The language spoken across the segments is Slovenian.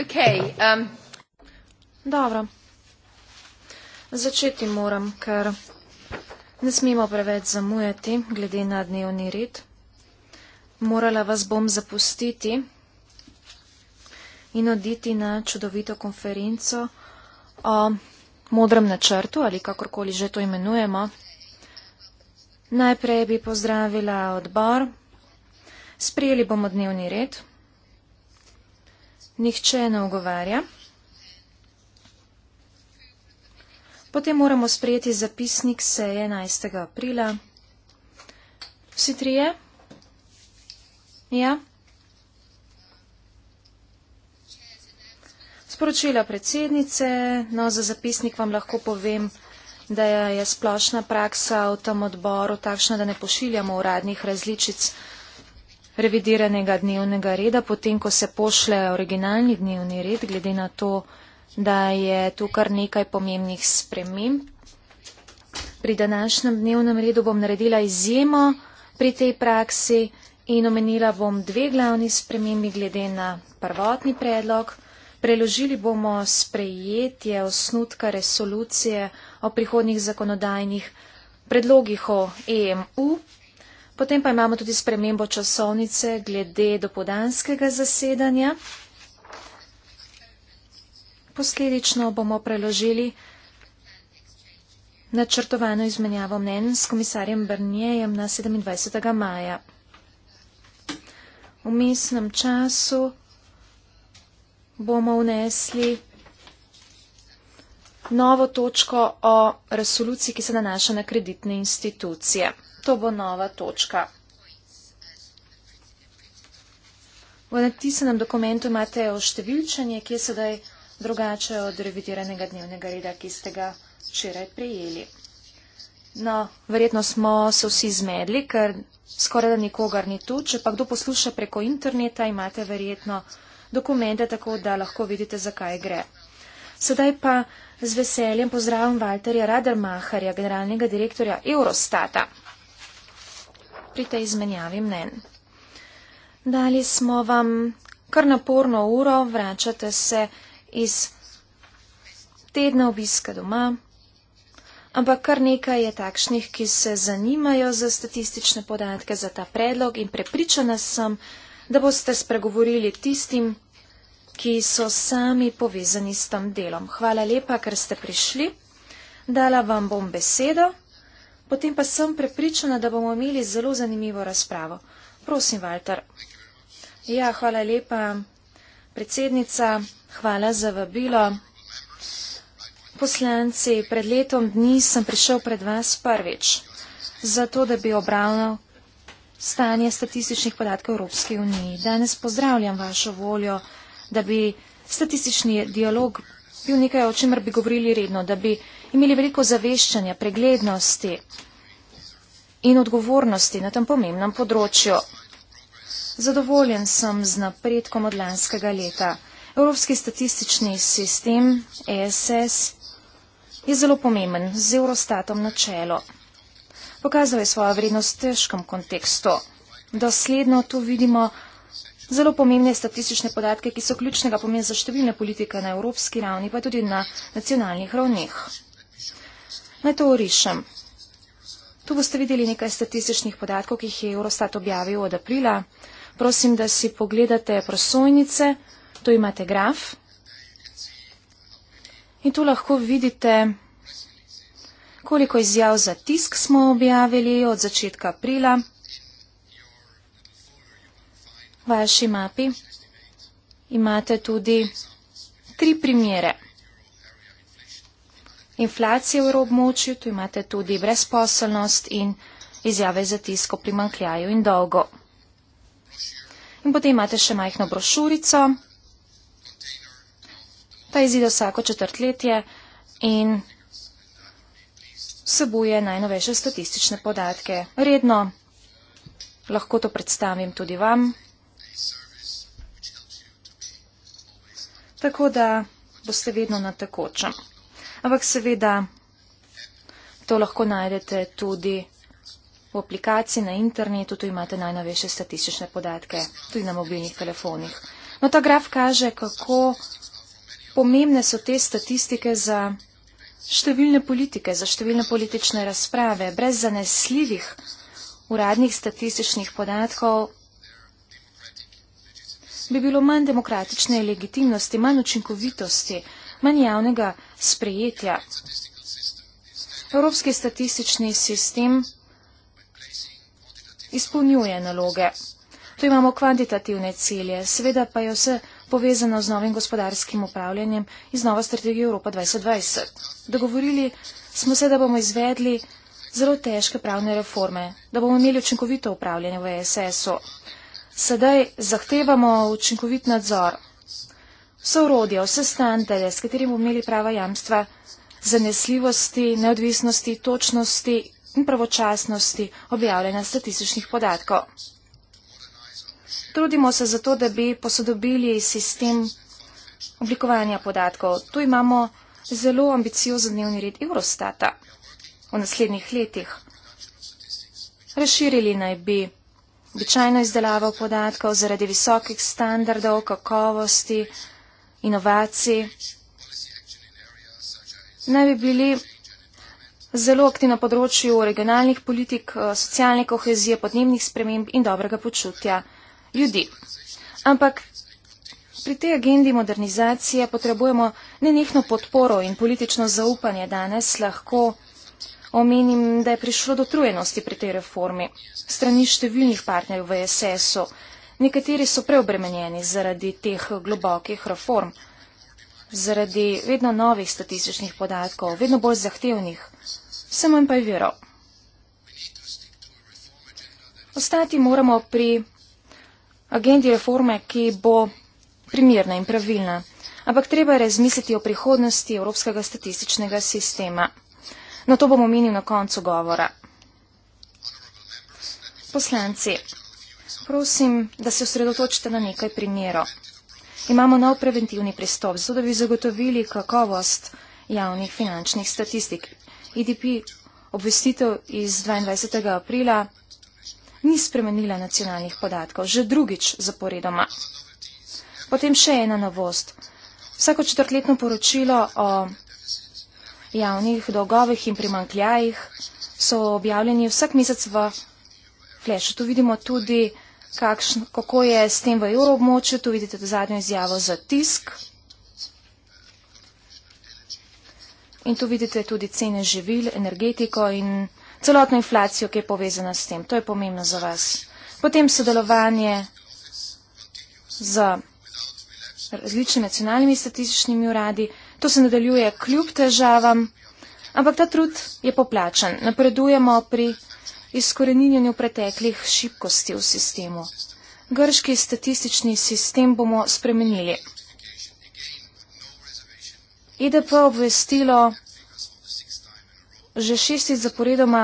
Okay, um... Dobro. Začeti moram, ker ne smemo preveč zamujati glede na dnevni red. Morala vas bom zapustiti in oditi na čudovito konferenco o modrem načrtu ali kakorkoli že to imenujemo. Najprej bi pozdravila odbor. Sprijeli bomo dnevni red nihče ne ogovarja. Potem moramo sprejeti zapisnik seje 11. aprila. Vsi trije? Ja? Sporočila predsednice, no za zapisnik vam lahko povem, da je splošna praksa v tem odboru takšna, da ne pošiljamo uradnih različic odboru revidiranega dnevnega reda, potem ko se pošle originalni dnevni red, glede na to, da je tu kar nekaj pomembnih sprememb. Pri današnjem dnevnem redu bom naredila izjemo pri tej praksi in omenila bom dve glavni spremembi glede na prvotni predlog. Preložili bomo sprejetje osnutka resolucije o prihodnih zakonodajnih predlogih o EMU, Potem pa imamo tudi spremembo časovnice glede dopodanskega zasedanja. Posledično bomo preložili načrtovano izmenjavo mnen s komisarjem Brnjejem na 27. maja. V mesnem času bomo vnesli novo točko o resoluciji, ki se nanaša na kreditne institucije to bo nova točka. V natisnem dokumentu imate oštevilčenje, ki je sedaj drugače od revidiranega dnevnega reda, ki ste ga včeraj prijeli. No, verjetno smo se vsi zmedli, ker skoraj da nikogar ni tu. Če pa kdo posluša preko interneta, imate verjetno dokumente, tako da lahko vidite, zakaj gre. Sedaj pa z veseljem pozdravim Valterja Radermaharja, generalnega direktorja Eurostata pri tej izmenjavi mnen. Dali smo vam kar naporno uro, vračate se iz tedna obiska doma, ampak kar nekaj je takšnih, ki se zanimajo za statistične podatke za ta predlog in prepričana sem, da boste spregovorili tistim, ki so sami povezani s tem delom. Hvala lepa, ker ste prišli. Dala vam bom besedo. Potem pa sem prepričana, da bomo imeli zelo zanimivo razpravo. Prosim, Walter. Ja, hvala lepa, predsednica. Hvala za vabilo. Poslanci, pred letom dni sem prišel pred vas prvič, zato da bi obravnal stanje statističnih podatkov Evropske unije. Danes pozdravljam vašo voljo, da bi statistični dialog bil nekaj, o čemer bi govorili redno, da bi imeli veliko zaveščanja, preglednosti in odgovornosti na tem pomembnem področju. Zadovoljen sem z napredkom od lanskega leta. Evropski statistični sistem ESS je zelo pomemben z Eurostatom na čelo. Pokazal je svojo vrednost v težkem kontekstu. Dosledno tu vidimo zelo pomembne statistične podatke, ki so ključnega pomena za številne politike na evropski ravni, pa tudi na nacionalnih ravneh. Naj to orišem. Tu boste videli nekaj statističnih podatkov, ki jih je Eurostat objavil od aprila. Prosim, da si pogledate prosojnice. Tu imate graf. In tu lahko vidite, koliko izjav za tisk smo objavili od začetka aprila. V vaši mapi imate tudi tri primere inflacije v Evroobmočju, tu imate tudi brezposelnost in izjave za tisko pri manjkljaju in dolgo. In potem imate še majhno brošurico. Ta izide vsako četrtletje in vsebuje najnovejše statistične podatke. Redno lahko to predstavim tudi vam. Tako da boste vedno na tekočem. Ampak seveda to lahko najdete tudi v aplikaciji na internetu, tu imate najnovejše statistične podatke, tudi na mobilnih telefonih. No, ta graf kaže, kako pomembne so te statistike za številne politike, za številne politične razprave. Brez zanesljivih uradnih statističnih podatkov bi bilo manj demokratične legitimnosti, manj učinkovitosti manj javnega sprejetja. Evropski statistični sistem izpolnjuje naloge. Tu imamo kvantitativne cilje, seveda pa je vse povezano z novim gospodarskim upravljanjem in z novo strategijo Evropa 2020. Dogovorili smo se, da bomo izvedli zelo težke pravne reforme, da bomo imeli učinkovito upravljanje v ESS-u. Sedaj zahtevamo učinkovit nadzor sorodje, vse standarde, s katerimi bomo imeli prava jamstva zanesljivosti, neodvisnosti, točnosti in pravočasnosti objavljanja statističnih podatkov. Trudimo se zato, da bi posodobili sistem oblikovanja podatkov. Tu imamo zelo ambiciozen dnevni red Eurostata v naslednjih letih. Razširili naj bi običajno izdelavo podatkov zaradi visokih standardov, kakovosti, inovacij. Naj bi bili zelo aktivni na področju regionalnih politik, eh, socialne kohezije, podnebnih sprememb in dobrega počutja ljudi. Ampak pri tej agendi modernizacije potrebujemo nenehno podporo in politično zaupanje danes lahko. Omenim, da je prišlo do trujenosti pri tej reformi strani številnih partnerjev v SS-u. Nekateri so preobremenjeni zaradi teh globokih reform, zaradi vedno novih statističnih podatkov, vedno bolj zahtevnih, vse manj pa je vero. Ostati moramo pri agendi reforme, ki bo primirna in pravilna, ampak treba je razmisliti o prihodnosti Evropskega statističnega sistema. No to bom omenil na koncu govora. Poslanci prosim, da se osredotočite na nekaj primerov. Imamo nov preventivni pristop, zato da bi zagotovili kakovost javnih finančnih statistik. IDP e obvestitev iz 22. aprila ni spremenila nacionalnih podatkov, že drugič zaporedoma. Potem še ena novost. Vsako četrtletno poročilo o javnih dolgovih in primankljajih so objavljeni vsak mesec v flashu. Tu vidimo tudi kakšn, kako je s tem v evroobmočju. Tu vidite zadnjo izjavo za tisk. In tu vidite tudi cene živil, energetiko in celotno inflacijo, ki je povezana s tem. To je pomembno za vas. Potem sodelovanje z različnimi nacionalnimi statističnimi uradi. To se nadaljuje kljub težavam, ampak ta trud je poplačan. Napredujemo pri izkoreninjanju preteklih šibkosti v sistemu. Grški statistični sistem bomo spremenili. IDP obvestilo že šestih zaporedoma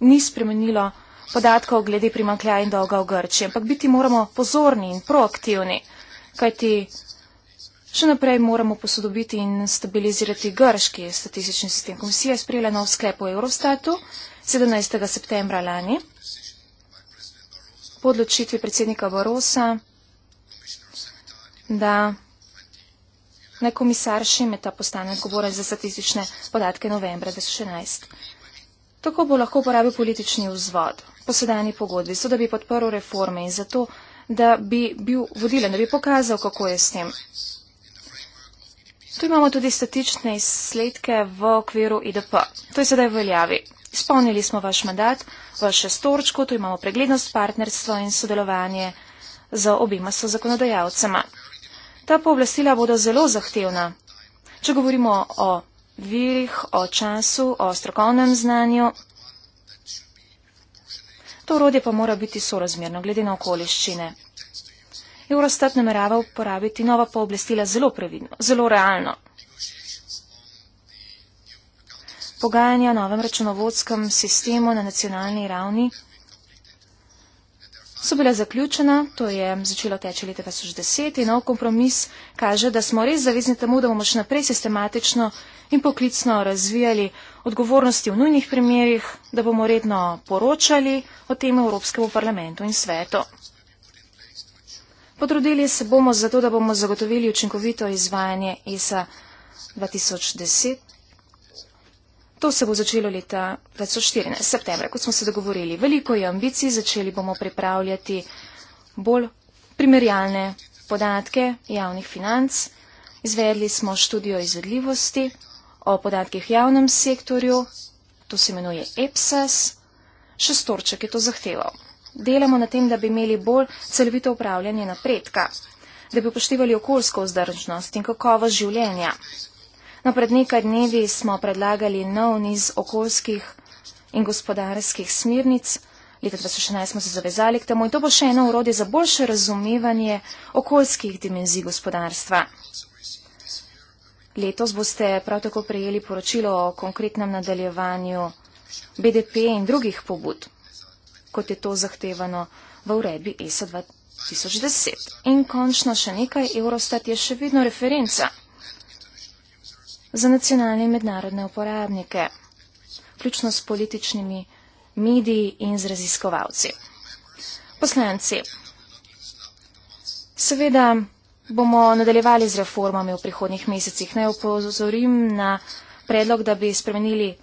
ni spremenilo podatkov glede primankljaja in dolga v Grči, ampak biti moramo pozorni in proaktivni, kajti še naprej moramo posodobiti in stabilizirati grški statistični sistem. Komisija je sprejela nov sklep o Eurostatu, 17. septembra lani. Po odločitvi predsednika Barosa, da naj komisar še med ta postane odgovoren za statistične podatke novembra 2016. Tako bo lahko uporabil politični vzvod po sedajni pogodbi, zato da bi podporil reforme in zato, da bi bil vodilen, da bi pokazal, kako je s tem. Tu imamo tudi statične izsledke v okviru IDP. To je sedaj v veljavi. Izpolnili smo vaš mandat, vaše storčko, tu imamo preglednost, partnerstvo in sodelovanje z obima so zakonodajalcema. Ta pooblastila bodo zelo zahtevna. Če govorimo o virih, o času, o strokovnem znanju, to urodje pa mora biti sorazmerno glede na okoliščine. Eurostat namerava uporabiti nova pooblastila zelo previdno, zelo realno pogajanja o novem računovodskem sistemu na nacionalni ravni so bile zaključena, to je začelo teči leta 2010 in nov kompromis kaže, da smo res zavezni temu, da bomo še naprej sistematično in poklicno razvijali odgovornosti v nujnih primerjih, da bomo redno poročali o tem Evropskemu parlamentu in svetu. Potrudili se bomo zato, da bomo zagotovili učinkovito izvajanje ESA 2010 To se bo začelo leta 2014, septembra, kot smo se dogovorili. Veliko je ambicij, začeli bomo pripravljati bolj primerjalne podatke javnih financ. Izvedli smo študijo izvedljivosti o podatkih v javnem sektorju, to se imenuje EPSAS, še storček je to zahteval. Delamo na tem, da bi imeli bolj celovito upravljanje napredka, da bi upoštevali okoljsko vzdržnost in kakovost življenja. No, pred nekaj dnevi smo predlagali nov niz okoljskih in gospodarskih smirnic. Leta 2016 smo se zavezali k temu in to bo še eno urodje za boljše razumevanje okoljskih dimenzij gospodarstva. Letos boste prav tako prejeli poročilo o konkretnem nadaljevanju BDP in drugih pobud, kot je to zahtevano v uredbi ESA 2010. In končno še nekaj, Eurostat je še vedno referenca za nacionalne in mednarodne uporabnike, vključno s političnimi mediji in z raziskovalci. Poslanci, seveda bomo nadaljevali z reformami v prihodnjih mesecih. Naj upozorim na predlog, da bi spremenili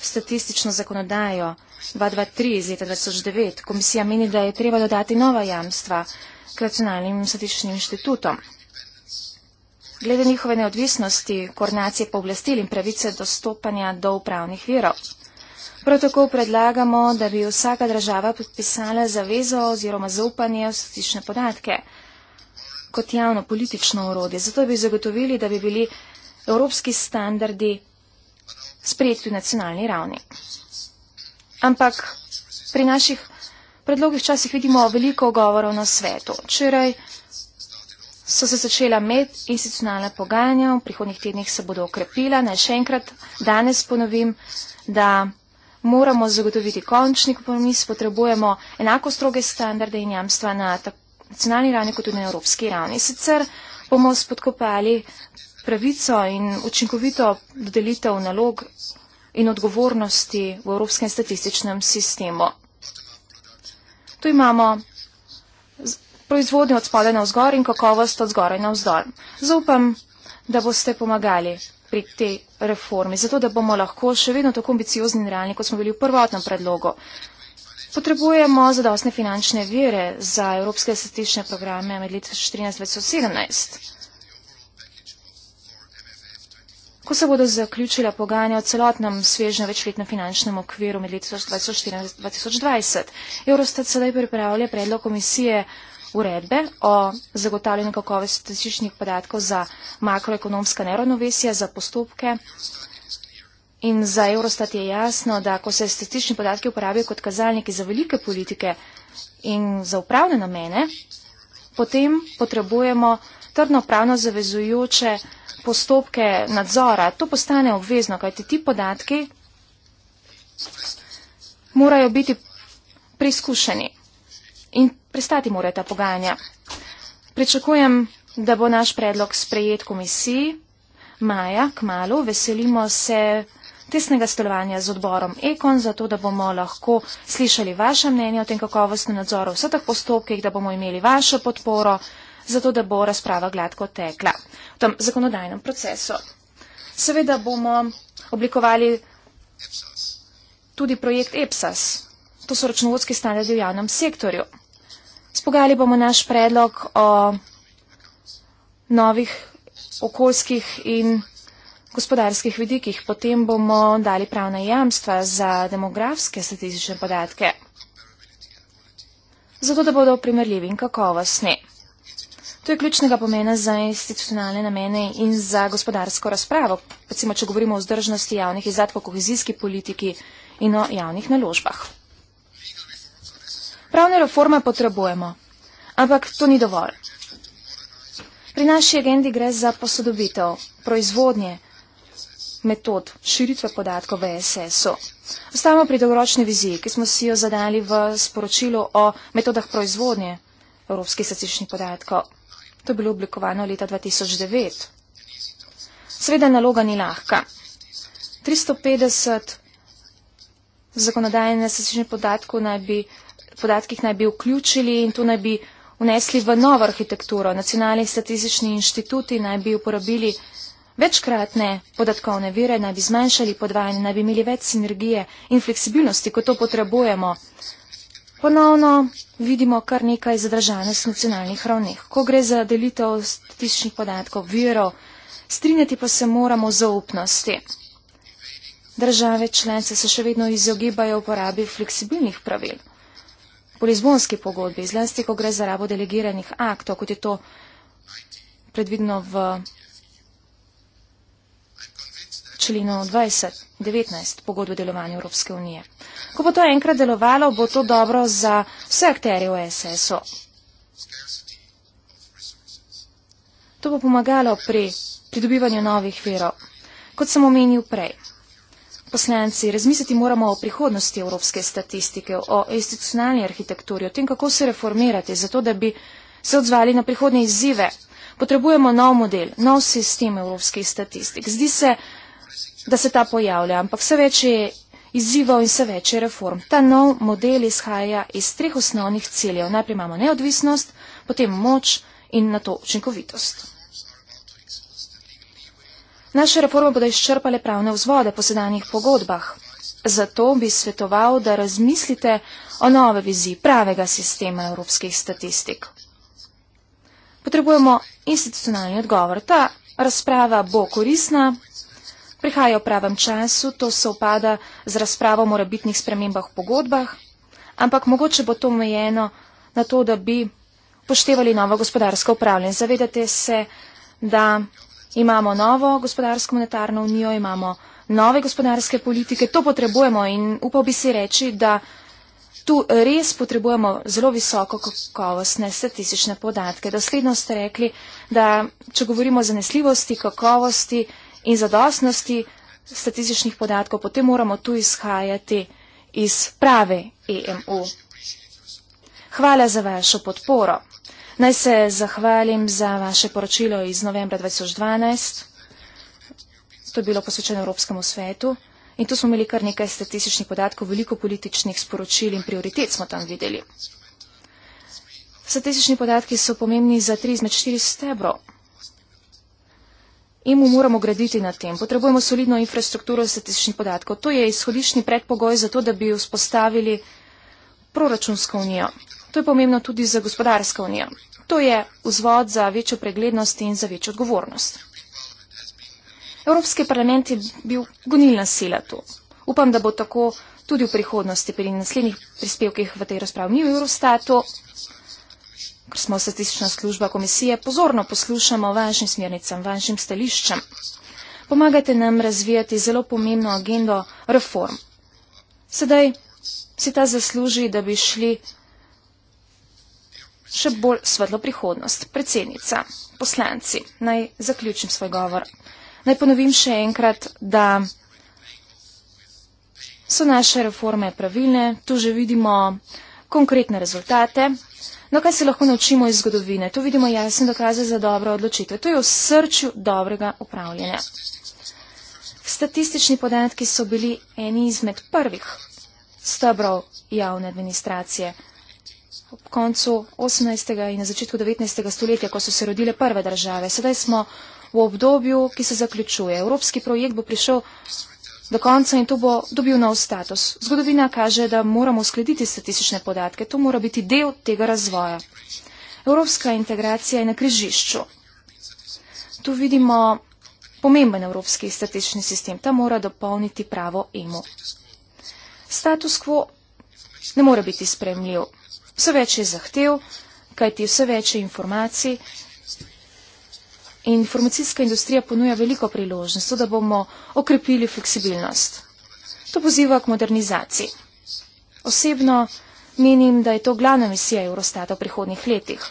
statistično zakonodajo 223 iz leta 2009. Komisija meni, da je treba dodati nova jamstva k nacionalnim statističnim inštitutom glede njihove neodvisnosti, koordinacije pooblastil in pravice dostopanja do upravnih virov. Prav tako predlagamo, da bi vsaka država podpisala zavezo oziroma zaupanje v statistične podatke kot javno politično urodje. Zato bi zagotovili, da bi bili evropski standardi sprejeti v nacionalni ravni. Ampak pri naših predlogih včasih vidimo veliko govorov na svetu. Včeraj so se začela medinstitucionalna pogajanja, v prihodnih tednih se bodo okrepila. Naj še enkrat danes ponovim, da moramo zagotoviti končni kompromis, potrebujemo enako stroge standarde in jamstva na nacionalni ravni kot tudi na evropski ravni. Sicer bomo spodkopali pravico in učinkovito dodelitev nalog in odgovornosti v evropskem statističnem sistemu. Tu imamo proizvodnjo od spodaj na vzgor in kakovost od zgoraj na vzdor. Zaupam, da boste pomagali pri tej reformi, zato da bomo lahko še vedno tako ambiciozni in realni, kot smo bili v prvotnem predlogu. Potrebujemo zadostne finančne vire za evropske statistične programe med leti 2014-2017. Ko se bodo zaključila pogajanja o celotnem svežnem večletnem finančnem okviru med leti 2014-2020, Eurostat sedaj pripravlja predlog komisije uredbe o zagotavljanju kakovosti statističnih podatkov za makroekonomska neravnovesja, za postopke. In za Eurostat je jasno, da ko se statistični podatki uporabijo kot kazalniki za velike politike in za upravne namene, potem potrebujemo trdno pravno zavezujoče postopke nadzora. To postane obvezno, kajti ti podatki morajo biti preizkušeni in prestati mora ta pogajanja. Pričakujem, da bo naš predlog sprejet komisiji. Maja, kmalo, veselimo se tesnega stolovanja z odborom Ekon, zato da bomo lahko slišali vaše mnenje o tem kakovostnem nadzoru v vseh teh postopkih, da bomo imeli vašo podporo, zato da bo razprava gladko tekla v tem zakonodajnem procesu. Seveda bomo oblikovali tudi projekt EPSAS, to so računovodski standardi v javnem sektorju. Spogali bomo naš predlog o novih okoljskih in gospodarskih vidikih. Potem bomo dali pravna jamstva za demografske statistične podatke, zato da bodo primerljivi in kakovostni. To je ključnega pomena za institucionalne namene in za gospodarsko razpravo, recimo, če govorimo o vzdržnosti javnih izdatkov, kohezijski politiki in o javnih naložbah. Pravne reforme potrebujemo, ampak to ni dovolj. Pri naši agendi gre za posodobitev proizvodnje metod širitve podatkov v SS-u. Ostajamo pri dolgoročni viziji, ki smo si jo zadali v sporočilu o metodah proizvodnje evropskih statističnih podatkov. To je bilo oblikovano leta 2009. Seveda naloga ni lahka. 350 zakonodajne statističnih podatkov naj bi podatkih naj bi vključili in to naj bi vnesli v novo arhitekturo. Nacionalni statistični inštituti naj bi uporabili večkratne podatkovne vire, naj bi zmanjšali podvajanje, naj bi imeli več sinergije in fleksibilnosti, ko to potrebujemo. Ponovno vidimo kar nekaj zadržanost v nacionalnih ravneh. Ko gre za delitev statističnih podatkov, virov, strinjati pa se moramo zaupnosti. Države članice se še vedno izogibajo uporabi fleksibilnih pravil po Lizbonski pogodbi, zlasti ko gre za rabo delegiranih aktov, kot je to predvideno v členu 2019 pogodbe o delovanju Evropske unije. Ko bo to enkrat delovalo, bo to dobro za vse akterje v SSO. To bo pomagalo pri pridobivanju novih verov, kot sem omenil prej poslanci, razmisliti moramo o prihodnosti evropske statistike, o institucionalni arhitekturi, o tem, kako se reformirati, zato da bi se odzvali na prihodne izzive. Potrebujemo nov model, nov sistem evropskih statistik. Zdi se, da se ta pojavlja, ampak vse več je izzival in vse več je reform. Ta nov model izhaja iz treh osnovnih ciljev. Najprej imamo neodvisnost, potem moč in na to učinkovitost. Naše reforme bodo izčrpale pravne vzvode po sedanjih pogodbah. Zato bi svetoval, da razmislite o nove viziji pravega sistema evropskih statistik. Potrebujemo institucionalni odgovor. Ta razprava bo korisna, prihaja v pravem času, to se upada z razpravo o morabitnih spremembah v pogodbah, ampak mogoče bo to omejeno na to, da bi poštevali novo gospodarsko upravljanje. Zavedate se, da imamo novo gospodarsko monetarno unijo, imamo nove gospodarske politike, to potrebujemo in upal bi si reči, da tu res potrebujemo zelo visoko kakovostne statistične podatke. Dosledno ste rekli, da če govorimo o zanesljivosti, kakovosti in zadostnosti statističnih podatkov, potem moramo tu izhajati iz prave EMU. Hvala za vašo podporo. Naj se zahvalim za vaše poročilo iz novembra 2012. To je bilo posvečeno Evropskemu svetu. In tu smo imeli kar nekaj statističnih podatkov, veliko političnih sporočil in prioritet smo tam videli. Statistični podatki so pomembni za tri izmed štiri stebro. In mu moramo graditi na tem. Potrebujemo solidno infrastrukturo statističnih podatkov. To je izhodišni predpogoj za to, da bi vzpostavili proračunsko unijo. To je pomembno tudi za gospodarsko unijo. To je vzvod za večjo preglednost in za večjo odgovornost. Evropski parlament je bil gonilna sila tu. Upam, da bo tako tudi v prihodnosti pri naslednjih prispevkih v tej razpravi. Mi v Eurostatu, ker smo statistična služba komisije, pozorno poslušamo vašim smernicam, vašim stališčem. Pomagate nam razvijati zelo pomembno agendo reform. Sedaj si ta zasluži, da bi šli še bolj svetlo prihodnost. Predsednica, poslanci, naj zaključim svoj govor. Naj ponovim še enkrat, da so naše reforme pravilne, tu že vidimo konkretne rezultate. No, kaj se lahko naučimo iz zgodovine? Tu vidimo jasne dokaze za dobro odločitev. To je v srču dobrega upravljanja. Statistični podatki so bili eni izmed prvih stebrov javne administracije ob koncu 18. in na začetku 19. stoletja, ko so se rodile prve države. Sedaj smo v obdobju, ki se zaključuje. Evropski projekt bo prišel do konca in to bo dobil nov status. Zgodovina kaže, da moramo uskladiti statistične podatke. To mora biti del tega razvoja. Evropska integracija je na križišču. Tu vidimo pomemben evropski statistični sistem. Ta mora dopolniti pravo EMU. Status quo ne more biti spremljiv vse več je zahtev, kajti vse več je informacij. Informacijska industrija ponuja veliko priložnost, da bomo okrepili fleksibilnost. To poziva k modernizaciji. Osebno menim, da je to glavna misija Eurostata v prihodnih letih.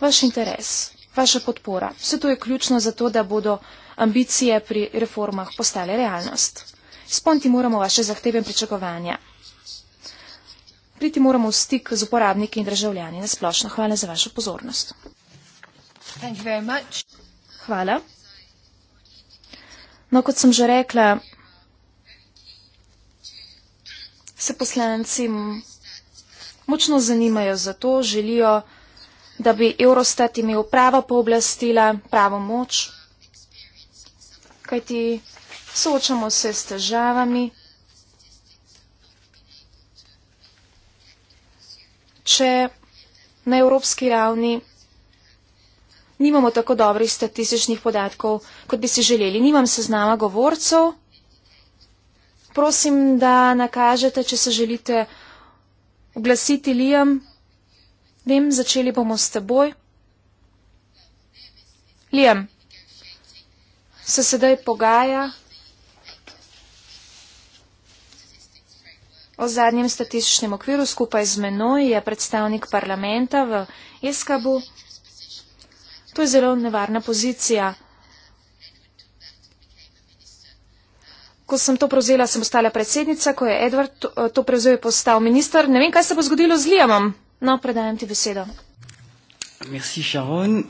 Vaš interes, vaša podpora, vse to je ključno za to, da bodo ambicije pri reformah postale realnost. Spomniti moramo vaše zahteve in pričakovanja priti moramo v stik z uporabniki in državljani. Nasplošno hvala za vašo pozornost. Hvala. No, kot sem že rekla, se poslanci močno zanimajo za to, želijo, da bi Eurostat imel pravo pooblastila, pravo moč, kajti soočamo se s težavami. če na evropski ravni nimamo tako dobrih statističnih podatkov, kot bi si želeli. Nimam seznama govorcev. Prosim, da nakažete, če se želite oglasiti Lijem. Vem, začeli bomo s teboj. Lijem, se sedaj pogaja. O zadnjem statističnem okviru skupaj z menoj je predstavnik parlamenta v Eskabu. To je zelo nevarna pozicija. Ko sem to prevzela, sem ostala predsednica, ko je Edward to, eh, to prevzel, je postal minister. Ne vem, kaj se bo zgodilo z Lijamom. No, predajam ti besedo. Merci, Sharon.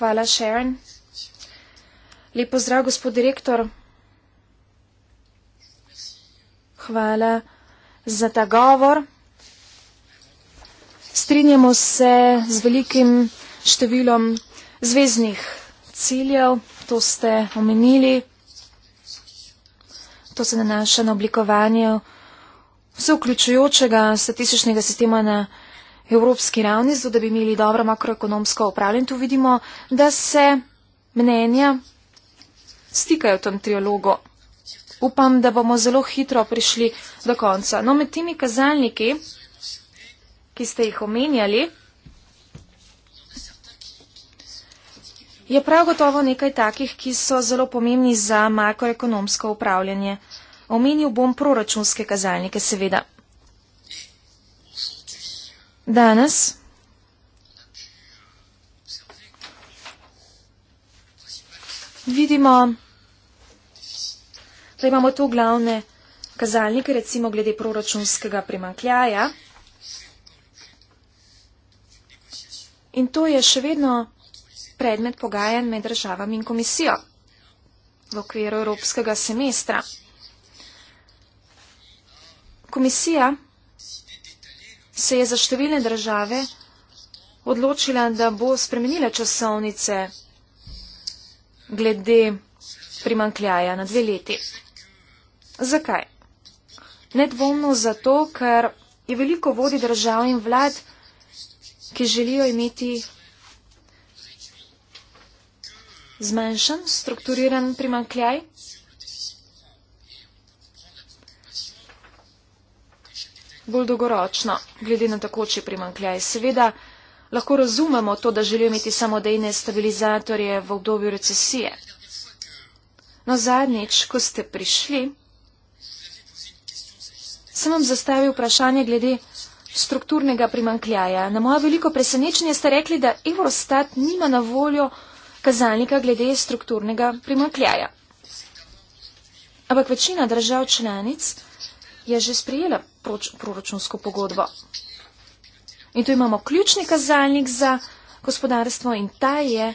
Hvala, Sharon. Lep pozdrav, gospod direktor hvala za ta govor. Strinjamo se z velikim številom zvezdnih ciljev, to ste omenili. To se nanaša na oblikovanje vseuključujočega statističnega sistema na evropski ravni, zato da bi imeli dobro makroekonomsko upravljanje. Tu vidimo, da se mnenja stikajo v tem trialogu upam, da bomo zelo hitro prišli do konca. No, med temi kazalniki, ki ste jih omenjali, je prav gotovo nekaj takih, ki so zelo pomembni za makroekonomsko upravljanje. Omenil bom proračunske kazalnike, seveda. Danes. Vidimo Zdaj imamo tu glavne kazalnike, recimo glede proračunskega primankljaja. In to je še vedno predmet pogajanj med državami in komisijo v okviru evropskega semestra. Komisija se je za številne države odločila, da bo spremenila časovnice glede primankljaja na dve leti. Zakaj? Nedvomno zato, ker je veliko vodi držav in vlad, ki želijo imeti zmanjšan, strukturiran primankljaj. Bolj dolgoročno, glede na takoči primankljaj. Seveda lahko razumemo to, da želijo imeti samodejne stabilizatorje v obdobju recesije. No zadnjič, ko ste prišli, Sem vam zastavil vprašanje glede strukturnega primankljaja. Na moje veliko presenečenje ste rekli, da Eurostat nima na voljo kazalnika glede strukturnega primankljaja. Ampak večina držav članic je že sprijela proračunsko pogodbo. In tu imamo ključni kazalnik za gospodarstvo in ta je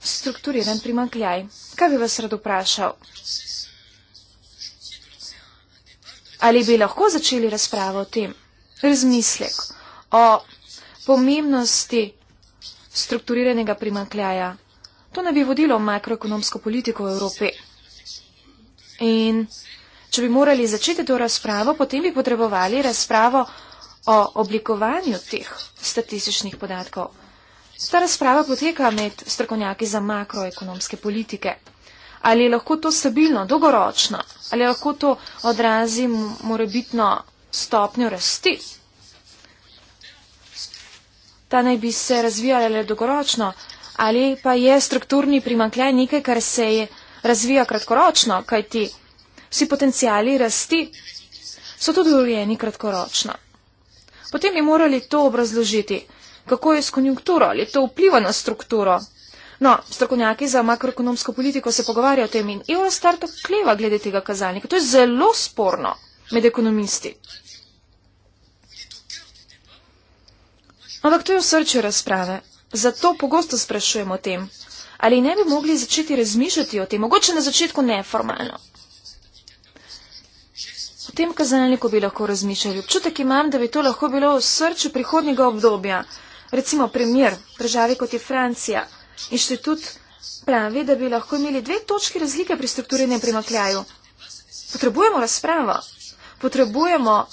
strukturiran primankljaj. Kaj bi vas rad vprašal? Ali bi lahko začeli razpravo o tem? Razmislek o pomembnosti strukturiranega primankljaja. To ne bi vodilo makroekonomsko politiko v Evropi. In če bi morali začeti to razpravo, potem bi potrebovali razpravo o oblikovanju teh statističnih podatkov. Ta razprava poteka med strokovnjaki za makroekonomske politike ali je lahko to stabilno, dolgoročno, ali lahko to odrazi morebitno stopnjo rasti. Ta naj bi se razvijala le dolgoročno, ali pa je strukturni primankljaj nekaj, kar se je razvija kratkoročno, kajti vsi potencijali rasti so tudi urejeni kratkoročno. Potem bi morali to obrazložiti, kako je s konjunkturo, ali to vpliva na strukturo, No, strokovnjaki za makroekonomsko politiko se pogovarjajo o tem in Eurostar to kleva glede tega kazalnika. To je zelo sporno med ekonomisti. Ampak to je v srčju razprave. Zato pogosto sprašujemo o tem, ali ne bi mogli začeti razmišljati o tem, mogoče na začetku neformalno. V tem kazalniku bi lahko razmišljali. Občutek imam, da bi to lahko bilo v srčju prihodnjega obdobja. Recimo primer države kot je Francija. Inštitut pravi, da bi lahko imeli dve točki razlike pri strukturnem primakljaju. Potrebujemo razpravo, potrebujemo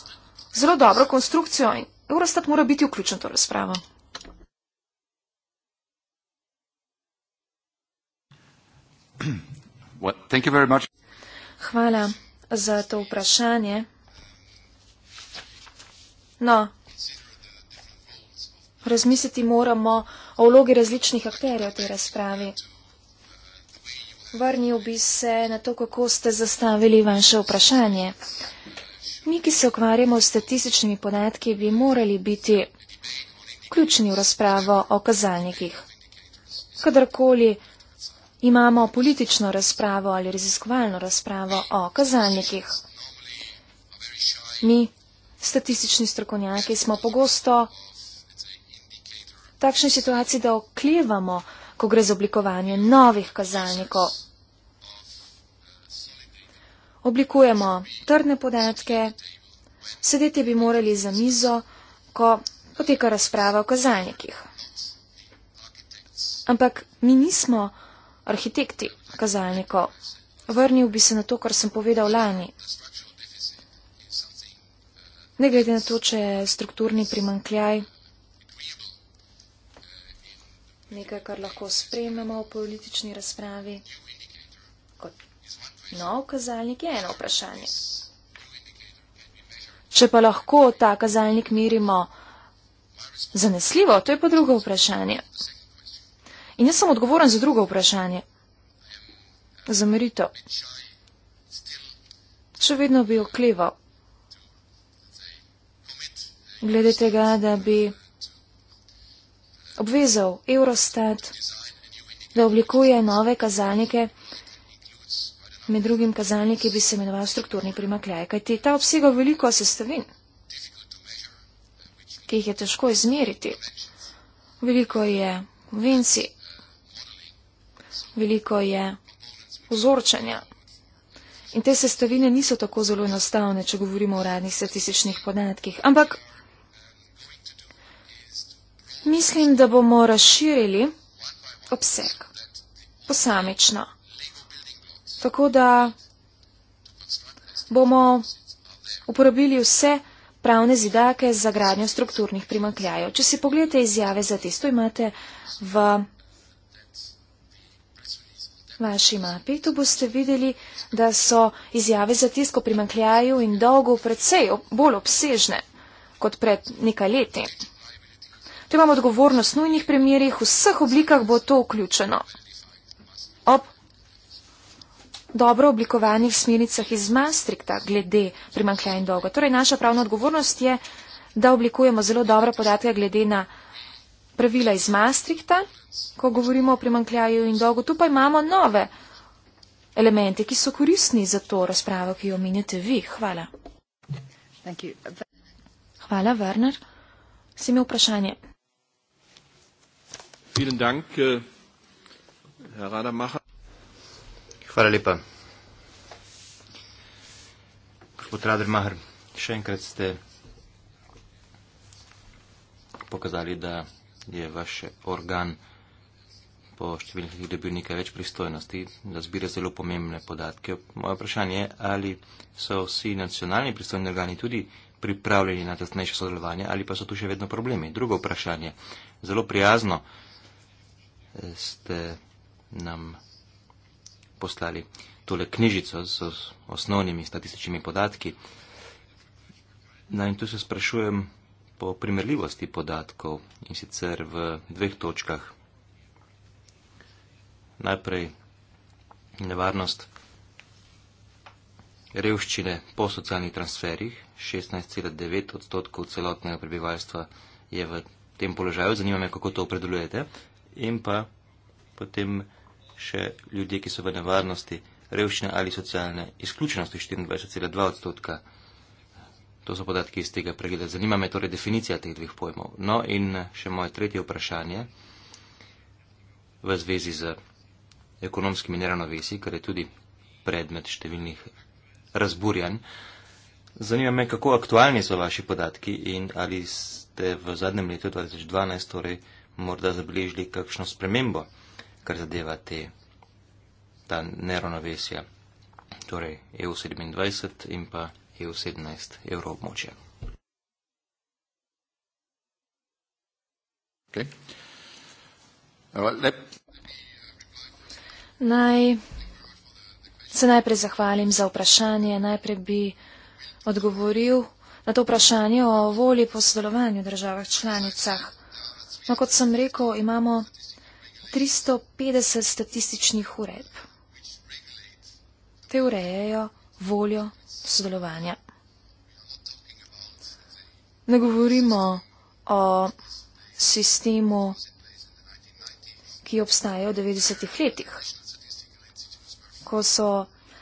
zelo dobro konstrukcijo in Eurostat mora biti vključen v to razpravo. Hvala za to vprašanje. No, Razmisliti moramo o vlogi različnih akterjev v tej razpravi. Vrnil bi se na to, kako ste zastavili vaše vprašanje. Mi, ki se ukvarjamo s statističnimi podatki, bi morali biti ključni v razpravo o kazalnikih. Kadarkoli imamo politično razpravo ali raziskovalno razpravo o kazalnikih, mi, statistični strokovnjaki, smo pogosto takšni situaciji, da oklevamo, ko gre za oblikovanje novih kazalnikov. Oblikujemo trdne podatke, sedeti bi morali za mizo, ko poteka razprava o kazalnikih. Ampak mi nismo arhitekti kazalnikov. Vrnil bi se na to, kar sem povedal lani. Ne glede na to, če je strukturni primankljaj nekaj, kar lahko spremljamo v politični razpravi. Kot nov kazalnik je eno vprašanje. Če pa lahko ta kazalnik merimo zanesljivo, to je pa drugo vprašanje. In jaz sem odgovoren za drugo vprašanje. Za merito. Še vedno bi okleval. Glede tega, da bi obvezal Eurostat, da oblikuje nove kazalnike, med drugim kazalniki bi se imenoval strukturni primakljaj, kajti ta obsega veliko sestavin, ki jih je težko izmeriti. Veliko je konvencij, veliko je vzorčanja. In te sestavine niso tako zelo enostavne, če govorimo o radnih statističnih podatkih. Ampak Mislim, da bomo razširili obseg posamično. Tako da bomo uporabili vse pravne zidake za gradnjo strukturnih primakljajev. Če si pogledate izjave za testo, imate v vaši mapi, tu boste videli, da so izjave za tisko primakljaju in dolgo predvsej bolj obsežne kot pred nekaj leti. Tu imamo odgovornost v nujnih primerjih, v vseh oblikah bo to vključeno. Ob dobro oblikovanih smernicah iz Maastrichta glede primankljaja in dolga. Torej, naša pravna odgovornost je, da oblikujemo zelo dobre podatke glede na pravila iz Maastrichta, ko govorimo o primankljaju in dolgu. Tu pa imamo nove elemente, ki so koristni za to razpravo, ki jo omenjate vi. Hvala. Hvala, Werner. Si imel vprašanje? Vielen Dank, äh, Herr Rademacher. Hvala lepa. Gospod Rademacher, še enkrat ste pokazali, da je vaš organ po številnih ljudi dobil nekaj več pristojnosti, da zbira zelo pomembne podatke. Moje vprašanje je, ali so vsi nacionalni pristojni organi tudi pripravljeni na tesnejše sodelovanje ali pa so tu še vedno problemi. Drugo vprašanje, zelo prijazno ste nam poslali tole knjižico z osnovnimi statističnimi podatki. Naj tu se sprašujem po primerljivosti podatkov in sicer v dveh točkah. Najprej nevarnost revščine po socialnih transferih. 16,9 odstotkov celotnega prebivalstva je v tem položaju. Zanima me, kako to opredeljujete in pa potem še ljudje, ki so v nevarnosti, revščine ali socialne izključenosti 24,2 odstotka. To so podatki iz tega pregleda. Zanima me torej definicija teh dveh pojmov. No in še moje tretje vprašanje v zvezi z ekonomskimi neravnovesi, kar je tudi predmet številnih razburjanj. Zanima me, kako aktualni so vaši podatki in ali ste v zadnjem letu 2012 torej morda zabeležili kakšno spremembo, kar zadeva te, ta neravnovesja, torej EU27 in pa EU17 evroobmočje. Okay. Naj se najprej zahvalim za vprašanje. Najprej bi odgovoril na to vprašanje o volji po sodelovanju v državah članicah. No, kot sem rekel, imamo 350 statističnih ureb. Te urejejo voljo sodelovanja. Ne govorimo o sistemu, ki obstaja v 90-ih letih, ko so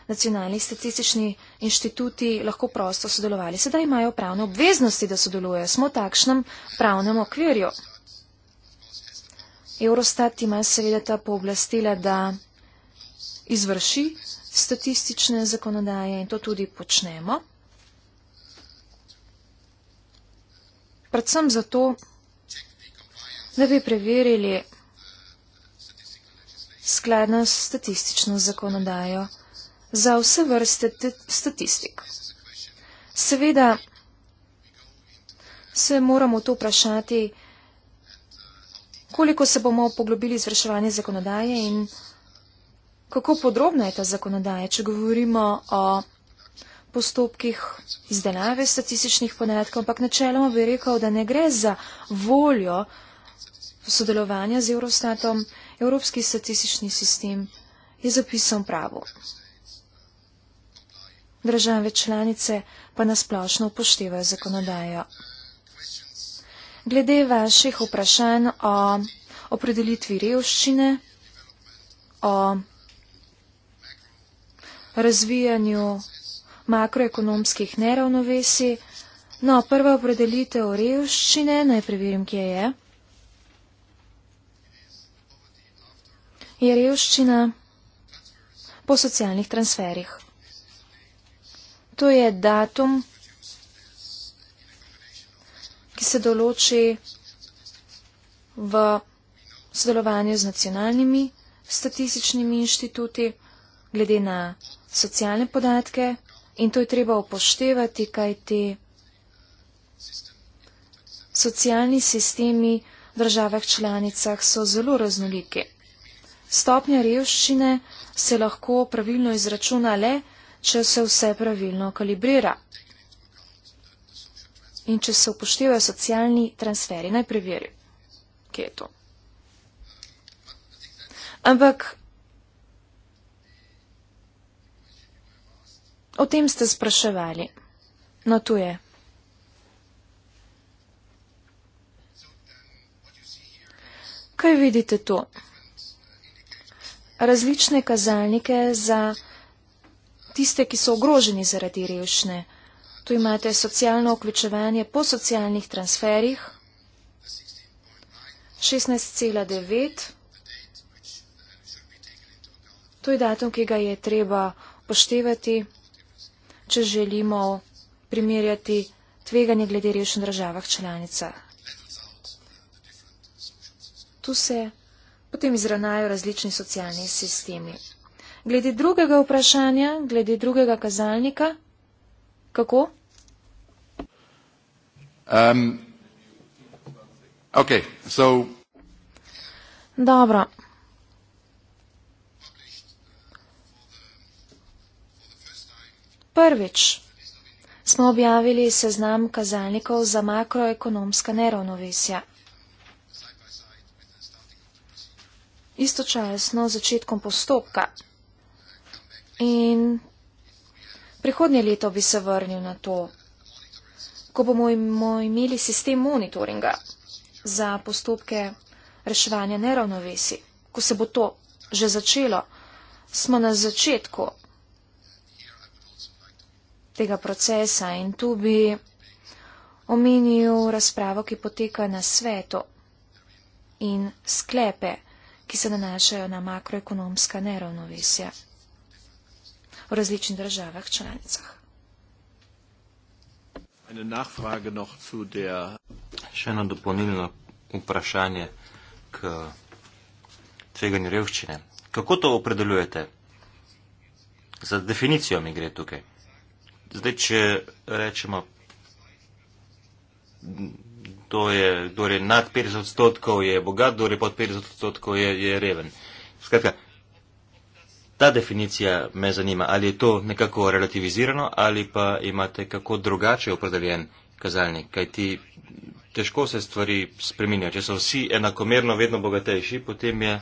nacionalni statistični inštituti lahko prosto sodelovali. Sedaj imajo pravne obveznosti, da sodelujejo. Smo v takšnem pravnem okvirju. Eurostat ima seveda ta pooblastila, da izvrši statistične zakonodaje in to tudi počnemo. Predvsem zato, da bi preverili skladno statistično zakonodajo za vse vrste statistik. Seveda se moramo to vprašati, da koliko se bomo poglobili izvrševanje zakonodaje in kako podrobna je ta zakonodaja, če govorimo o postopkih izdelave statističnih podatkov, ampak načeloma bi rekel, da ne gre za voljo sodelovanja z Eurostatom, Evropski statistični sistem je zapisan pravo. Države članice pa nasplošno upoštevajo zakonodajo glede vaših vprašanj o opredelitvi revščine, o razvijanju makroekonomskih neravnovesi. No, prva opredelitev revščine, naj preverim, kje je, je revščina po socialnih transferih. To je datum ki se določi v sodelovanju z nacionalnimi statističnimi inštituti glede na socialne podatke in to je treba upoštevati, kaj ti socialni sistemi v državah članicah so zelo raznoliki. Stopnja revščine se lahko pravilno izračuna le, če se vse pravilno kalibrira in če se upoštevajo socialni transferi. Naj preveri, kje je to. Ampak o tem ste spraševali. No, tu je. Kaj vidite tu? Različne kazalnike za tiste, ki so ogroženi zaradi revščine. Tu imate socialno vključevanje po socialnih transferih 16,9. To je datum, ki ga je treba upoštevati, če želimo primerjati tveganje glede rešen državah članica. Tu se potem izravnajo različni socialni sistemi. Glede drugega vprašanja, glede drugega kazalnika. Kako? Um, okay, so... Dobro. Prvič smo objavili seznam kazalnikov za makroekonomska neravnovesja. Istočasno začetkom postopka. In Prihodnje leto bi se vrnil na to, ko bomo imeli sistem monitoringa za postopke reševanja neravnovesi, ko se bo to že začelo, smo na začetku tega procesa in tu bi omenil razpravo, ki poteka na svetu in sklepe, ki se nanašajo na makroekonomska neravnovesja v različnih državah članicah. Še eno dopolnilno vprašanje k tveganju revščine. Kako to opredeljujete? Za definicijo mi gre tukaj. Zdaj, če rečemo, to je, kdo je nad 50 odstotkov, je bogat, kdo je pod 50 odstotkov, je, je reven. Skratka, ta definicija me zanima, ali je to nekako relativizirano ali pa imate kako drugače opredeljen kazalnik, kaj ti težko se stvari spreminjajo. Če so vsi enakomerno vedno bogatejši, potem je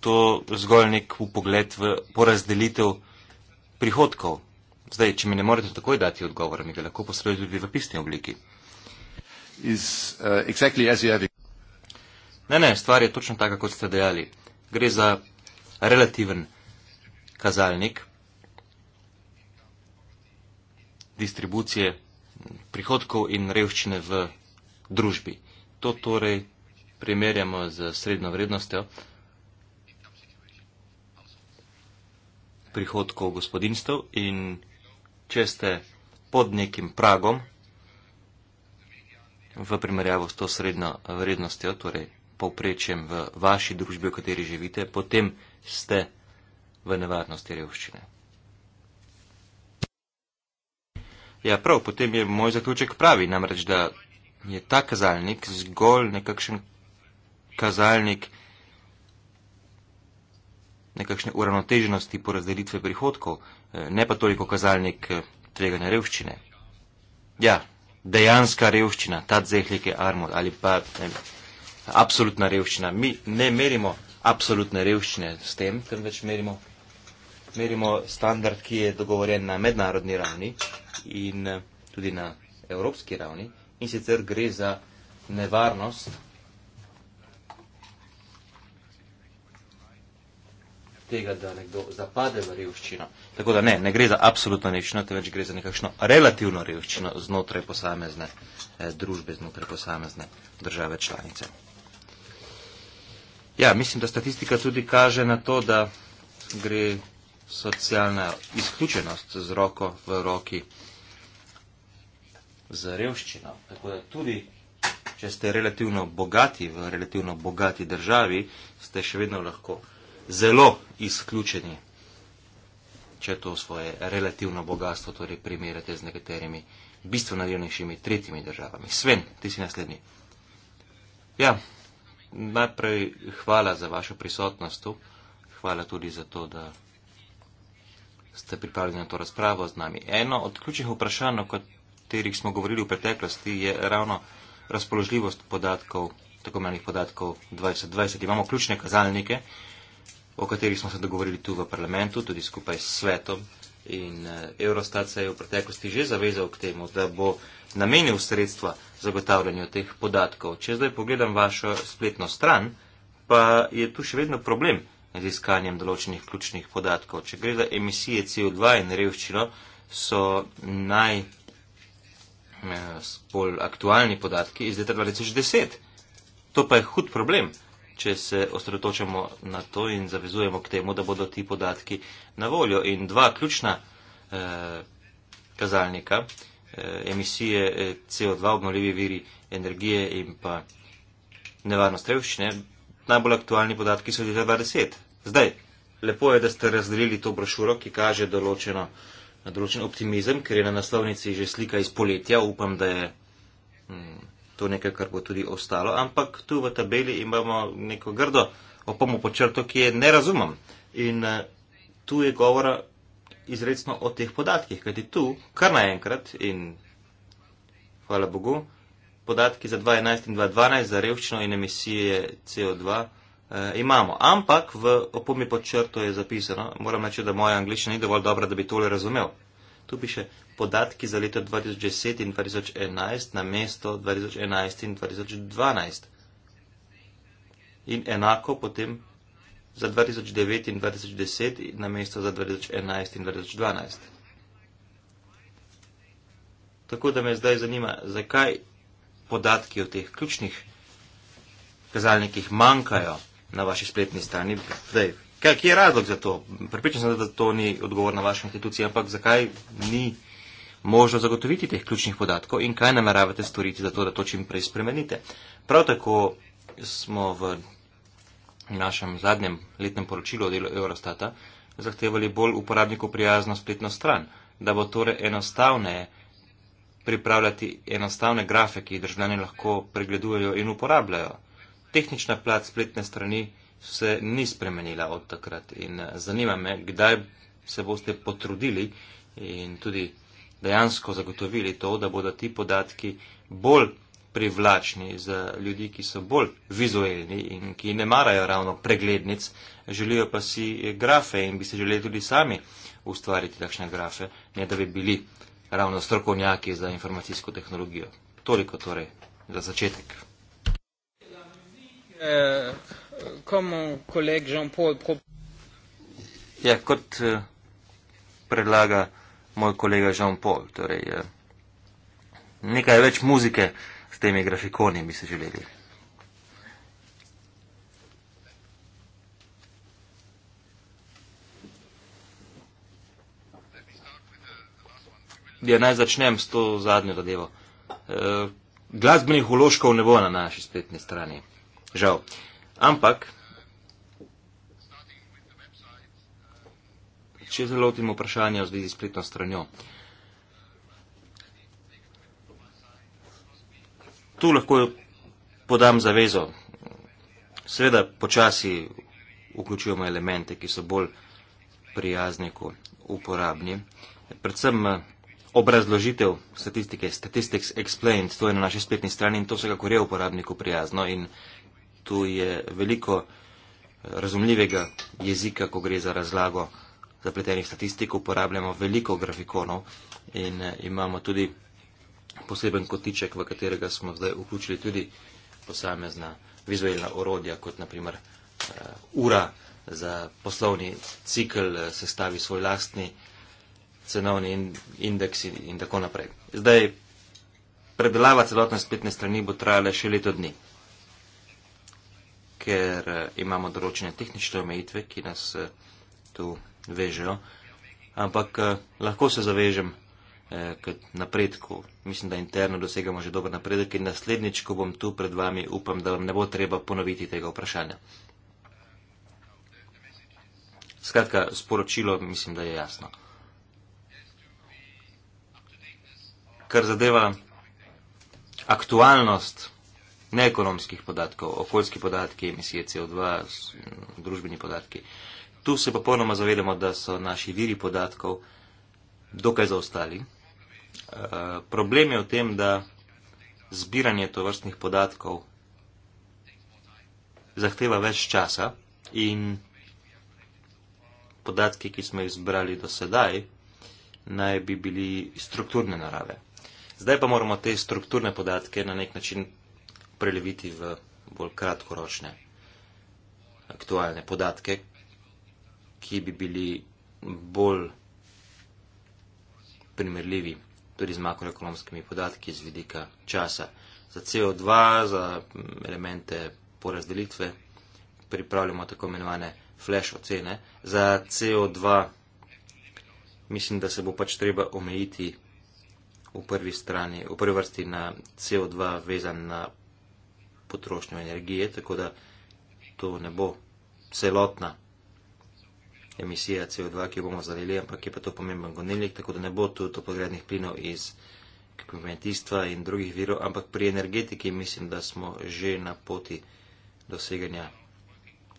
to zgolj nek upogled v porazdelitev prihodkov. Zdaj, če mi ne morete takoj dati odgovora, mi ga lahko posredujete tudi v pisni obliki. Is, uh, exactly ne, ne, stvar je točno taka, kot ste dejali. Gre za relativen kazalnik distribucije prihodkov in revščine v družbi. To torej primerjamo z srednjo vrednostjo prihodkov gospodinstv in če ste pod nekim pragom v primerjavo s to srednjo vrednostjo, torej povprečjem v vaši družbi, v kateri živite, potem ste v nevarnosti revščine. Ja, prav, potem je moj zaključek pravi, namreč, da je ta kazalnik zgolj nekakšen kazalnik nekakšne uravnoteženosti porazdelitve prihodkov, eh, ne pa toliko kazalnik eh, tveganja revščine. Ja, dejanska revščina, ta zehlike armod ali pa ne, absolutna revščina. Mi ne merimo absolutne revščine s tem, temveč merimo merimo standard, ki je dogovorjen na mednarodni ravni in eh, tudi na evropski ravni. In sicer gre za nevarnost tega, da nekdo zapade v revščino. Tako da ne, ne gre za absolutno revščino, temveč gre za nekakšno relativno revščino znotraj posamezne eh, družbe, znotraj posamezne države članice. Ja, mislim, da statistika tudi kaže na to, da gre socialna izključenost z roko v roki z revščino. Tako da tudi, če ste relativno bogati v relativno bogati državi, ste še vedno lahko zelo izključeni, če to svoje relativno bogatstvo torej primerjate z nekaterimi bistveno revnejšimi tretjimi državami. Sven, ti si naslednji. Ja, najprej hvala za vašo prisotnost tu. Hvala tudi za to, da ste pripravljeni na to razpravo z nami. Eno od ključnih vprašanj, o katerih smo govorili v preteklosti, je ravno razpoložljivost podatkov, tako imenih podatkov 2020. Imamo ključne kazalnike, o katerih smo se dogovorili tu v parlamentu, tudi skupaj s svetom. In eh, Eurostat se je v preteklosti že zavezal k temu, da bo namenil sredstva zagotavljanju teh podatkov. Če zdaj pogledam vašo spletno stran, pa je tu še vedno problem z iskanjem določenih ključnih podatkov. Če gre za emisije CO2 in revščino, so najbolj eh, aktualni podatki iz leta 2010. To pa je hud problem, če se osredotočamo na to in zavezujemo k temu, da bodo ti podatki na voljo. In dva ključna eh, kazalnika, eh, emisije eh, CO2, obnovljivi viri energije in pa nevarnost revščine, najbolj aktualni podatki so že 2020. Zdaj, lepo je, da ste razdelili to brošuro, ki kaže določeno, določen optimizem, ker je na naslovnici že slika iz poletja. Upam, da je hm, to nekaj, kar bo tudi ostalo. Ampak tu v tabeli imamo neko grdo opomo počrto, ki je ne razumem. In eh, tu je govora izredno o teh podatkih, kajti tu kar naenkrat in hvala Bogu podatki za 2011 in 2012 za revščino in emisije CO2 eh, imamo. Ampak v opomni pod črto je zapisano, moram reči, da moja angliščina ni dovolj dobra, da bi tole razumel. Tu piše podatki za leto 2010 in 2011 na mesto 2011 in 2012. In enako potem za 2009 in 2010 na mesto za 2011 in 2012. Tako da me zdaj zanima, zakaj podatki o teh ključnih kazalnikih manjkajo na vaši spletni strani. Dej, kaj, kje je razlog za to? Pripričam se, da to ni odgovor na vašo institucijo, ampak zakaj ni možno zagotoviti teh ključnih podatkov in kaj nameravate storiti za to, da to čim prej spremenite. Prav tako smo v našem zadnjem letnem poročilu o delu Eurostata zahtevali bolj uporabniku prijazno spletno stran, da bo torej enostavneje pripravljati enostavne grafe, ki jih državljani lahko pregledujejo in uporabljajo. Tehnična plat spletne strani se ni spremenila od takrat in eh, zanima me, kdaj se boste potrudili in tudi dejansko zagotovili to, da bodo ti podatki bolj privlačni za ljudi, ki so bolj vizualni in ki ne marajo ravno preglednic, želijo pa si grafe in bi se želeli tudi sami ustvariti takšne grafe, ne da bi bili ravno strokovnjaki za informacijsko tehnologijo. Toliko torej za začetek. Eh, ja, kot eh, predlaga moj kolega Jean-Paul, torej eh, nekaj več muzike s temi grafikoni bi se želeli. Ja, naj začnem s to zadnjo zadevo. Uh, glasbenih uložkov ne bo na naši spletni strani. Žal. Ampak, če se lotimo vprašanja v zvezi s spletno stranjo, tu lahko podam zavezo. Sveda počasi vključujemo elemente, ki so bolj prijazni, uporabni. Predvsem obrazložitev statistike, Statistics Explained, to je na naši spletni strani in to se kako je uporabniku prijazno in tu je veliko eh, razumljivega jezika, ko gre za razlago zapletenih statistik, uporabljamo veliko grafikonov in eh, imamo tudi poseben kotiček, v katerega smo zdaj vključili tudi posamezna vizualna orodja, kot naprimer uh, eh, ura za poslovni cikl, sestavi svoj lastni uh, cenovni indeksi in tako naprej. Zdaj, predelava celotne spletne strani bo trajala še leto dni, ker eh, imamo določene tehnične omejitve, ki nas eh, tu vežejo, ampak eh, lahko se zavežem k napredku. Mislim, da interno dosegamo že dober napredek in naslednjič, ko bom tu pred vami, upam, da vam ne bo treba ponoviti tega vprašanja. Skratka, sporočilo mislim, da je jasno. kar zadeva aktualnost neekonomskih podatkov, okoljski podatki, emisije CO2, družbeni podatki. Tu se popolnoma zavedamo, da so naši viri podatkov dokaj zaostali. Eh, problem je v tem, da zbiranje tovrstnih podatkov zahteva več časa in podatki, ki smo jih zbrali do sedaj, naj bi bili strukturne narave. Zdaj pa moramo te strukturne podatke na nek način preleviti v bolj kratkoročne aktualne podatke, ki bi bili bolj primerljivi tudi z makroekonomskimi podatki z vidika časa. Za CO2, za elemente porazdelitve pripravljamo tako imenovane flash ocene. Za CO2 mislim, da se bo pač treba omejiti v prvi, strani, v prvi vrsti na CO2 vezan na potrošnjo energije, tako da to ne bo celotna emisija CO2, ki jo bomo zalili, ampak je pa to pomemben gonilnik, tako da ne bo tudi topogrednih plinov iz kmetijstva in drugih virov, ampak pri energetiki mislim, da smo že na poti doseganja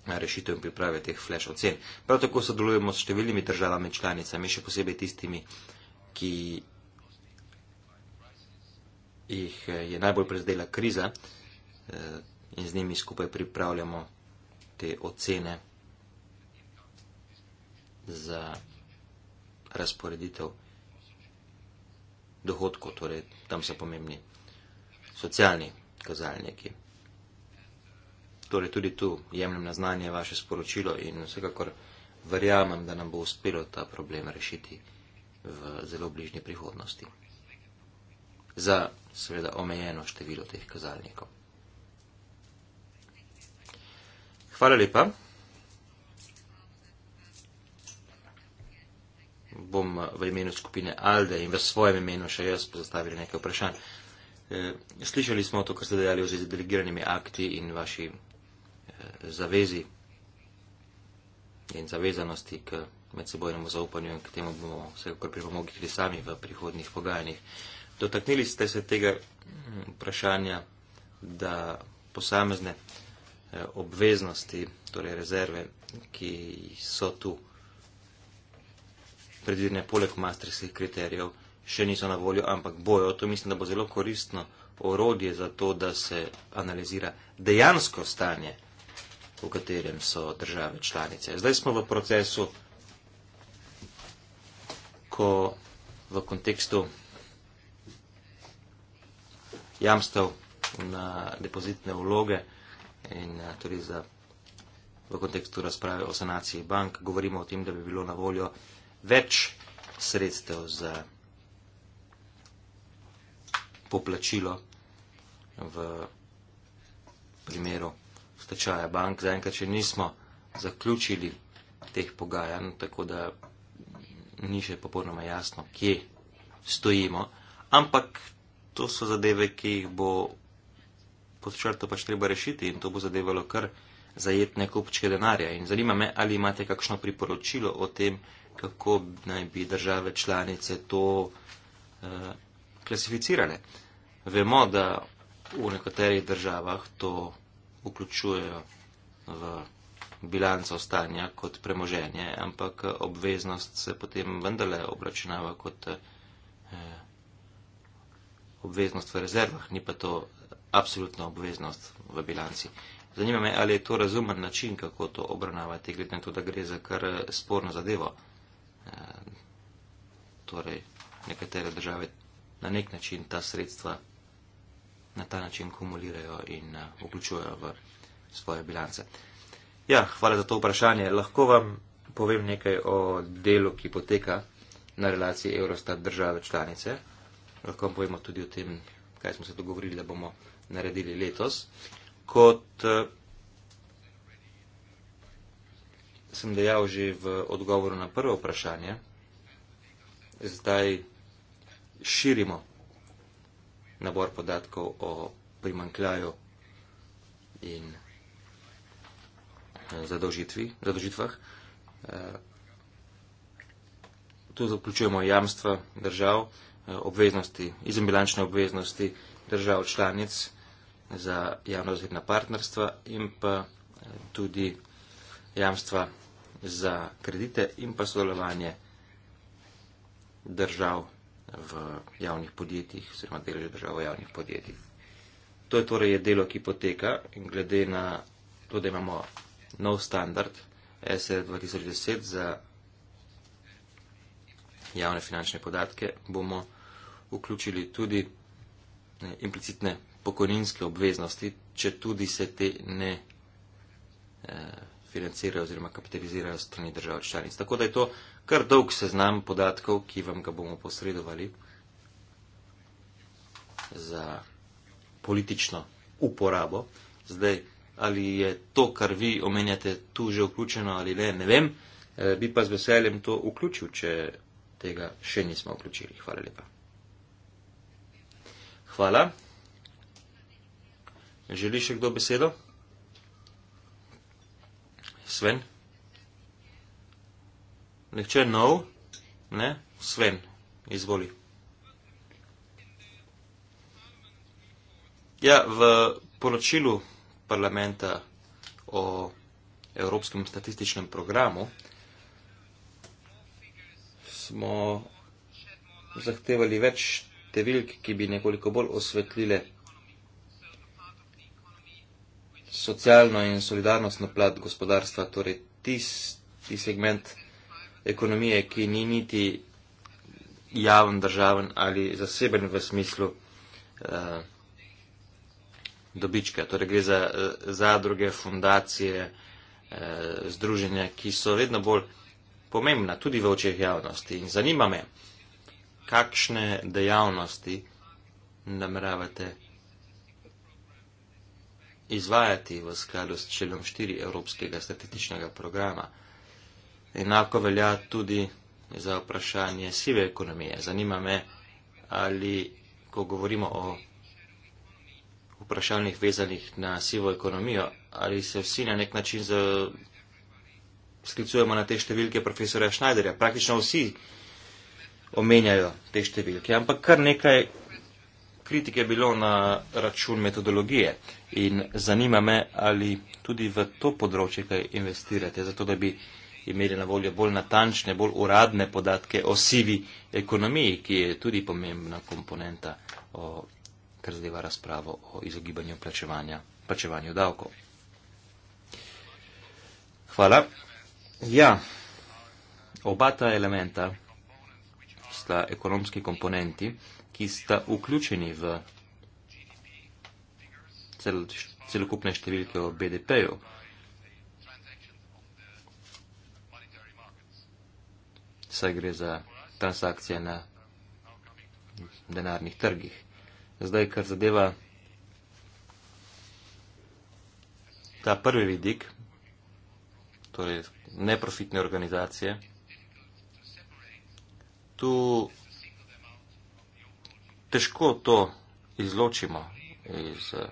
rešitev in priprave teh flash ocen. Prav tako sodelujemo s številnimi državami članicami, še posebej tistimi, ki jih eh, je najbolj prezdela kriza eh, in z njimi skupaj pripravljamo te ocene za razporeditev dohodkov, torej tam so pomembni socialni kazalniki. Torej tudi tu jemljem na znanje vaše sporočilo in vsekakor verjamem, da nam bo uspelo ta problem rešiti v zelo bližnji prihodnosti za seveda omejeno število teh kazalnikov. Hvala lepa. Bom v imenu skupine Alde in v svojem imenu še jaz postavil nekaj vprašanj. Eh, slišali smo to, kar ste dejali v zvezi z delegiranimi akti in vaši eh, zavezi in zavezanosti k medsebojnemu zaupanju in k temu bomo vsekakor pripomogli tudi sami v prihodnih pogajanjih dotaknili ste se tega mm, vprašanja, da posamezne eh, obveznosti, torej rezerve, ki so tu predvidene poleg masterskih kriterijev, še niso na voljo, ampak bojo. To mislim, da bo zelo koristno orodje za to, da se analizira dejansko stanje, v katerem so države članice. Zdaj smo v procesu, ko v kontekstu jamstev na depozitne vloge in eh, tudi za, v kontekstu razprave o sanaciji bank govorimo o tem, da bi bilo na voljo več sredstev za poplačilo v primeru stečaja bank. Zaenkrat, če nismo zaključili teh pogajanj, tako da ni še popolnoma jasno, kje stojimo, ampak to so zadeve, ki jih bo pod črto pač treba rešiti in to bo zadevalo kar zajetne kupčke denarja. In zanima me, ali imate kakšno priporočilo o tem, kako naj bi države članice to eh, klasificirale. Vemo, da v nekaterih državah to vključujejo v bilanco stanja kot premoženje, ampak obveznost se potem vendarle obračunava kot. Eh, obveznost v rezervah, ni pa to absolutna obveznost v bilanci. Zanima me, ali je to razumen način, kako to obravnavate, glede na to, da gre za kar eh, sporno zadevo. E, torej, nekatere države na nek način ta sredstva na ta način kumulirajo in eh, vključujejo v svoje bilance. Ja, hvala za to vprašanje. Lahko vam povem nekaj o delu, ki poteka na relaciji Eurostat države članice, lahko bojimo tudi o tem, kaj smo se dogovorili, da bomo naredili letos. Kot eh, sem dejal že v odgovoru na prvo vprašanje, zdaj širimo nabor podatkov o primankljaju in eh, zadožitvah. Eh, tu zaključujemo jamstva držav. Eh, obveznosti, izembilančne obveznosti držav članic za javno zvedna partnerstva in pa eh, tudi jamstva za kredite in pa sodelovanje držav v javnih podjetjih, oziroma deleže držav v javnih podjetjih. To je torej delo, ki poteka in glede na to, da imamo nov standard SE 2010 za javne finančne podatke, bomo vključili tudi implicitne pokojninske obveznosti, če tudi se te ne eh, financirajo oziroma kapitalizirajo strani države članic. Tako da je to kar dolg seznam podatkov, ki vam ga bomo posredovali za politično uporabo. Zdaj, ali je to, kar vi omenjate, tu že vključeno ali ne, ne vem. Eh, bi pa z veseljem to vključil, če tega še nismo vključili. Hvala lepa. Hvala. Želi še kdo besedo? Sven? Nihče nov? Ne? Sven, izvoli. Ja, v poročilu parlamenta o Evropskem statističnem programu smo zahtevali več številk, ki bi nekoliko bolj osvetlile socialno in solidarnostno plat gospodarstva, torej tisti segment ekonomije, ki ni niti javen, državen ali zaseben v smislu eh, dobička. Torej gre za eh, zadruge, fundacije, eh, združenja, ki so vedno bolj pomembna tudi v očeh javnosti. In zanima me, kakšne dejavnosti nameravate izvajati v skladu s členom 4 Evropskega statističnega programa. Enako velja tudi za vprašanje sive ekonomije. Zanima me, ali ko govorimo o vprašanjih vezanih na sivo ekonomijo, ali se vsi na nek način sklicujemo na te številke profesora Schneiderja. Praktično vsi omenjajo te številke, ampak kar nekaj kritike je bilo na račun metodologije in zanima me, ali tudi v to področje kaj investirate, zato da bi imeli na voljo bolj natančne, bolj uradne podatke o sivi ekonomiji, ki je tudi pomembna komponenta, o, kar zadeva razpravo o izogibanju plačevanju davkov. Hvala. Ja, oba ta elementa sta ekonomski komponenti, ki sta vključeni v cel, celokupne številke o BDP-ju. Saj gre za transakcije na denarnih trgih. Zdaj, kar zadeva ta prvi vidik, torej neprofitne organizacije, tu težko to izločimo iz eh,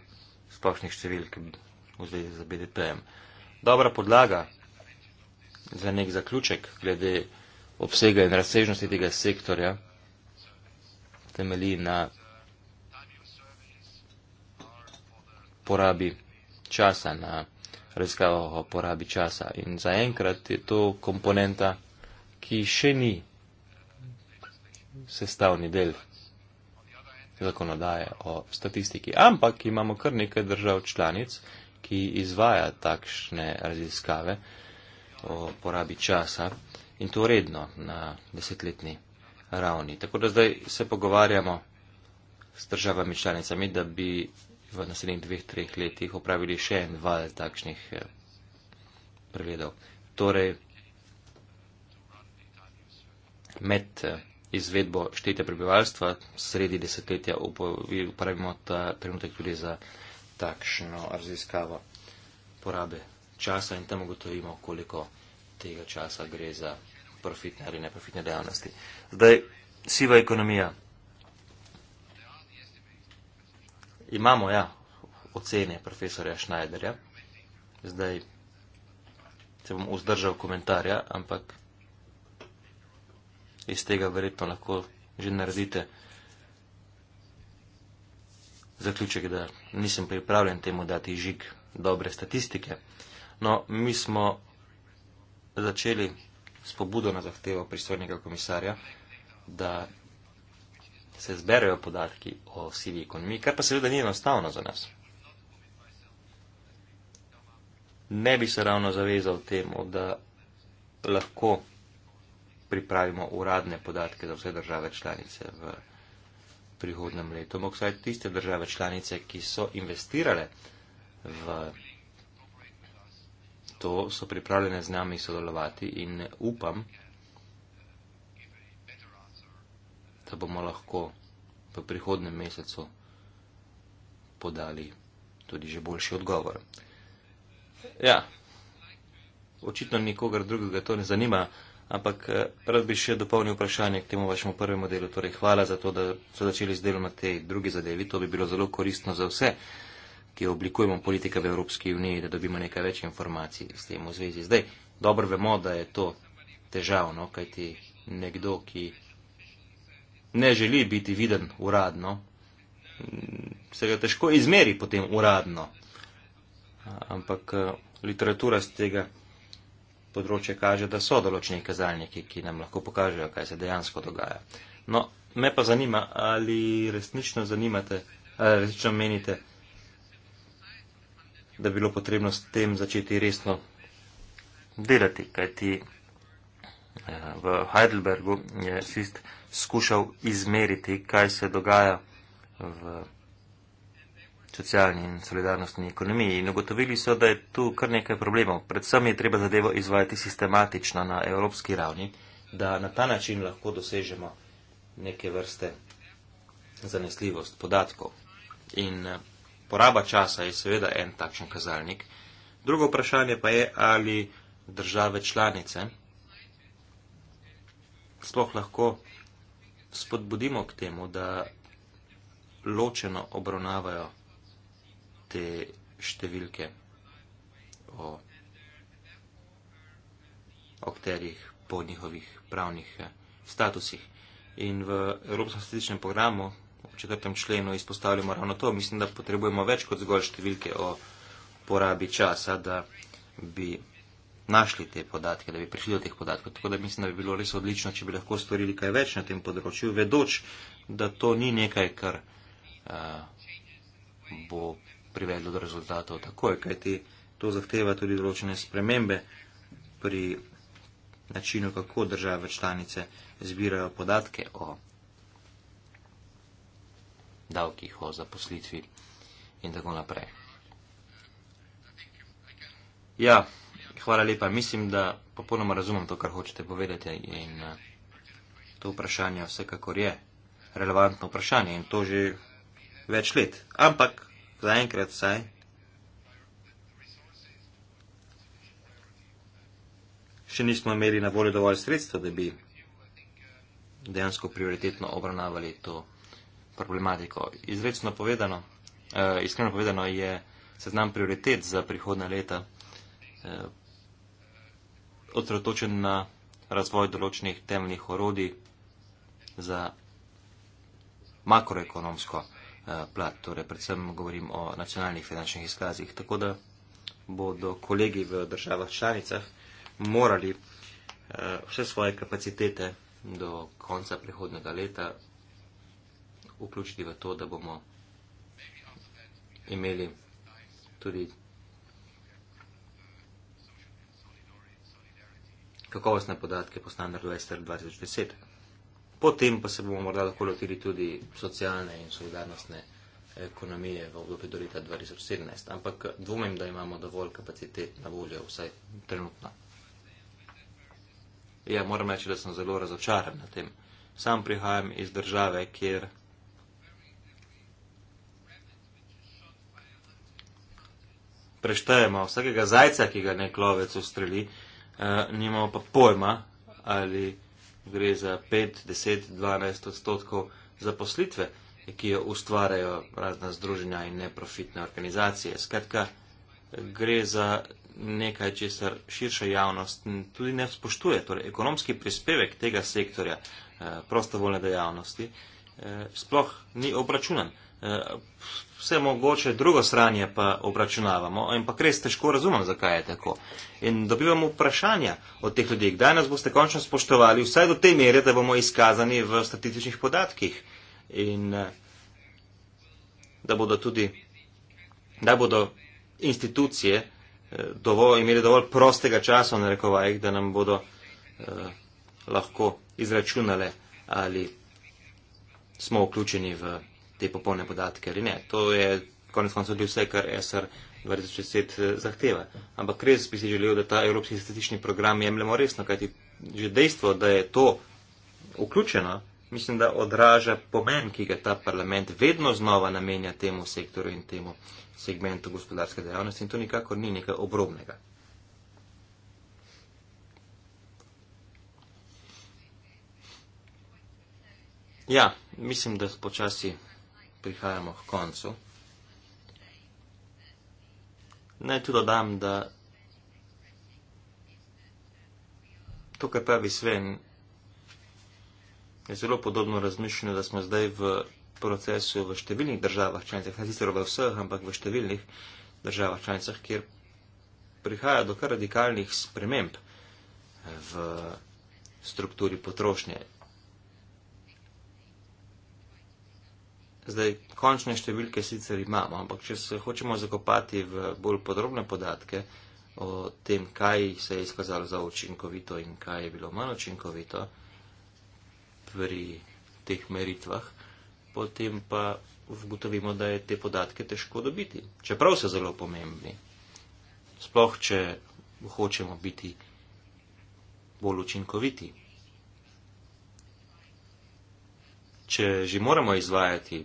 splošnih številk v zvezi z BDP-em. Dobra podlaga za nek zaključek glede obsega in razsežnosti tega sektorja temelji na porabi časa, na raziskavo o porabi časa. In zaenkrat je to komponenta, ki še ni sestavni del zakonodaje o statistiki. Ampak imamo kar nekaj držav članic, ki izvaja takšne raziskave o porabi časa in to redno na desetletni ravni. Tako da zdaj se pogovarjamo s državami članicami, da bi v naslednjih dveh, treh letih opravili še en val takšnih eh, pregledov. Torej, med eh, izvedbo štete prebivalstva sredi desetletja uporabimo ta trenutek tudi za takšno raziskavo porabe časa in tam ugotovimo, koliko tega časa gre za profitne ali neprofitne dejavnosti. Zdaj, siva ekonomija. Imamo, ja, ocene profesorja Schneiderja. Zdaj se bom vzdržal komentarja, ampak iz tega verjetno lahko že naredite zaključek, da nisem pripravljen temu dati žig dobre statistike. No, mi smo začeli s pobudo na zahtevo pristojnega komisarja, da se zberajo podatki o sivi ekonomiji, kar pa seveda ni enostavno za nas. Ne bi se ravno zavezal temu, da lahko pripravimo uradne podatke za vse države članice v prihodnem letu. Ampak vsaj tiste države članice, ki so investirale v to, so pripravljene z nami sodelovati in upam, da bomo lahko v prihodnem mesecu podali tudi že boljši odgovor. Ja, očitno nikogar drugega to ne zanima ampak eh, rad bi še dopolnil vprašanje k temu vašemu prvemu delu. Torej, hvala za to, da so začeli z delom na tej drugi zadevi. To bi bilo zelo koristno za vse, ki oblikujemo politika v Evropski uniji, da dobimo nekaj več informacij s tem v zvezi. Zdaj, dobro vemo, da je to težavno, kajti nekdo, ki ne želi biti viden uradno, se ga težko izmeri potem uradno. Ampak eh, literatura z tega področje kaže, da so določeni kazalniki, ki nam lahko pokažejo, kaj se dejansko dogaja. No, me pa zanima, ali resnično zanimate, ali resnično menite, da bi bilo potrebno s tem začeti resno delati, kajti eh, v Heidelbergu je Sist skušal izmeriti, kaj se dogaja v socialni in solidarnostni ekonomiji in ugotovili so, da je tu kar nekaj problemov. Predvsem je treba zadevo izvajati sistematično na evropski ravni, da na ta način lahko dosežemo neke vrste zanesljivost podatkov. In eh, poraba časa je seveda en takšen kazalnik. Drugo vprašanje pa je, ali države članice sploh lahko spodbudimo k temu, da ločeno obravnavajo te številke, o, o katerih po njihovih pravnih eh, statusih. In v Evropskem statističnem programu v četrtem členu izpostavljamo ravno to. Mislim, da potrebujemo več kot zgolj številke o porabi časa, da bi našli te podatke, da bi prišli do teh podatkov. Tako da mislim, da bi bilo res odlično, če bi lahko storili kaj več na tem področju, vedoč, da to ni nekaj, kar uh, bo privedlo do rezultatov takoj, kajti to zahteva tudi določene spremembe pri načinu, kako države članice zbirajo podatke o davkih, o zaposlitvi in tako naprej. Ja, hvala lepa. Mislim, da popolnoma razumem to, kar hočete povedati in eh, to vprašanje vsekakor je relevantno vprašanje in to že več let. Ampak zaenkrat vsaj. Še nismo imeli na voljo dovolj sredstva, da bi dejansko prioritetno obravnavali to problematiko. Izrecno povedano, eh, iskreno povedano je seznam prioritet za prihodne leta eh, otratočen na razvoj določenih temeljnih orodij za makroekonomsko Eh, plat. Torej, predvsem govorim o nacionalnih finančnih izkazih. Tako da bodo kolegi v državah članicah morali eh, vse svoje kapacitete do konca prihodnega leta vključiti v to, da bomo imeli tudi kakovostne podatke po standardu ESTR 2010. Potem pa se bomo morda lahko lotili tudi socialne in solidarnostne ekonomije v obdobju do leta 2017. Ampak dvomim, da imamo dovolj kapacitet na voljo, vsaj trenutno. Ja, moram reči, da sem zelo razočaran na tem. Sam prihajam iz države, kjer preštejemo vsakega zajca, ki ga nek lovec ustreli, uh, nimamo pa pojma ali gre za 5, 10, 12 odstotkov zaposlitve, ki jo ustvarjajo razna združenja in neprofitne organizacije. Skratka, gre za nekaj, česar širša javnost tudi ne spoštuje. Torej, ekonomski prispevek tega sektorja eh, prostovoljne dejavnosti eh, sploh ni obračunan. Eh, vse mogoče drugo stranje pa obračunavamo, ampak res težko razumem, zakaj je tako. In dobivamo vprašanja od teh ljudi, kdaj nas boste končno spoštovali, vsaj do te mere, da bomo izkazani v statističnih podatkih in eh, da bodo tudi, da bodo institucije eh, dovolj, imeli dovolj prostega časa, na rekovajih, da nam bodo eh, lahko izračunale, ali smo vključeni v te popolne podatke ali ne. To je konec koncev tudi vse, kar SR 2010 zahteva. Ampak res bi si želel, da ta evropski statistični program jemljemo resno, kajti že dejstvo, da je to vključeno, mislim, da odraža pomen, ki ga ta parlament vedno znova namenja temu sektorju in temu segmentu gospodarske dejavnosti in to nikakor ni nekaj obrobnega. Ja, mislim, da počasi prihajamo k koncu. Naj tu dodam, da to, kar pravi Sven, je zelo podobno razmišljanju, da smo zdaj v procesu v številnih državah članicah, ne sicer v vseh, ampak v številnih državah članicah, kjer prihaja do kar radikalnih sprememb v strukturi potrošnje. Zdaj, končne številke sicer imamo, ampak če se hočemo zakopati v bolj podrobne podatke o tem, kaj se je izkazalo za učinkovito in kaj je bilo manj učinkovito pri teh meritvah, potem pa ugotovimo, da je te podatke težko dobiti, čeprav so zelo pomembni. Sploh, če hočemo biti bolj učinkoviti. Če že moramo izvajati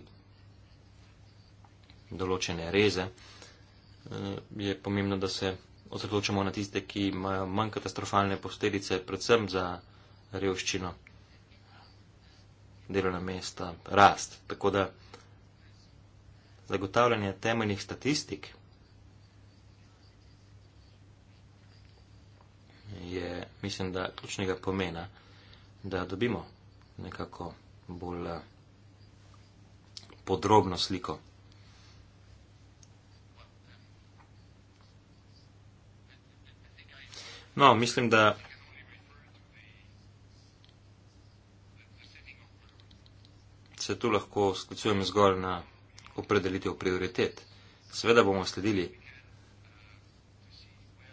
določene reze, eh, je pomembno, da se osredotočamo na tiste, ki imajo manj katastrofalne posledice, predvsem za revščino, delovna mesta, rast. Tako da zagotavljanje temeljnih statistik je, mislim, da ključnega pomena, da dobimo nekako bolj eh, podrobno sliko. No, mislim da... se tu lahko sklicujem zgolj na opredelitev prioritet. Seveda bomo sledili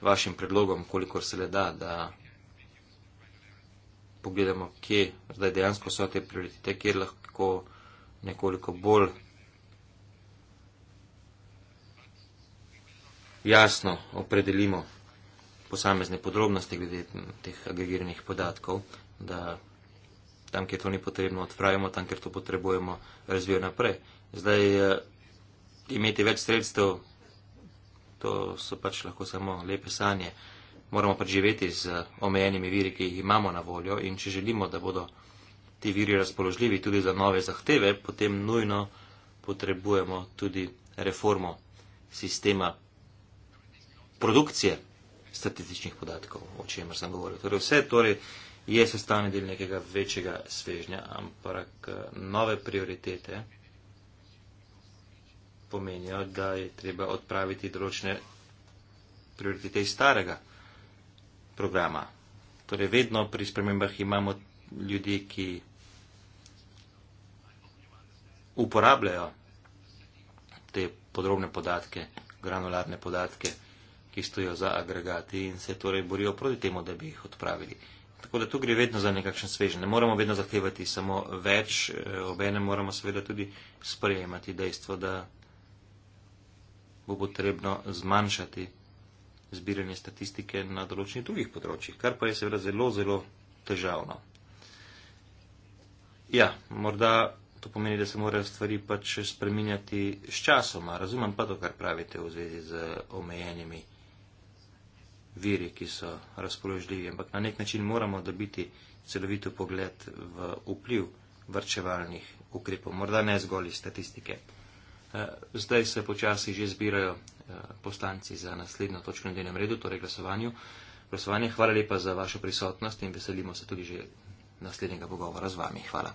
vašim predlogom, kolikor se le da, da pogledamo, kje zdaj dejansko so te prioritete, kjer lahko nekoliko bolj jasno opredelimo posamezne podrobnosti glede teh agregiranih podatkov, da tam, kjer to ni potrebno, odpravimo, tam, kjer to potrebujemo, razvijo naprej. Zdaj, eh, imeti več sredstev, to so pač lahko samo lepe sanje. Moramo pač živeti z omejenimi viri, ki jih imamo na voljo in če želimo, da bodo ti viri razpoložljivi tudi za nove zahteve, potem nujno potrebujemo tudi reformo sistema produkcije statističnih podatkov, o čemer sem govoril. Torej, vse torej je sestavni del nekega večjega svežnja, ampak eh, nove prioritete pomenijo, da je treba odpraviti določene prioritete iz starega programa. Torej, vedno pri spremembah imamo ljudi, ki uporabljajo te podrobne podatke, granularne podatke ki stojijo za agregati in se torej borijo proti temu, da bi jih odpravili. Tako da tu gre vedno za nekakšen svež. Ne moramo vedno zahtevati samo več, eh, obene moramo seveda tudi sprejemati dejstvo, da bo potrebno zmanjšati zbiranje statistike na določenih drugih področjih, kar pa je seveda zelo, zelo težavno. Ja, morda to pomeni, da se morajo stvari pač spreminjati s časoma. Razumem pa to, kar pravite v zvezi z omejenimi viri, ki so razpoložljivi, ampak na nek način moramo dobiti celovito pogled v vpliv vrčevalnih ukrepov, morda ne zgolj iz statistike. Eh, zdaj se počasi že zbirajo eh, poslanci za naslednjo točko na dnevnem redu, torej glasovanju. glasovanje. Hvala lepa za vašo prisotnost in veselimo se tudi že naslednjega pogovora z vami. Hvala.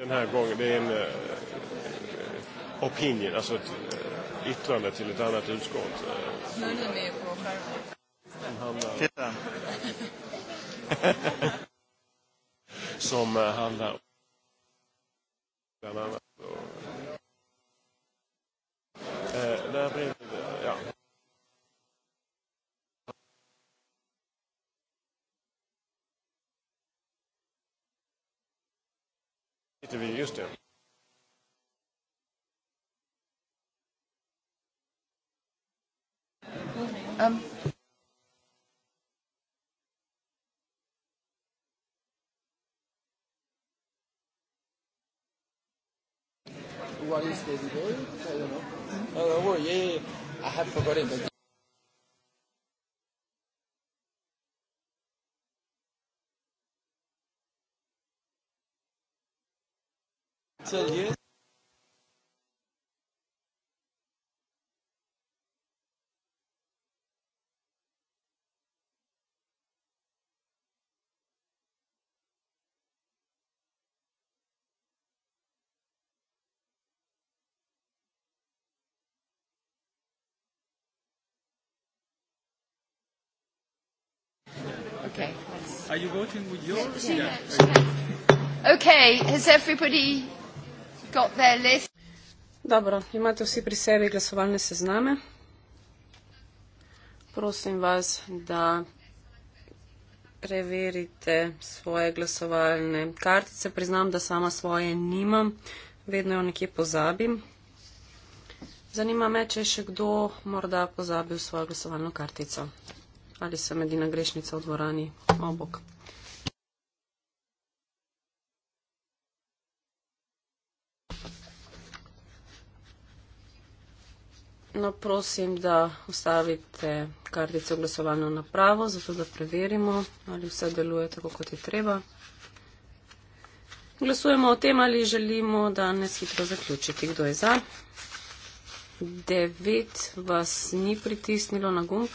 Den här gången, det är en uh, opinion, alltså ett uh, yttrande till ett annat utskott. Möjligen är på skärmen. Titta. Som eh, handlar om bland annat. to be used to. Um. What is the debate? I don't know. Mm-hmm. Oh, yeah, yeah, yeah, I have forgotten. But Celje. Okay. Are you voting with your? Okay. Has everybody got their list. Dobro, imate vsi pri sebi glasovalne sezname. Prosim vas, da preverite svoje glasovalne kartice. Priznam, da sama svoje nimam, vedno jo nekje pozabim. Zanima me, če je še kdo morda pozabil svojo glasovalno kartico. Ali sem edina grešnica v dvorani? Obok. Oh, naprosim, no, da ustavite kartico glasovalno napravo, zato da preverimo, ali vse deluje tako, kot je treba. Glasujemo o tem, ali želimo danes hitro zaključiti, kdo je za. Devet vas ni pritisnilo na gumb.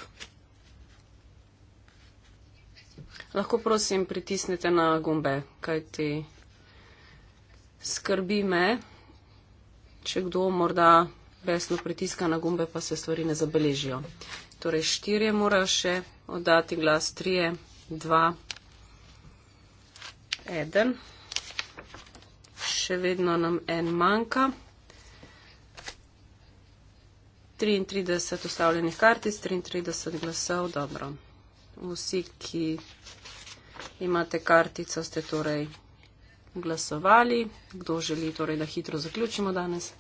Lahko prosim pritisnete na gumbe, kajti skrbi me, če kdo morda besno pritiska na gumbe, pa se stvari ne zabeležijo. Torej, štirje morajo še oddati glas, trije, dva, eden. Še vedno nam en manjka. 33 ustavljenih kartic, 33 glasov, dobro. Vsi, ki imate kartico, ste torej glasovali. Kdo želi torej, da hitro zaključimo danes?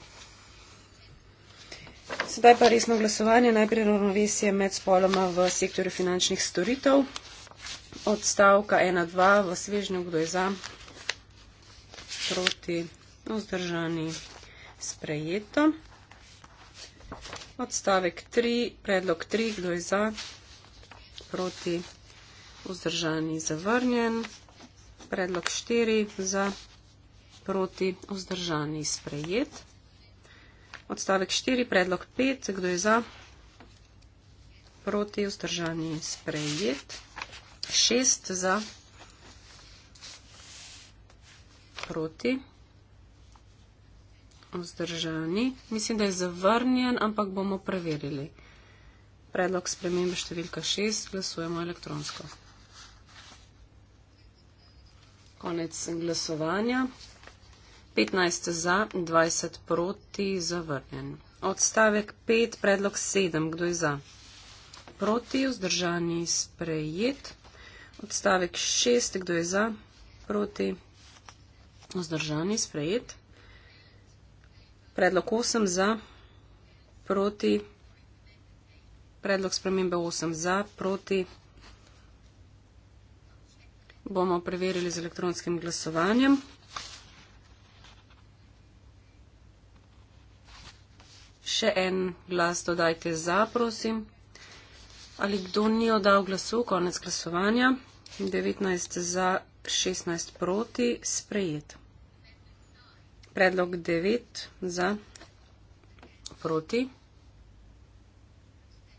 Sedaj pa resno glasovanje, najprej ravnovesje med spoloma v sektorju finančnih storitev. Odstavka 1.2 v svežnju, kdo je za, proti, vzdržani, sprejeto. Odstavek 3, predlog 3, kdo je za, proti, vzdržani, zavrnjen. Predlog 4, za, proti, vzdržani, sprejeto. Odstavek 4, predlog 5, kdo je za, proti, vzdržani, sprejet. 6 za, proti, vzdržani. Mislim, da je zavrnjen, ampak bomo preverili. Predlog spremembe številka 6, glasujemo elektronsko. Konec glasovanja. 15 za, 20 proti, zavrnjen. Odstavek 5, predlog 7, kdo je za? Proti, vzdržani, sprejet. Odstavek 6, kdo je za? Proti, vzdržani, sprejet. Predlog 8 za, proti, predlog spremembe 8 za, proti. Bomo preverili z elektronskim glasovanjem. Še en glas dodajte za, prosim. Ali kdo ni oddal glasu, konec glasovanja? 19 za, 16 proti, sprejet. Predlog 9 za, proti.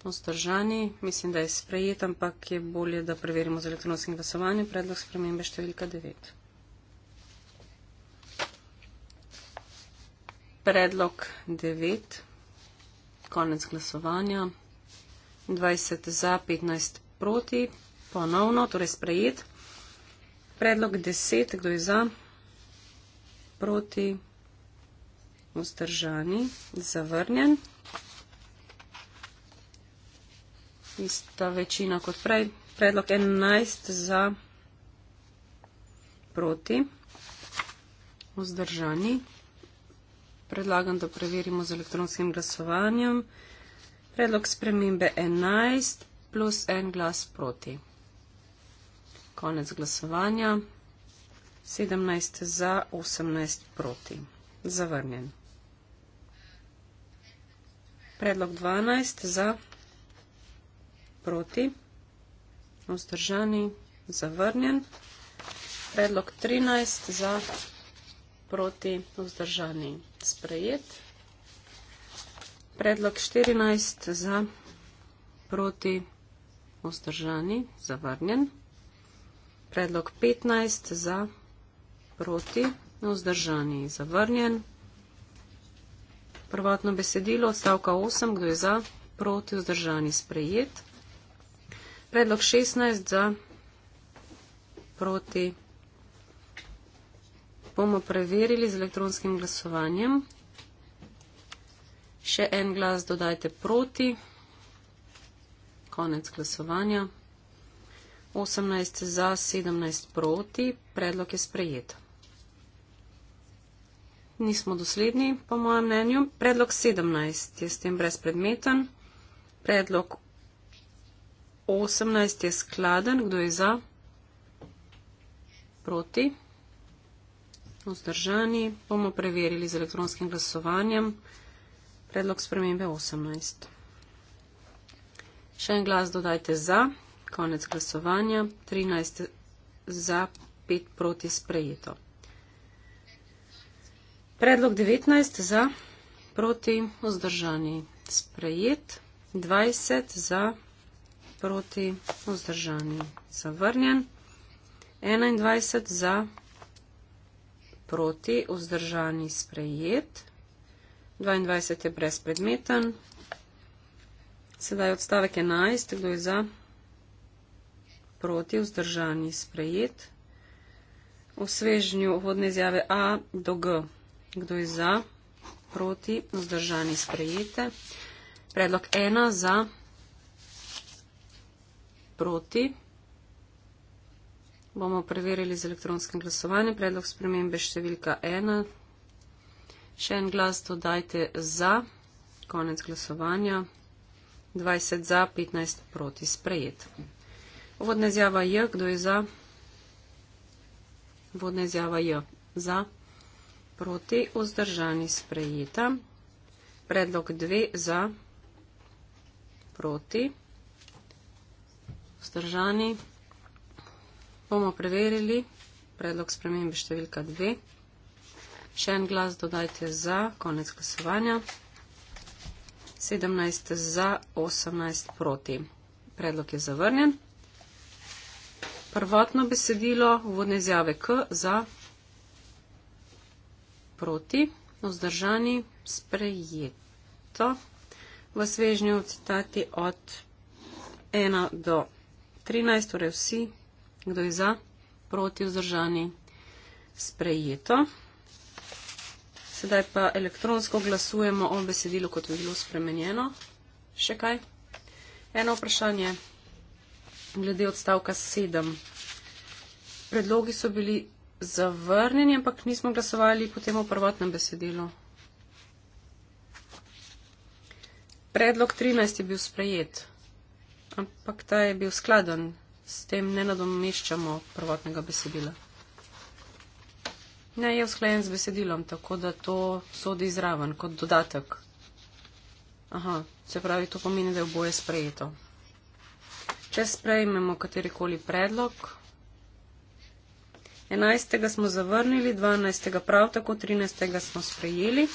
Ostržani, mislim, da je sprejet, ampak je bolje, da preverimo z elektronskim glasovanjem. Predlog spremembe številka 9. Predlog 9 konec glasovanja. 20 za, 15 proti, ponovno, torej sprejet. Predlog 10, kdo je za, proti, vzdržani, zavrnjen. Ista večina kot prej. Predlog 11 za, proti, vzdržani, zavrnjen predlagam, da preverimo z elektronskim glasovanjem. Predlog spremembe 11 plus en glas proti. Konec glasovanja. 17 za, 18 proti. Zavrnjen. Predlog 12 za, proti. Vzdržani, zavrnjen. Predlog 13 za, proti. Vzdržani, sprejet. Predlog 14 za proti vzdržani zavrnjen. Predlog 15 za proti vzdržani zavrnjen. Prvotno besedilo odstavka 8, kdo je za proti vzdržani sprejet. Predlog 16 za proti vzdržani zavrnjen bomo preverili z elektronskim glasovanjem. Še en glas dodajte proti. Konec glasovanja. 18 za, 17 proti. Predlog je sprejet. Nismo dosledni, po mojem mnenju. Predlog 17 je s tem brezpredmeten. Predlog 18 je skladen. Kdo je za? Proti. Vzdržani bomo preverili z elektronskim glasovanjem. Predlog spremembe 18. Še en glas dodajte za. Konec glasovanja. 13 za, 5 proti sprejeto. Predlog 19 za, proti vzdržani sprejet. 20 za, proti vzdržani zavrnjen. 21 za, proti, vzdržani, sprejet. 22 je brezpredmeten. Sedaj odstavek 11, kdo je za? Proti, vzdržani, sprejet. V svežnju vhodne izjave A do G. Kdo je za? Proti, vzdržani, sprejete. Predlog 1 za? Proti bomo preverili z elektronskim glasovanjem. Predlog spremembe številka ena. Še en glas dodajte za. Konec glasovanja. 20 za, 15 proti sprejet. Vodna izjava J, kdo je za? Vodna izjava J, za, proti, vzdržani sprejeta. Predlog 2 za, proti, vzdržani sprejeta bomo preverili predlog spremembe številka 2. Še en glas dodajte za, konec glasovanja. 17 za, 18 proti. Predlog je zavrnjen. Prvotno besedilo vodne izjave K za, proti, vzdržani, sprejeto. V svežnju citati od 1 do 13, torej vsi Kdo je za? Proti vzdržani? Sprejeto. Sedaj pa elektronsko glasujemo o besedilu, kot bi bilo spremenjeno. Še kaj? Eno vprašanje glede odstavka 7. Predlogi so bili zavrnjeni, ampak nismo glasovali potem o prvotnem besedilu. Predlog 13 je bil sprejet, ampak ta je bil skladen s tem ne nadomeščamo prvotnega besedila. Ne je usklajen z besedilom, tako da to sodi izraven kot dodatek. Aha, se pravi, to pomeni, da je oboje sprejeto. Če sprejmemo katerikoli predlog, 11. smo zavrnili, 12. prav tako, 13. smo sprejeli.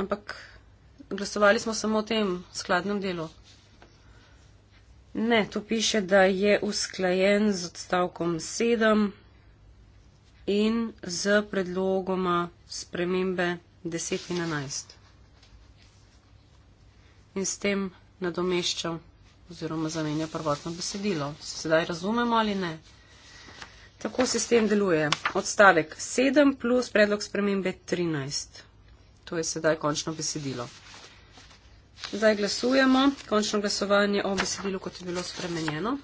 Ampak glasovali smo samo o tem skladnem delu. Ne, tu piše, da je usklajen z odstavkom 7 in z predlogoma spremembe 10 in 11. In s tem nadomeščam oziroma zamenja prvotno besedilo. Se sedaj razumemo ali ne? Tako se s tem deluje. Odstavek 7 plus predlog spremembe 13. To je sedaj končno besedilo. Zdaj glasujemo. Končno glasovanje o besedilu, kot je bilo spremenjeno.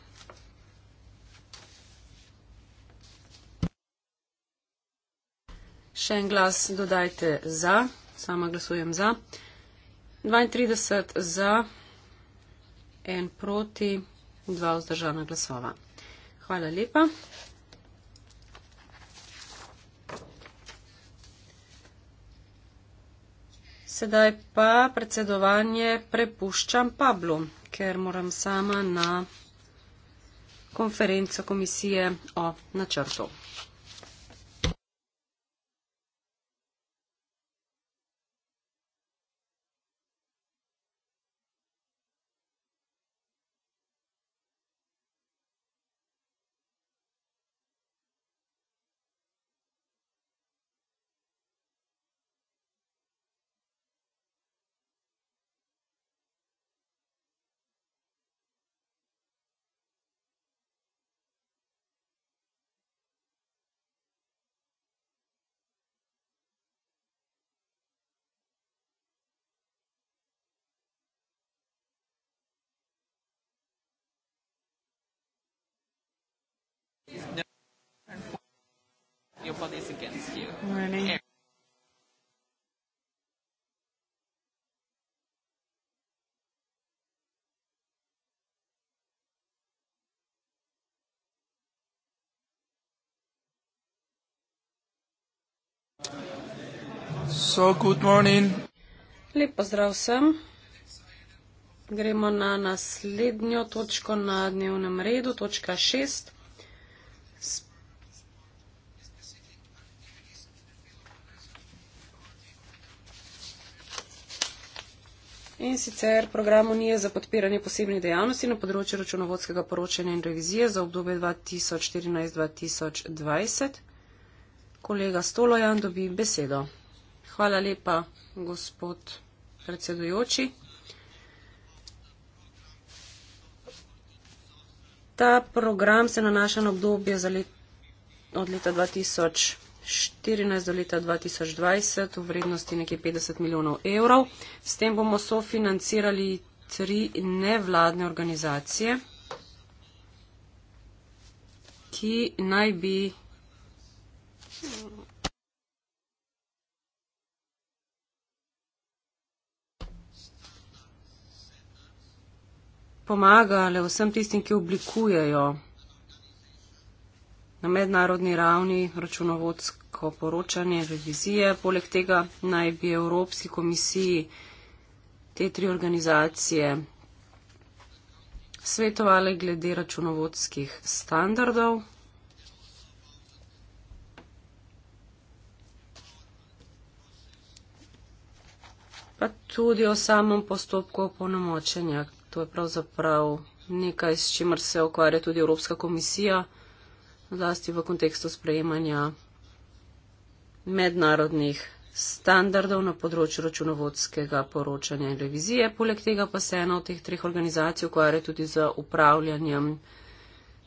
Še en glas dodajte za. Sama glasujem za. 32 za, en proti, dva vzdržana glasova. Hvala lepa. Sedaj pa predsedovanje prepuščam Pablu, ker moram sama na konferenco komisije o načrtu. for this against you. Really? So, good morning. Lep pozdrav vsem. Gremo na naslednjo točko na dnevnem redu, točka 6. in sicer program Unije za podpiranje posebnih dejavnosti na področju računovodskega poročanja in revizije za obdobje 2014-2020. Kolega Stolojan dobi besedo. Hvala lepa, gospod predsedujoči. Ta program se nanaša na obdobje let, od leta 2014. 2014 do leta 2020 v vrednosti nekje 50 milijonov evrov. S tem bomo sofinancirali tri nevladne organizacije, ki naj bi. pomagale vsem tistim, ki oblikujejo na mednarodni ravni računovodsko poročanje revizije. Poleg tega naj bi Evropski komisiji te tri organizacije svetovali glede računovodskih standardov. Pa tudi o samem postopku opolnomočenja. To je pravzaprav nekaj, s čimer se ukvarja tudi Evropska komisija zlasti v kontekstu sprejemanja mednarodnih standardov na področju računovodskega poročanja in revizije. Poleg tega pa se ena od teh treh organizacij ukvarja tudi z upravljanjem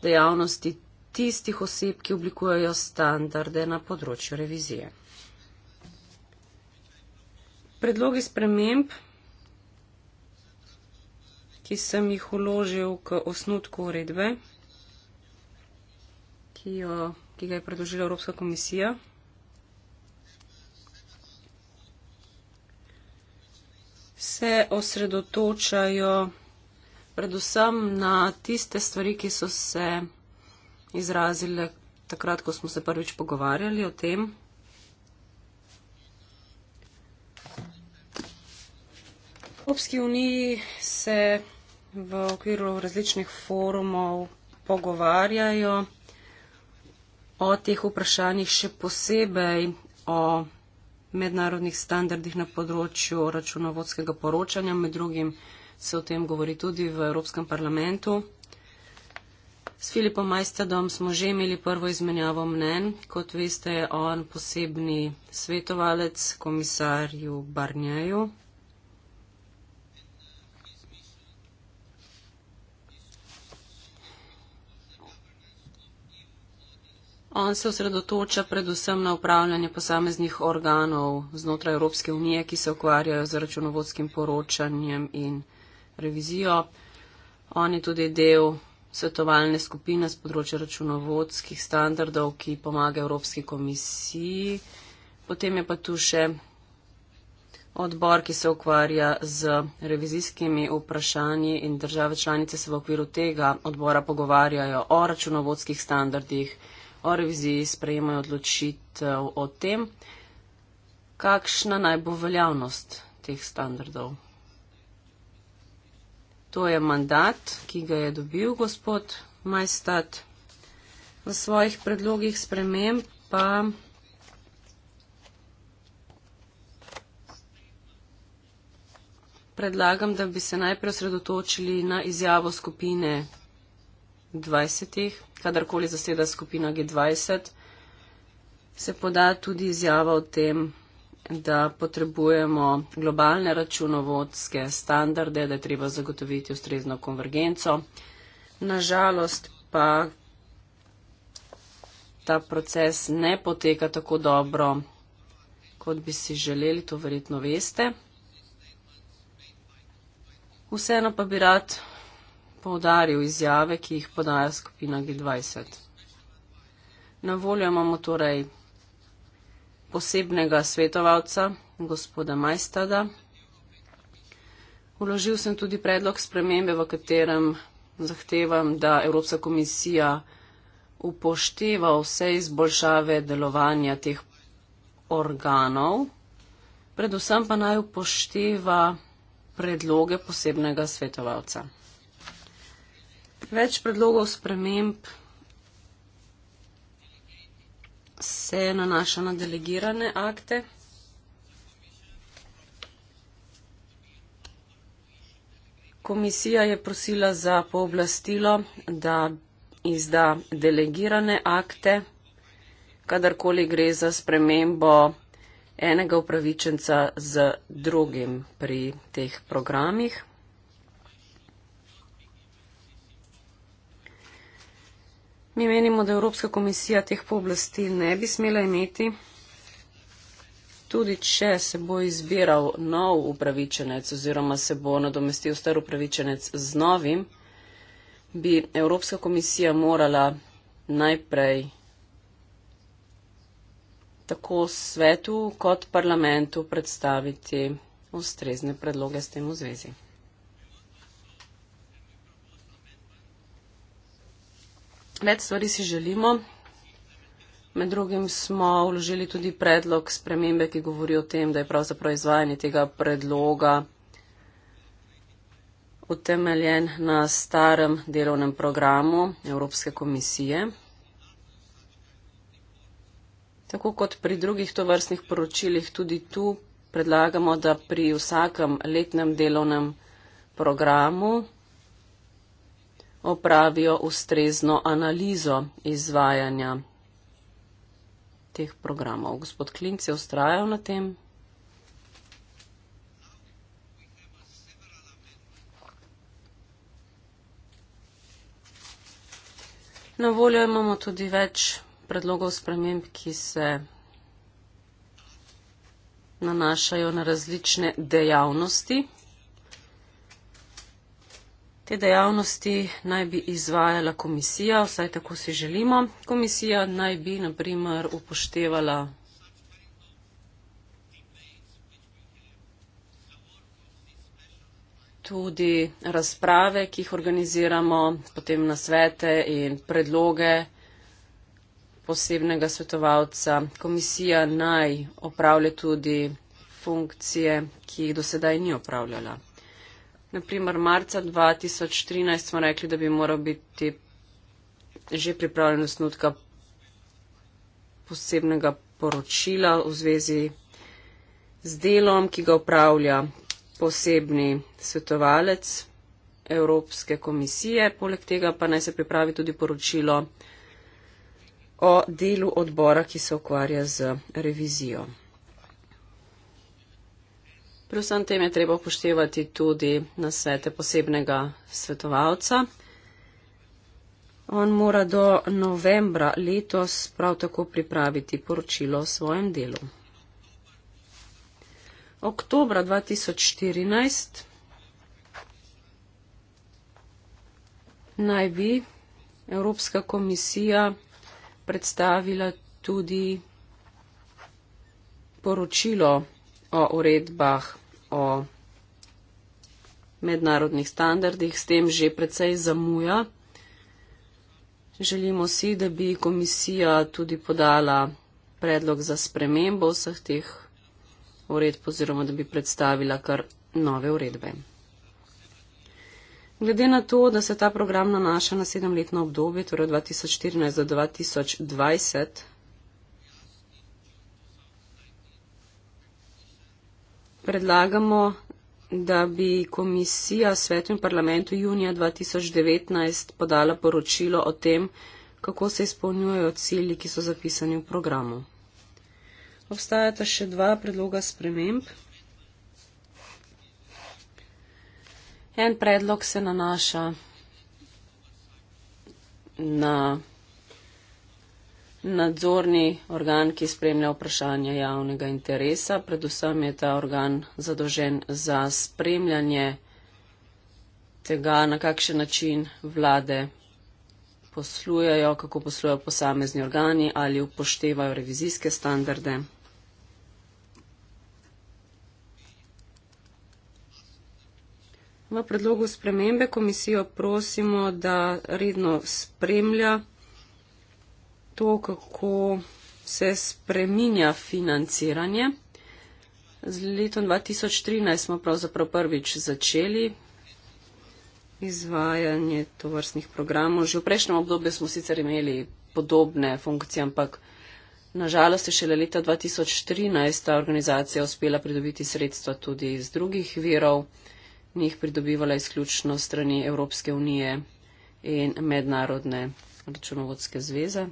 dejavnosti tistih oseb, ki oblikujejo standarde na področju revizije. Predlogi sprememb, ki sem jih uložil k osnutku uredbe, ki, jo, ki ga je predložila Evropska komisija. Se osredotočajo predvsem na tiste stvari, ki so se izrazile takrat, ko smo se prvič pogovarjali o tem. V Evropski uniji se v okviru različnih forumov pogovarjajo o teh vprašanjih, še posebej o mednarodnih standardih na področju računovodskega poročanja, med drugim se o tem govori tudi v Evropskem parlamentu. S Filipom Majstadom smo že imeli prvo izmenjavo mnen, kot veste, je on posebni svetovalec komisarju Barnjeju. On se osredotoča predvsem na upravljanje posameznih organov znotraj Evropske unije, ki se ukvarjajo z računovodskim poročanjem in revizijo. On je tudi del svetovalne skupine z področja računovodskih standardov, ki pomaga Evropski komisiji. Potem je pa tu še odbor, ki se ukvarja z revizijskimi vprašanji in države članice se v okviru tega odbora pogovarjajo o računovodskih standardih o reviziji sprejemajo odločitev o tem, kakšna naj bo veljavnost teh standardov. To je mandat, ki ga je dobil gospod Majstat v svojih predlogih sprememb, pa predlagam, da bi se najprej osredotočili na izjavo skupine dvajsetih, kadarkoli zaseda skupina G20, se poda tudi izjava o tem, da potrebujemo globalne računovodske standarde, da je treba zagotoviti ustrezno konvergenco. Nažalost pa ta proces ne poteka tako dobro, kot bi si želeli, to verjetno veste. Vseeno pa bi rad poudaril izjave, ki jih podaja skupina G20. Na voljo imamo torej posebnega svetovalca, gospoda Majstada. Uložil sem tudi predlog spremembe, v katerem zahtevam, da Evropska komisija upošteva vse izboljšave delovanja teh organov, predvsem pa naj upošteva predloge posebnega svetovalca. Več predlogov sprememb se nanaša na delegirane akte. Komisija je prosila za pooblastilo, da izda delegirane akte, kadarkoli gre za spremembo enega upravičenca z drugim pri teh programih. Mi menimo, da Evropska komisija teh pooblastil ne bi smela imeti, tudi če se bo izbiral nov upravičenec oziroma se bo nadomestil star upravičenec z novim, bi Evropska komisija morala najprej tako svetu kot parlamentu predstaviti ustrezne predloge s tem v zvezi. Več stvari si želimo. Med drugim smo vložili tudi predlog spremembe, ki govori o tem, da je pravzaprav izvajanje tega predloga utemeljen na starem delovnem programu Evropske komisije. Tako kot pri drugih tovrstnih poročilih, tudi tu predlagamo, da pri vsakem letnem delovnem programu opravijo ustrezno analizo izvajanja teh programov. Gospod Klinc je ustrajal na tem. Na voljo imamo tudi več predlogov sprememb, ki se nanašajo na različne dejavnosti. Te dejavnosti naj bi izvajala komisija, vsaj tako si želimo. Komisija naj bi naprimer upoštevala tudi razprave, ki jih organiziramo, potem na svete in predloge posebnega svetovalca. Komisija naj opravlja tudi funkcije, ki jih do sedaj ni opravljala naprimer marca 2013 smo rekli, da bi moral biti že pripravljen osnutka posebnega poročila v zvezi z delom, ki ga upravlja posebni svetovalec Evropske komisije. Poleg tega pa naj se pripravi tudi poročilo o delu odbora, ki se ukvarja z revizijo. Pri vsem tem je treba upoštevati tudi nasvete posebnega svetovalca. On mora do novembra letos prav tako pripraviti poročilo o svojem delu. Oktobra 2014 naj bi Evropska komisija predstavila tudi poročilo o uredbah o mednarodnih standardih, s tem že precej zamuja. Želimo si, da bi komisija tudi podala predlog za spremembo vseh teh uredb oziroma da bi predstavila kar nove uredbe. Glede na to, da se ta program nanaša na sedemletno obdobje, torej 2014 do 2020, predlagamo, da bi komisija svetu in parlamentu junija 2019 podala poročilo o tem, kako se izpolnjujejo cilji, ki so zapisani v programu. Obstajata še dva predloga sprememb. En predlog se nanaša na nadzorni organ, ki spremlja vprašanje javnega interesa. Predvsem je ta organ zadožen za spremljanje tega, na kakšen način vlade poslujejo, kako poslujejo posamezni organi ali upoštevajo revizijske standarde. V predlogu spremembe komisijo prosimo, da redno spremlja to, kako se spreminja financiranje. Z letom 2013 smo pravzaprav prvič začeli izvajanje tovrstnih programov. Že v prejšnjem obdobju smo sicer imeli podobne funkcije, ampak nažalost je šele leta 2013 ta organizacija uspela pridobiti sredstva tudi iz drugih virov, njih pridobivala izključno strani Evropske unije in mednarodne računovodske zveze.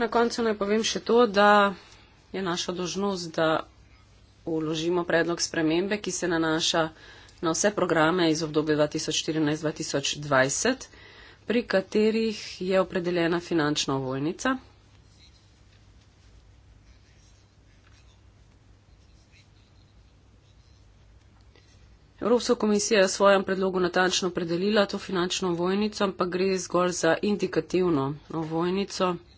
Na koncu naj povem še to, da je naša dožnost, da uložimo predlog spremembe, ki se nanaša na vse programe iz obdobja 2014-2020, pri katerih je opredeljena finančna ovojnica. Evropska komisija je v svojem predlogu natančno opredelila to finančno ovojnico, ampak gre zgolj za indikativno ovojnico. No,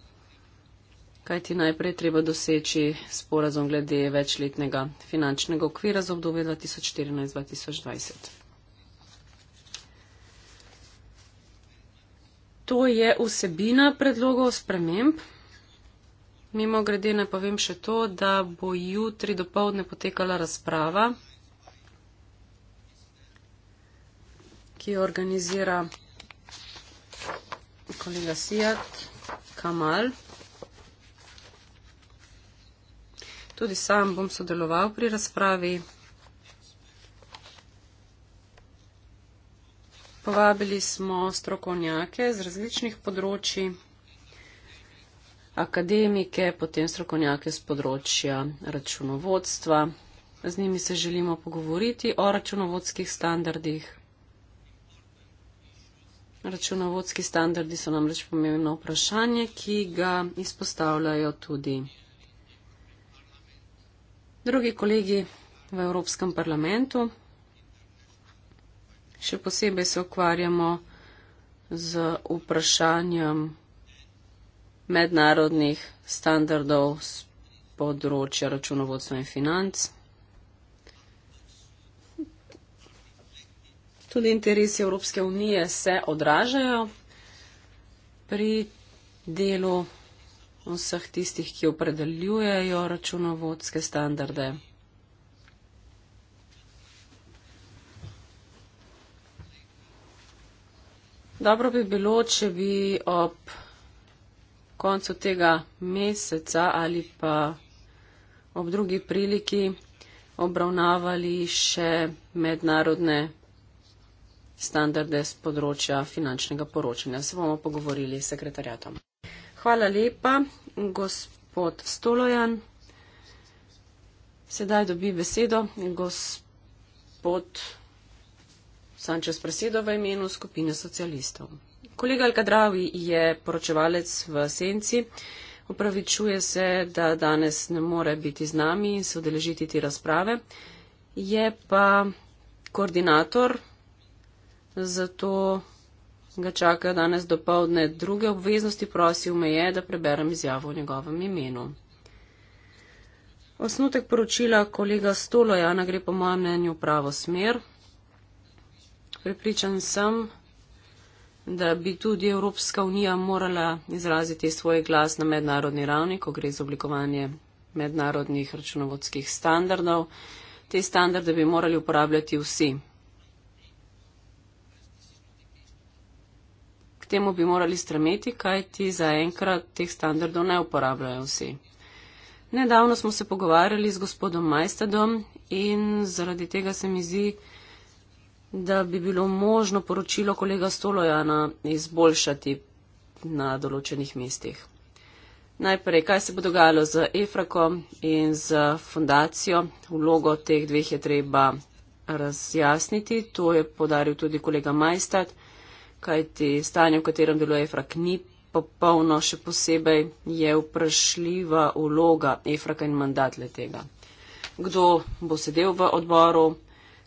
kajti najprej treba doseči sporazum glede večletnega finančnega okvira za obdobje 2014-2020. To je vsebina predlogov sprememb. Mimo grede ne povem še to, da bo jutri do povdne potekala razprava, ki jo organizira kolega Sijat Kamal. Tudi sam bom sodeloval pri razpravi. Povabili smo strokovnjake z različnih področji, akademike, potem strokovnjake z področja računovodstva. Z njimi se želimo pogovoriti o računovodskih standardih. Računovodski standardi so namreč pomembno vprašanje, ki ga izpostavljajo tudi drugi kolegi v Evropskem parlamentu. Še posebej se ukvarjamo z vprašanjem mednarodnih standardov z področja računovodstva in financ. Tudi interesi Evropske unije se odražajo pri delu vseh tistih, ki opredeljujejo računovodske standarde. Dobro bi bilo, če bi ob koncu tega meseca ali pa ob drugi priliki obravnavali še mednarodne standarde z področja finančnega poročanja. Se bomo pogovorili s sekretarjatom. Hvala lepa, gospod Stolojan. Sedaj dobi besedo gospod Sančes Presedo v imenu skupine socialistov. Kolega Alkadravi je poročevalec v Senci. Upravičuje se, da danes ne more biti z nami in se odeležiti te razprave. Je pa koordinator, zato ga čaka danes do povdne druge obveznosti, prosil me je, da preberem izjavo v njegovem imenu. Osnutek poročila kolega Stolojana gre po mojem mnenju v pravo smer. Pripričan sem, da bi tudi Evropska unija morala izraziti svoj glas na mednarodni ravni, ko gre za oblikovanje mednarodnih računovodskih standardov. Te standarde bi morali uporabljati vsi, temu bi morali stremeti, kaj ti zaenkrat teh standardov ne uporabljajo vsi. Nedavno smo se pogovarjali z gospodom Majstadom in zaradi tega se mi zdi, da bi bilo možno poročilo kolega Stolojana izboljšati na določenih mestih. Najprej, kaj se bo dogajalo z EFRAKO in z fundacijo, vlogo teh dveh je treba razjasniti, to je podaril tudi kolega Majstad kajti stanje, v katerem deluje Efrak, ni popolno, še posebej je vprašljiva vloga Efraka in mandat le tega. Kdo bo sedel v odboru,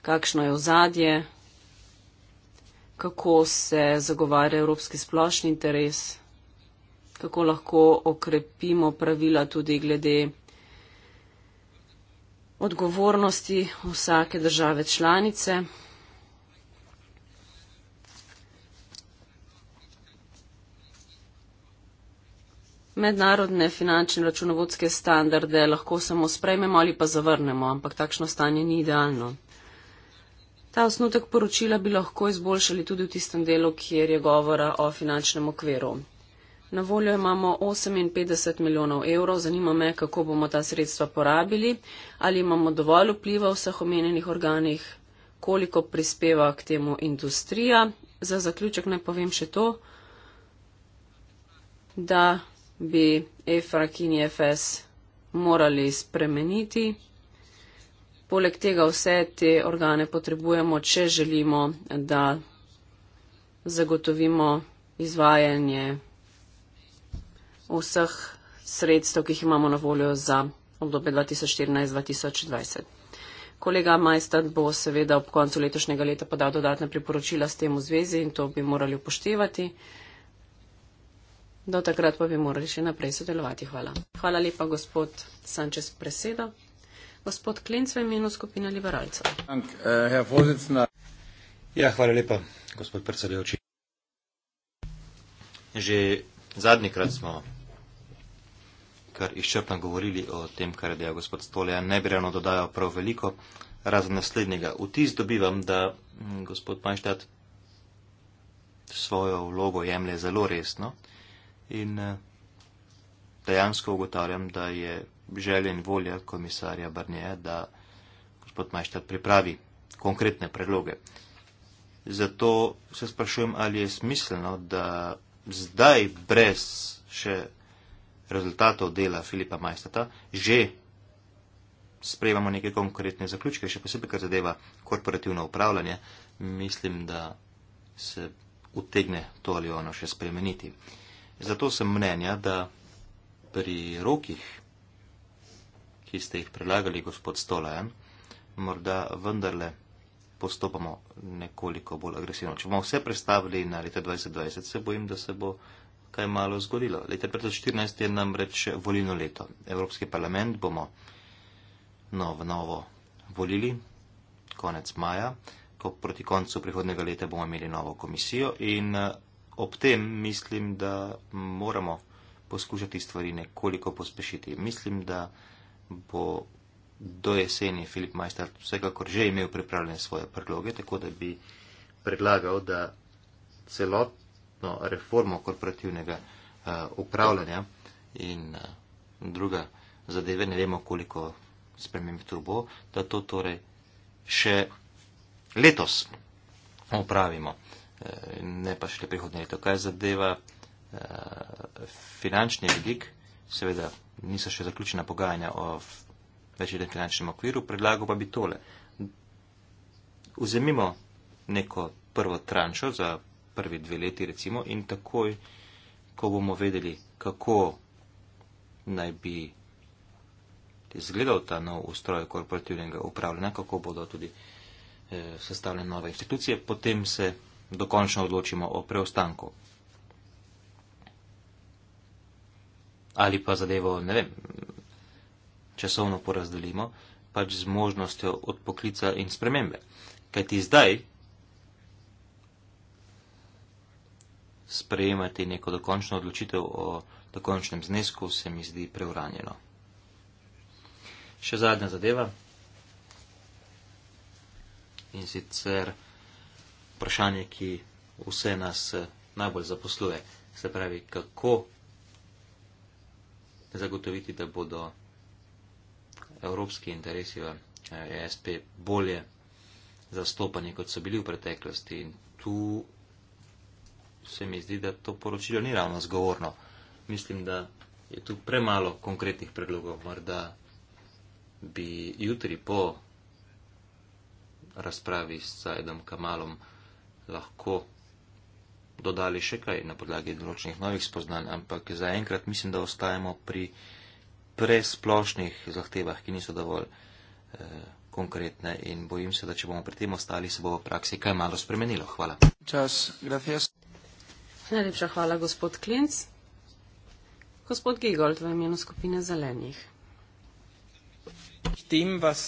kakšno je ozadje, kako se zagovarja evropski splošni interes, kako lahko okrepimo pravila tudi glede odgovornosti vsake države članice. mednarodne finančne računovodske standarde lahko samo sprejmemo ali pa zavrnemo, ampak takšno stanje ni idealno. Ta osnutek poročila bi lahko izboljšali tudi v tistem delu, kjer je govora o finančnem okviru. Na voljo imamo 58 milijonov evrov, zanima me, kako bomo ta sredstva porabili, ali imamo dovolj vpliva v vseh omenjenih organih, koliko prispeva k temu industrija. Za zaključek naj povem še to, da bi EFRAK in EFS morali spremeniti. Poleg tega vse te organe potrebujemo, če želimo, da zagotovimo izvajanje vseh sredstev, ki jih imamo na voljo za obdobje 2014-2020. Kolega Majstad bo seveda ob koncu letošnjega leta podal dodatne priporočila s tem v zvezi in to bi morali upoštevati. Do takrat pa bi morali še naprej sodelovati. Hvala. Hvala lepa, gospod Sančes Presedo. Gospod Klenc v imenu skupine liberalcev. Eh, ja, hvala lepa, gospod predsedujoči. Že zadnji krat smo kar izčrpno govorili o tem, kar je dejal gospod Stolja. Ne bi ravno dodajal prav veliko, razen naslednjega. Vtis dobivam, da mm, gospod Manštat svojo vlogo jemlje zelo resno. No? in eh, dejansko ugotavljam, da je želja in volja komisarja Barnija, da gospod Majštar pripravi konkretne predloge. Zato se sprašujem, ali je smiselno, da zdaj brez še rezultatov dela Filipa Majstata že sprejemamo neke konkretne zaključke, še posebej, kar zadeva korporativno upravljanje, mislim, da se utegne to ali ono še spremeniti. Zato sem mnenja, da pri rokih, ki ste jih predlagali, gospod Stolajan, morda vendarle postopamo nekoliko bolj agresivno. Če bomo vse predstavili na leto 2020, se bojim, da se bo kaj malo zgodilo. Leto 2014 je namreč volilno leto. Evropski parlament bomo nov, novo volili konec maja, ko proti koncu prihodnega leta bomo imeli novo komisijo in ob tem mislim, da moramo poskušati stvari nekoliko pospešiti. Mislim, da bo do jeseni Filip Majstar vsekakor že imel pripravljene svoje predloge, tako da bi predlagal, da celotno reformo korporativnega uh, upravljanja in uh, druga zadeve, ne vemo koliko sprememb tu bo, da to torej še letos opravimo. Uh, Eh, ne pa šele prihodnje leto. Kaj zadeva eh, finančni vidik, seveda niso še zaključena pogajanja o večjem finančnem okviru, predlago pa bi tole. Vzemimo neko prvo trančo za prvi dve leti recimo in takoj, ko bomo vedeli, kako naj bi izgledal ta nov ustroj korporativnega upravljanja, kako bodo tudi eh, sestavljene nove institucije, potem se dokončno odločimo o preostanku. Ali pa zadevo, ne vem, časovno porazdelimo, pač z možnostjo odpoklica in spremembe. Kaj ti zdaj sprejemati neko dokončno odločitev o dokončnem znesku se mi zdi preuranjeno. Še zadnja zadeva. In sicer vprašanje, ki vse nas eh, najbolj zaposluje. Se pravi, kako zagotoviti, da bodo evropski interesi v ESP eh, e bolje zastopani, kot so bili v preteklosti. In tu se mi zdi, da to poročilo ni ravno zgovorno. Mislim, da je tu premalo konkretnih predlogov. Morda bi jutri po razpravi s Sajdom Kamalom lahko dodali še kaj na podlagi določenih novih spoznanj, ampak zaenkrat mislim, da ostajamo pri presplošnih zahtevah, ki niso dovolj e, konkretne in bojim se, da če bomo pri tem ostali, se bo v praksi kaj malo spremenilo. Hvala. Čas, gracias. Najlepša hvala, gospod Klinc. Gospod Gigold, v imenu skupine zelenih. S tem vas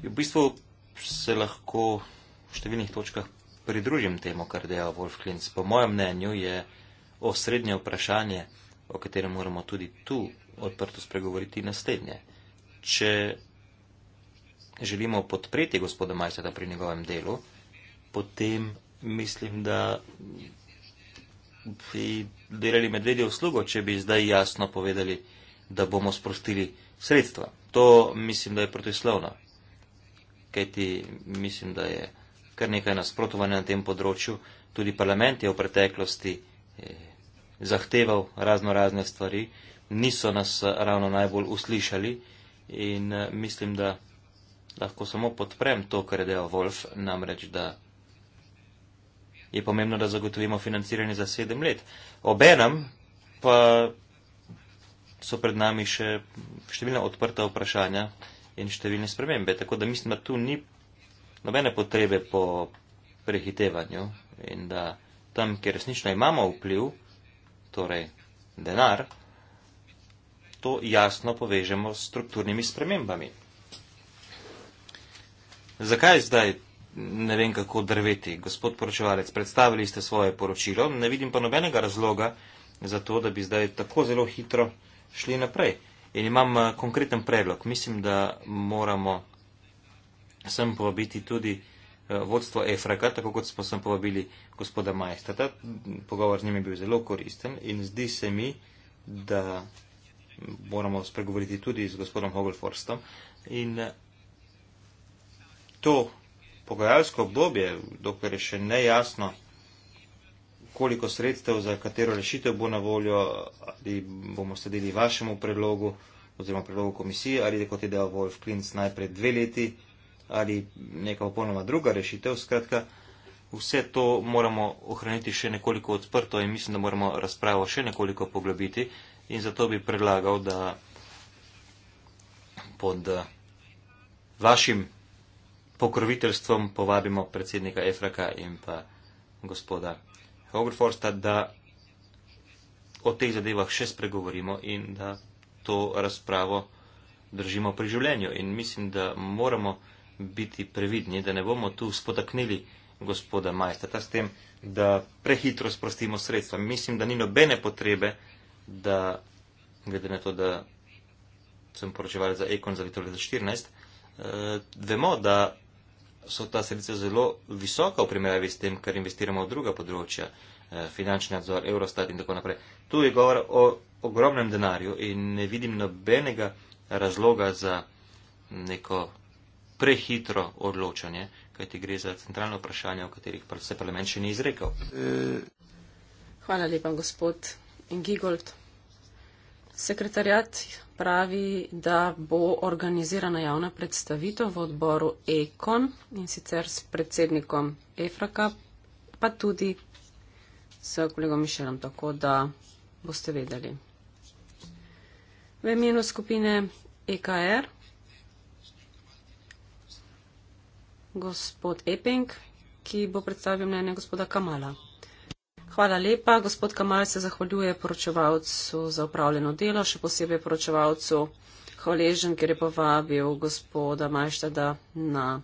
v bistvu se lahko v številnih točkah pridružim temu, kar dela Wolf Klinc. Po mojem mnenju je osrednje vprašanje, o katerem moramo tudi tu odprto spregovoriti, naslednje. Če želimo podpreti gospoda Majsada pri njegovem delu, potem mislim, da bi delali medvedje uslugo, če bi zdaj jasno povedali, da bomo sprostili sredstva. To mislim, da je protislovno. Kajti mislim, da je kar nekaj nasprotovanja na tem področju. Tudi parlament je v preteklosti eh, zahteval razno razne stvari, niso nas eh, ravno najbolj uslišali in eh, mislim, da lahko samo podprem to, kar je dejal Wolf, namreč, da je pomembno, da zagotovimo financiranje za sedem let. Obenem pa so pred nami še številna odprta vprašanja in številne spremembe, tako da mislim, da tu ni nobene potrebe po prehitevanju in da tam, kjer resnično imamo vpliv, torej denar, to jasno povežemo s strukturnimi spremembami. Zakaj zdaj ne vem, kako drveti, gospod poročevalec, predstavili ste svoje poročilo, ne vidim pa nobenega razloga za to, da bi zdaj tako zelo hitro šli naprej. In imam eh, konkreten predlog. Mislim, da moramo sem povabiti tudi eh, vodstvo Efraka, tako kot smo sem povabili gospoda Majstra. Ta pogovor z njim je bil zelo koristen in zdi se mi, da moramo spregovoriti tudi z gospodom Hogelforstom. In eh, to pogajalsko obdobje, dokler je še nejasno, koliko sredstev za katero rešitev bo na voljo, ali bomo sledili vašemu predlogu oziroma predlogu komisije, ali kot je dejal Wolf Klinc najprej dve leti ali neka popolnoma druga rešitev. Skratka, vse to moramo ohraniti še nekoliko odprto in mislim, da moramo razpravo še nekoliko poglobiti in zato bi predlagal, da pod vašim pokroviteljstvom povabimo predsednika Efraka in pa gospoda Hogerforsta, da o teh zadevah še spregovorimo in da to razpravo držimo pri življenju. In mislim, da moramo biti previdni, da ne bomo tu spotaknili gospoda majstata s tem, da prehitro sprostimo sredstva. Mislim, da ni nobene potrebe, da, glede na to, da sem poročeval za Ekon za Vitorija 14, eh, vemo, da so ta sredstva zelo visoka v primerjavi s tem, kar investiramo v druga področja, eh, finančni nadzor, Eurostat in tako naprej. Tu je govor o ogromnem denarju in ne vidim nobenega razloga za neko prehitro odločanje, kajti gre za centralno vprašanje, o katerih se parlament še ni izrekel. Hvala lepa, gospod Gigold. Sekretarjat pravi, da bo organizirana javna predstavitev v odboru EKON in sicer s predsednikom EFRAKA, pa tudi s kolegom Mišelom, tako da boste vedeli. V imenu skupine EKR gospod Epping, ki bo predstavil mnenje gospoda Kamala. Hvala lepa. Gospod Kamal se zahvaljuje poročevalcu za upravljeno delo, še posebej poročevalcu hvaležen, ker je povabil gospoda Majšteda na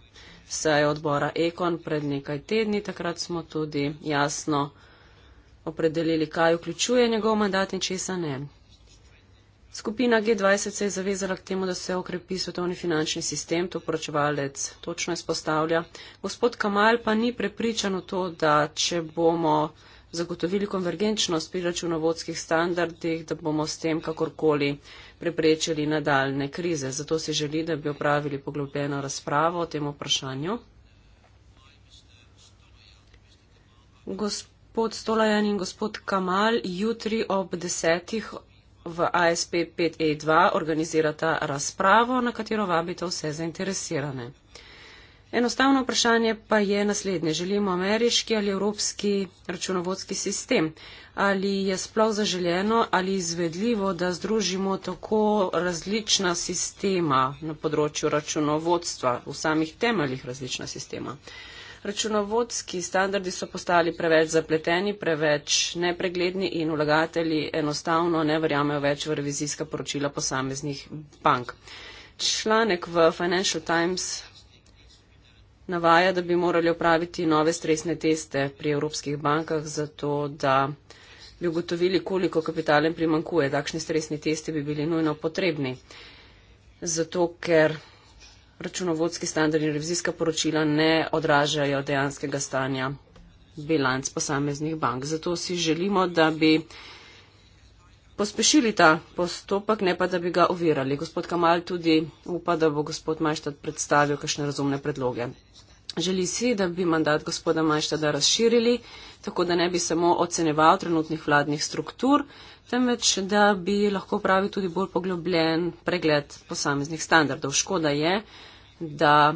sejo odbora Ekon pred nekaj tedni. Takrat smo tudi jasno opredelili, kaj vključuje njegov mandat in česa ne. Skupina G20 se je zavezala k temu, da se okrepi svetovni finančni sistem, to poročevalec točno izpostavlja. Gospod Kamal pa ni prepričan v to, da če bomo zagotovili konvergenčnost pri računovodskih standardih, da bomo s tem kakorkoli preprečili nadaljne krize. Zato si želi, da bi opravili poglobljeno razpravo o tem vprašanju. Gospod Stolajan in gospod Kamal, jutri ob desetih v ASP 5E2 e organizirata razpravo, na katero vabite vse zainteresirane. Enostavno vprašanje pa je naslednje. Želimo ameriški ali evropski računovodski sistem? Ali je sploh zaželjeno ali izvedljivo, da združimo tako različna sistema na področju računovodstva, v samih temeljih različna sistema? Uh, računovodski standardi so postali preveč zapleteni, preveč nepregledni in vlagatelji enostavno ne verjamejo več v revizijska poročila posameznih bank. Članek v Financial Times navaja, da bi morali opraviti nove stresne teste pri evropskih bankah, zato da bi ugotovili, koliko kapitalem primankuje. Takšni stresni testi bi bili nujno potrebni. Zato, ker računovodski standard in revizijska poročila ne odražajo dejanskega stanja bilanc posameznih bank. Zato si želimo, da bi pospešili ta postopek, ne pa da bi ga ovirali. Gospod Kamal tudi upa, da bo gospod Majštad predstavil kakšne razumne predloge. Želi si, da bi mandat gospoda Majštada razširili, tako da ne bi samo ocenjeval trenutnih vladnih struktur, temveč da bi lahko pravi tudi bolj poglobljen pregled posameznih standardov. Škoda je, da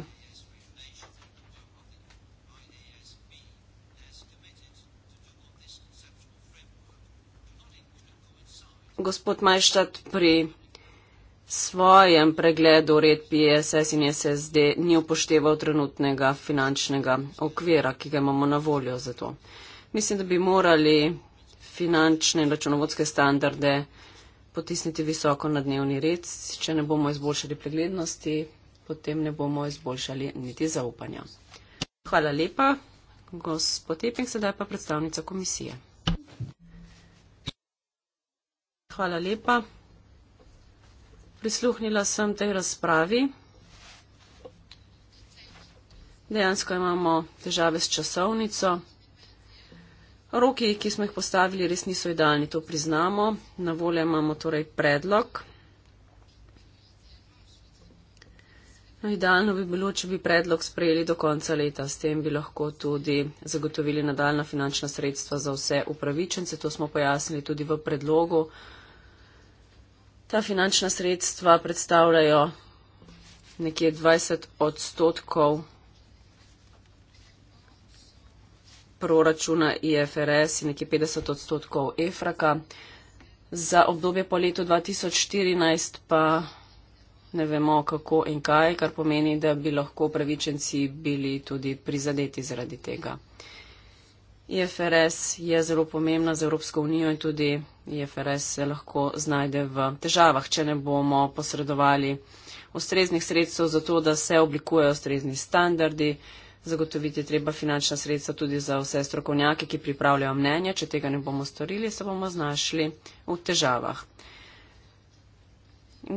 gospod Majštad pri svojem pregledu red PSS in SSD ni upošteval trenutnega finančnega okvira, ki ga imamo na voljo za to. Mislim, da bi morali finančne in računovodske standarde potisniti visoko na dnevni red. Če ne bomo izboljšali preglednosti, potem ne bomo izboljšali niti zaupanja. Hvala lepa. Gospod Epeng, sedaj pa predstavnica komisije. Hvala lepa. Prisluhnila sem tej razpravi. Dejansko imamo težave s časovnico. Roki, ki smo jih postavili, res niso idealni, to priznamo. Na voljo imamo torej predlog. No, idealno bi bilo, če bi predlog sprejeli do konca leta. S tem bi lahko tudi zagotovili nadaljna finančna sredstva za vse upravičence. To smo pojasnili tudi v predlogu. Ta finančna sredstva predstavljajo nekje 20 odstotkov proračuna IFRS in nekje 50 odstotkov EFRAKA. Za obdobje po letu 2014 pa ne vemo kako in kaj, kar pomeni, da bi lahko upravičenci bili tudi prizadeti zaradi tega. IFRS je zelo pomembna za Evropsko unijo in tudi IFRS se lahko znajde v težavah, če ne bomo posredovali ustreznih sredstev za to, da se oblikujejo ustrezni standardi, Zagotoviti je treba finančna sredstva tudi za vse strokovnjake, ki pripravljajo mnenje. Če tega ne bomo storili, se bomo znašli v težavah.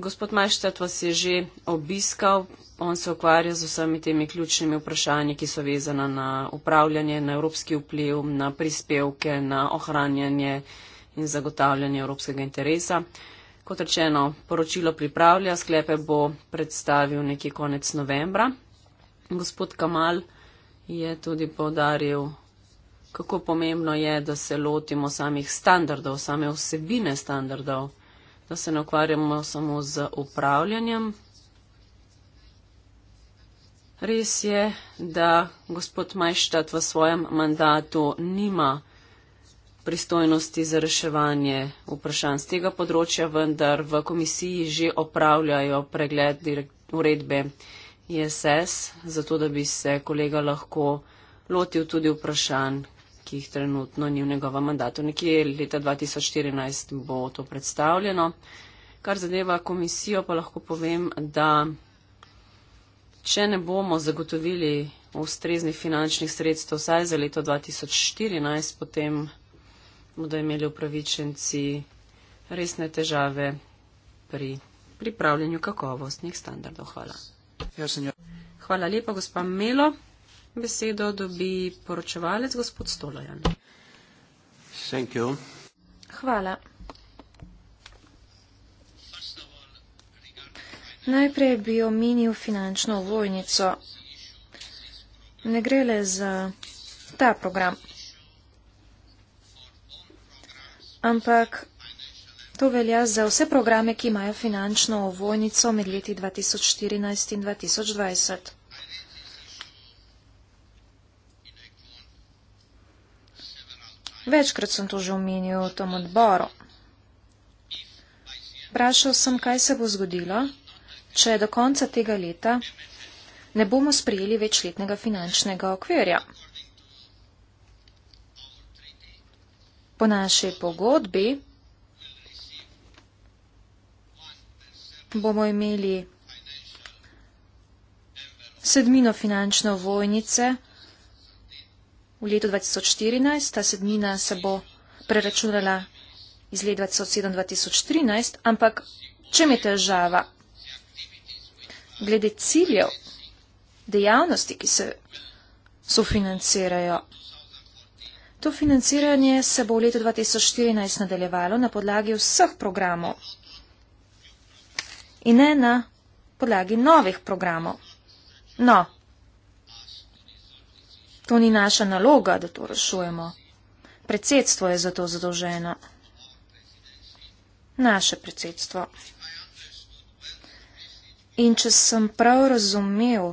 Gospod Majštet vas je že obiskal, on se ukvarja z vsemi temi ključnimi vprašanji, ki so vezana na upravljanje, na evropski vpliv, na prispevke, na ohranjanje in zagotavljanje evropskega interesa. Kot rečeno, poročilo pripravlja, sklepe bo predstavil nekje konec novembra. Gospod Kamal je tudi povdaril, kako pomembno je, da se lotimo samih standardov, same vsebine standardov, da se ne ukvarjamo samo z upravljanjem. Res je, da gospod Majštat v svojem mandatu nima pristojnosti za reševanje vprašanj z tega področja, vendar v komisiji že opravljajo pregled uredbe ISS, e zato da bi se kolega lahko lotil tudi vprašanj, ki jih trenutno ni v njegovem mandatu. Nekje leta 2014 bo to predstavljeno. Kar zadeva komisijo, pa lahko povem, da če ne bomo zagotovili ustreznih finančnih sredstev vsaj za leto 2014, potem bodo imeli upravičenci resne težave pri pripravljanju kakovostnih standardov. Hvala. Ja, Hvala lepa, gospa Melo. Besedo dobi poročevalec, gospod Stolojan. Hvala. Najprej bi omenil finančno vojnico. Ne gre le za ta program. Ampak To velja za vse programe, ki imajo finančno ovojnico med leti 2014 in 2020. Večkrat sem to že omenil v tom odboru. Vprašal sem, kaj se bo zgodilo, če do konca tega leta ne bomo sprejeli večletnega finančnega okvirja. Po naši pogodbi bomo imeli sedmino finančne ovojnice v letu 2014. Ta sedmina se bo preračunala iz leta 2007-2013, ampak čem je težava? Glede ciljev, dejavnosti, ki se sofinancirajo. To financiranje se bo v letu 2014 nadaljevalo na podlagi vseh programov in ne na podlagi novih programov. No, to ni naša naloga, da to rešujemo. Predsedstvo je za to zadolženo. Naše predsedstvo. In če sem prav razumel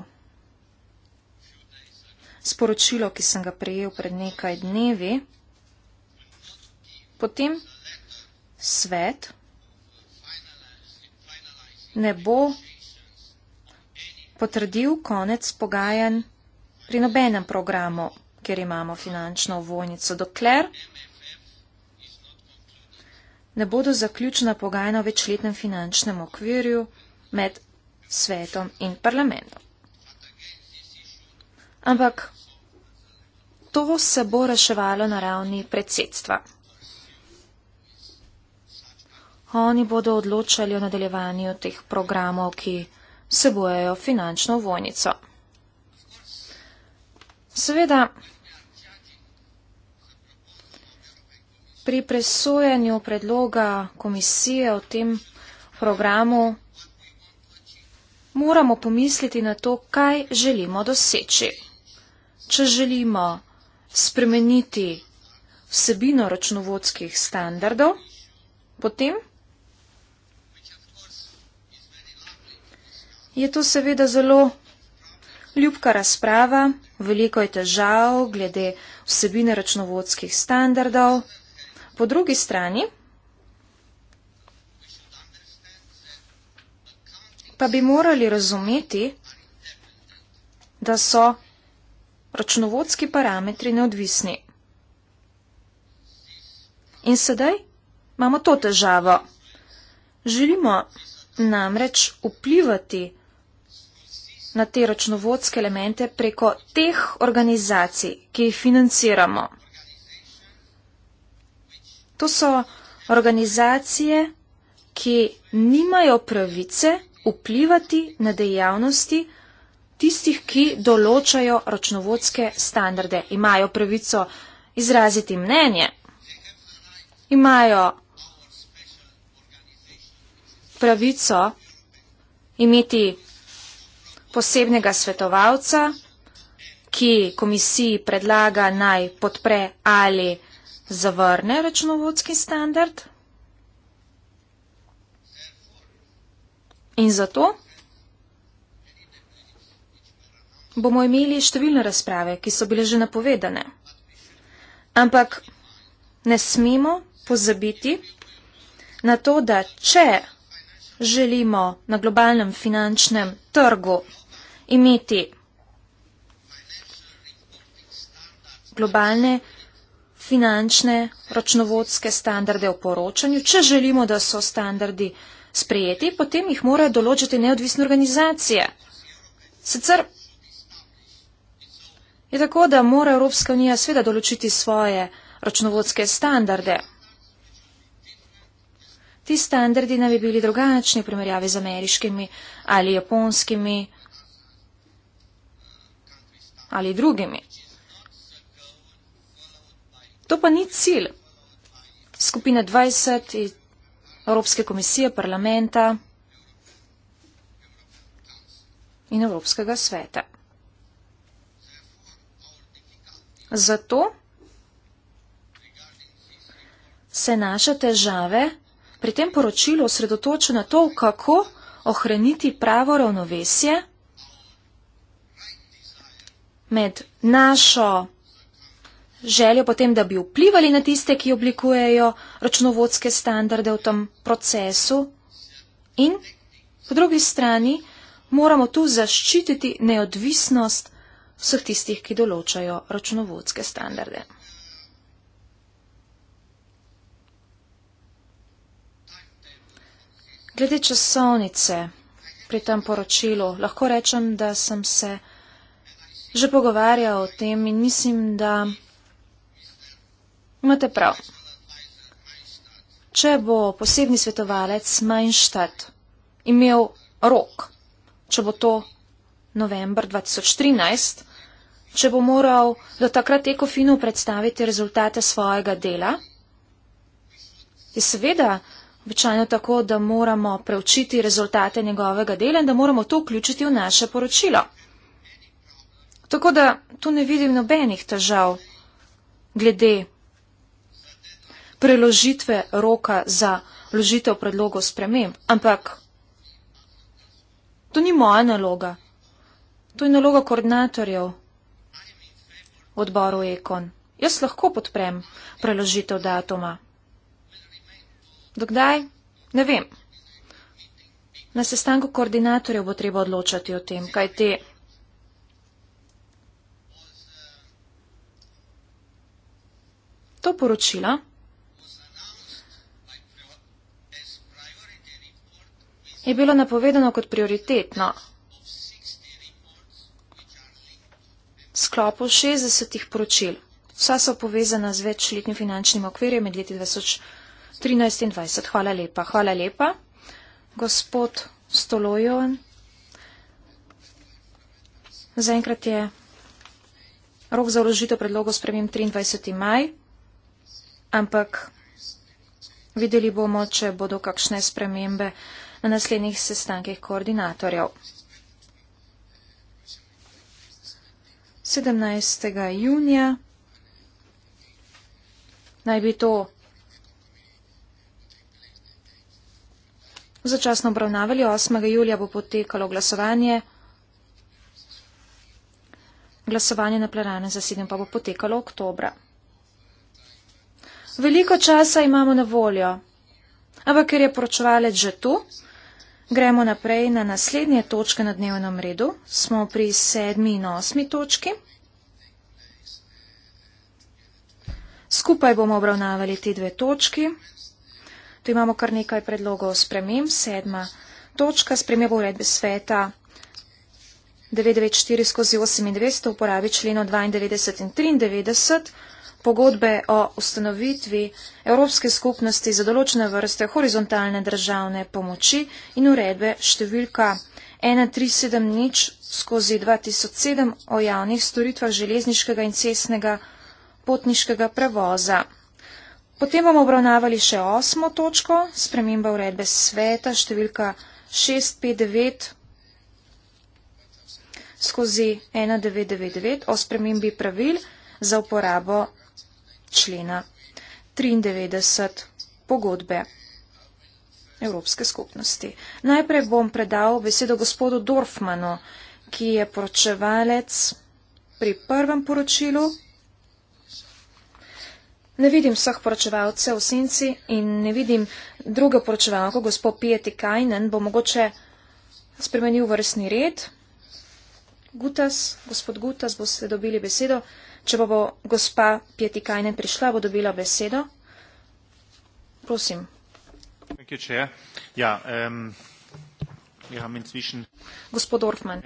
sporočilo, ki sem ga prejel pred nekaj dnevi, potem svet, ne bo potrdil konec pogajanj pri nobenem programu, kjer imamo finančno vojnico, dokler ne bodo zaključena pogajanja o večletnem finančnem okvirju med svetom in parlamentom. Ampak to se bo reševalo na ravni predsedstva. Oni bodo odločali o nadaljevanju teh programov, ki sebojejo finančno vojnico. Seveda, pri presojanju predloga komisije o tem programu moramo pomisliti na to, kaj želimo doseči. Če želimo spremeniti vsebino računovodskih standardov, potem je to seveda zelo ljubka razprava, veliko je težav glede vsebine računovodskih standardov. Po drugi strani pa bi morali razumeti, da so računovodski parametri neodvisni. In sedaj imamo to težavo. Želimo namreč vplivati na na te računovodske elemente preko teh organizacij, ki jih financiramo. To so organizacije, ki nimajo pravice vplivati na dejavnosti tistih, ki določajo računovodske standarde. Imajo pravico izraziti mnenje, imajo pravico imeti posebnega svetovalca, ki komisiji predlaga naj podpre ali zavrne računovodski standard. In zato bomo imeli številne razprave, ki so bile že napovedane. Ampak ne smemo pozabiti na to, da če želimo na globalnem finančnem trgu imeti globalne finančne računovodske standarde o poročanju. Če želimo, da so standardi sprejeti, potem jih mora določiti neodvisna organizacija. Sicer je tako, da mora Evropska unija sveda določiti svoje računovodske standarde. Ti standardi naj bi bili drugačni v primerjavi z ameriškimi ali japonskimi ali drugimi. To pa ni cilj skupine 20 Evropske komisije, parlamenta in Evropskega sveta. Zato se naše težave pri tem poročilu osredotočajo na to, kako ohraniti pravo ravnovesje med našo željo potem, da bi vplivali na tiste, ki oblikujejo računovodske standarde v tem procesu in po drugi strani moramo tu zaščititi neodvisnost vseh tistih, ki določajo računovodske standarde. Glede časovnice pri tem poročilu, lahko rečem, da sem se že pogovarjal o tem in mislim, da imate prav. Če bo posebni svetovalec Majnštad imel rok, če bo to novembr 2013, če bo moral do takrat ekofinu predstaviti rezultate svojega dela, je seveda običajno tako, da moramo preučiti rezultate njegovega dela in da moramo to vključiti v naše poročilo. Tako da tu ne vidim nobenih težav glede preložitve roka za ložitev predlogov sprememb. Ampak to ni moja naloga. To je naloga koordinatorjev odboru Ekon. Jaz lahko podprem preložitev datuma. Dokdaj? Ne vem. Na sestanku koordinatorjev bo treba odločati o tem, kaj te. to poročilo je bilo napovedano kot prioritetno v sklopu 60 poročil. Vsa so povezana z večletnim finančnim okvirjem med leti 2013 in 2020. Hvala lepa. Hvala lepa, gospod Stolojon. Zaenkrat je rok za vložitev predlogov spremem 23. maj ampak videli bomo, če bodo kakšne spremembe na naslednjih sestankih koordinatorjev. 17. junija naj bi to začasno obravnavali, 8. julija bo potekalo glasovanje, glasovanje na plenarne zasedanje pa bo potekalo oktobra. Veliko časa imamo na voljo, ampak ker je poročevalec že tu, gremo naprej na naslednje točke na dnevnem redu. Smo pri sedmi in osmi točki. Skupaj bomo obravnavali te dve točki. Tu imamo kar nekaj predlogov sprememb. Sedma točka sprememba uredbe sveta 994 skozi 28 uporabi členov 92 in 93 pogodbe o ustanovitvi Evropske skupnosti za določene vrste horizontalne državne pomoči in uredbe številka 1370 skozi 2007 o javnih storitvah železniškega in cestnega potniškega prevoza. Potem bomo obravnavali še osmo točko, sprememba uredbe sveta številka 659 skozi 1999 o spremembi pravil za uporabo člena 93 pogodbe Evropske skupnosti. Najprej bom predal besedo gospodu Dorfmanu, ki je poročevalec pri prvem poročilu. Ne vidim vseh poročevalcev v senci in ne vidim druge poročevalko, gospod Pieti Kajnen, bo mogoče spremenil vrstni red. Gutas, gospod Gutas, boste dobili besedo. Če pa bo gospa Pietikajne prišla, bo dobila besedo. Prosim. Ja, um, inzwischen... Gospod Orfman.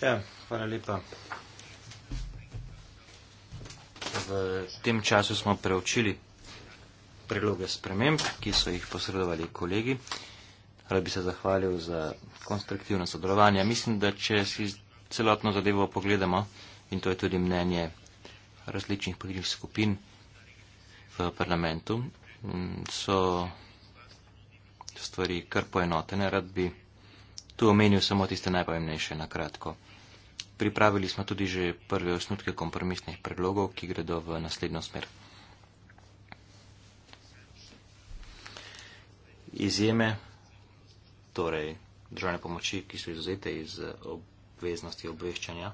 Ja, hvala lepa. V tem času smo preučili predloge sprememb, ki so jih posredovali kolegi. Rad bi se zahvalil za konstruktivno sodelovanje. Mislim, da če si celotno zadevo pogledamo, in to je tudi mnenje različnih političnih skupin v parlamentu, so stvari kar poenotene. Rad bi tu omenil samo tiste najpomembnejše na kratko. Pripravili smo tudi že prve osnutke kompromisnih predlogov, ki gredo v naslednjo smer. Izjeme torej državne pomoči, ki so izuzete iz eh, obveznosti obveščanja,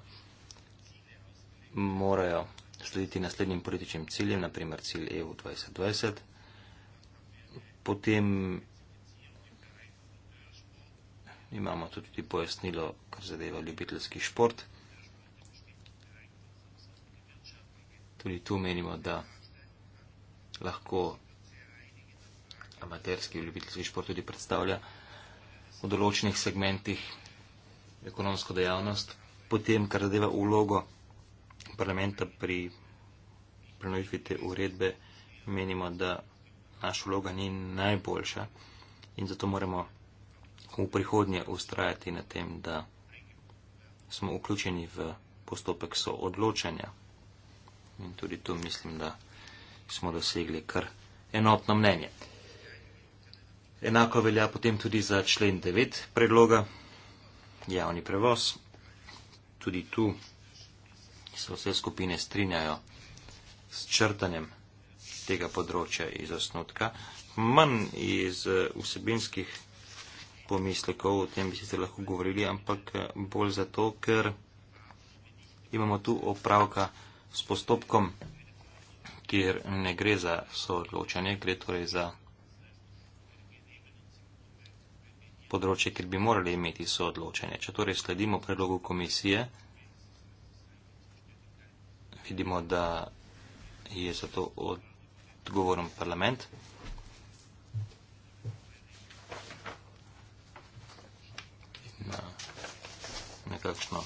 morajo slediti naslednjim političnim ciljem, naprimer cilj EU 2020, potem imamo tudi pojasnilo, kar zadeva ljubiteljski šport. Tudi tu menimo, da lahko amaterski ljubiteljski šport tudi predstavlja v določenih segmentih ekonomsko dejavnost, potem, kar zadeva ulogo parlamenta pri prenovitvi te uredbe, menimo, da naša vloga ni najboljša in zato moramo v prihodnje ustrajati na tem, da smo vključeni v postopek soodločanja. In tudi tu mislim, da smo dosegli kar enotno mnenje. Enako velja potem tudi za člen 9 predloga, javni prevoz. Tudi tu se vse skupine strinjajo s črtanjem tega področja iz osnutka. Manj iz eh, vsebinskih pomislekov, o tem bi se lahko govorili, ampak eh, bolj zato, ker imamo tu opravka s postopkom, kjer ne gre za soodločanje, gre torej za področje, kjer bi morali imeti soodločanje. Če torej sledimo predlogu komisije, vidimo, da je za to odgovoren parlament. Na nekakšno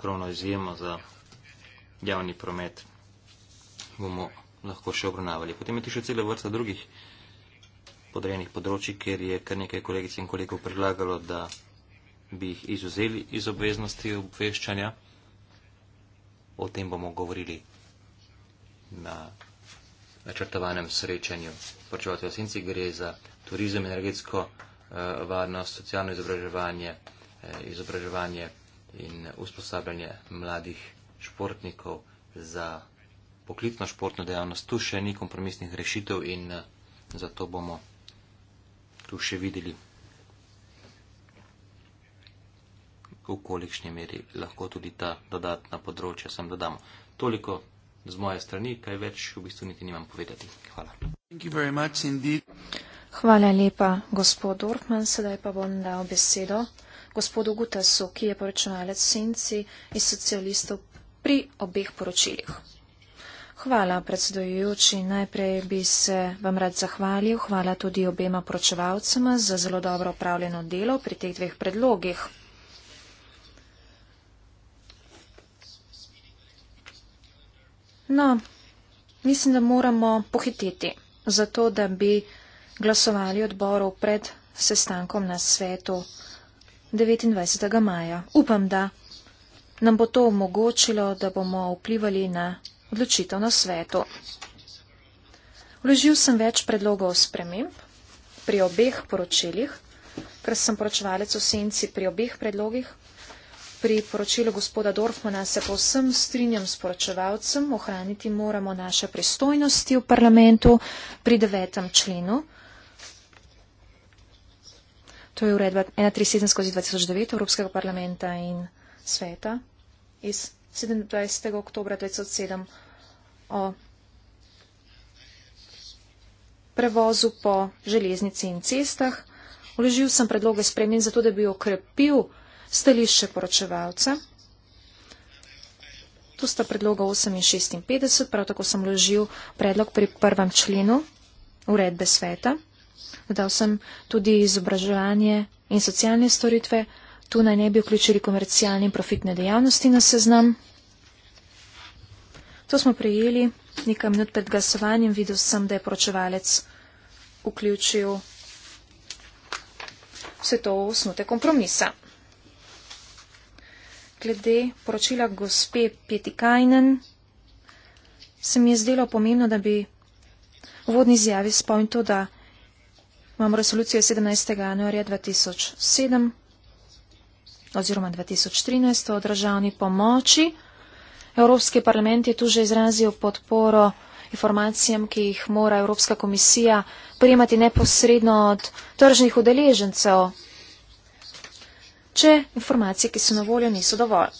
krovno izjemo za javni promet bomo lahko še obravnavali. Potem je tu še cele vrsta drugih podrejenih področji, ker je kar nekaj kolegic in kolegov predlagalo, da bi jih izuzeli iz obveznosti obveščanja. O tem bomo govorili na načrtovanem srečanju počevati v Sinci. Gre za turizem, energetsko eh, varnost, socialno izobraževanje, eh, izobraževanje in usposabljanje mladih športnikov za poklicno športno dejavnost. Tu še ni kompromisnih rešitev in eh, zato bomo tu še videli, v kolikšni meri lahko tudi ta dodatna področja sem dodamo. Toliko z moje strani, kaj več v bistvu niti nimam povedati. Hvala. Hvala lepa, gospod Dorfman. Sedaj pa bom dal besedo gospodu Gutasu, ki je poročevalec Sinci iz socialistov pri obeh poročilih. Hvala, predsedujoči. Najprej bi se vam rad zahvalil. Hvala tudi obema poročevalcema za zelo dobro upravljeno delo pri teh dveh predlogih. No, mislim, da moramo pohititi za to, da bi glasovali odboru pred sestankom na svetu 29. maja. Upam, da nam bo to omogočilo, da bomo vplivali na odločitev na svetu. Vložil sem več predlogov sprememb pri obeh poročilih, ker sem poročevalec v senci pri obeh predlogih. Pri poročilu gospoda Dorfmana se povsem strinjam s poročevalcem, ohraniti moramo naše pristojnosti v parlamentu pri devetem členu. To je uredba 137 skozi 2009 Evropskega parlamenta in sveta iz 27. oktobra 2007 o prevozu po železnici in cestah. Vložil sem predloge spremen zato, da bi okrepil stališče poročevalca. Tu sta predloga 8 in 56, prav tako sem vložil predlog pri prvem členu uredbe sveta. Dodal sem tudi izobraževanje in socialne storitve. Tu naj ne bi vključili komercialne in profitne dejavnosti na seznam. To smo prejeli nekaj minut pred glasovanjem. Videl sem, da je poročevalec vključil vse to osnote kompromisa. Glede poročila gospe Pietikajnen se mi je zdelo pomembno, da bi v vodni izjavi spomnil to, da imamo resolucijo 17. januarja 2007 oziroma 2013 o državni pomoči. Evropski parlament je tu že izrazil podporo informacijam, ki jih mora Evropska komisija prijemati neposredno od tržnih udeležencev, če informacije, ki so na voljo, niso dovolj.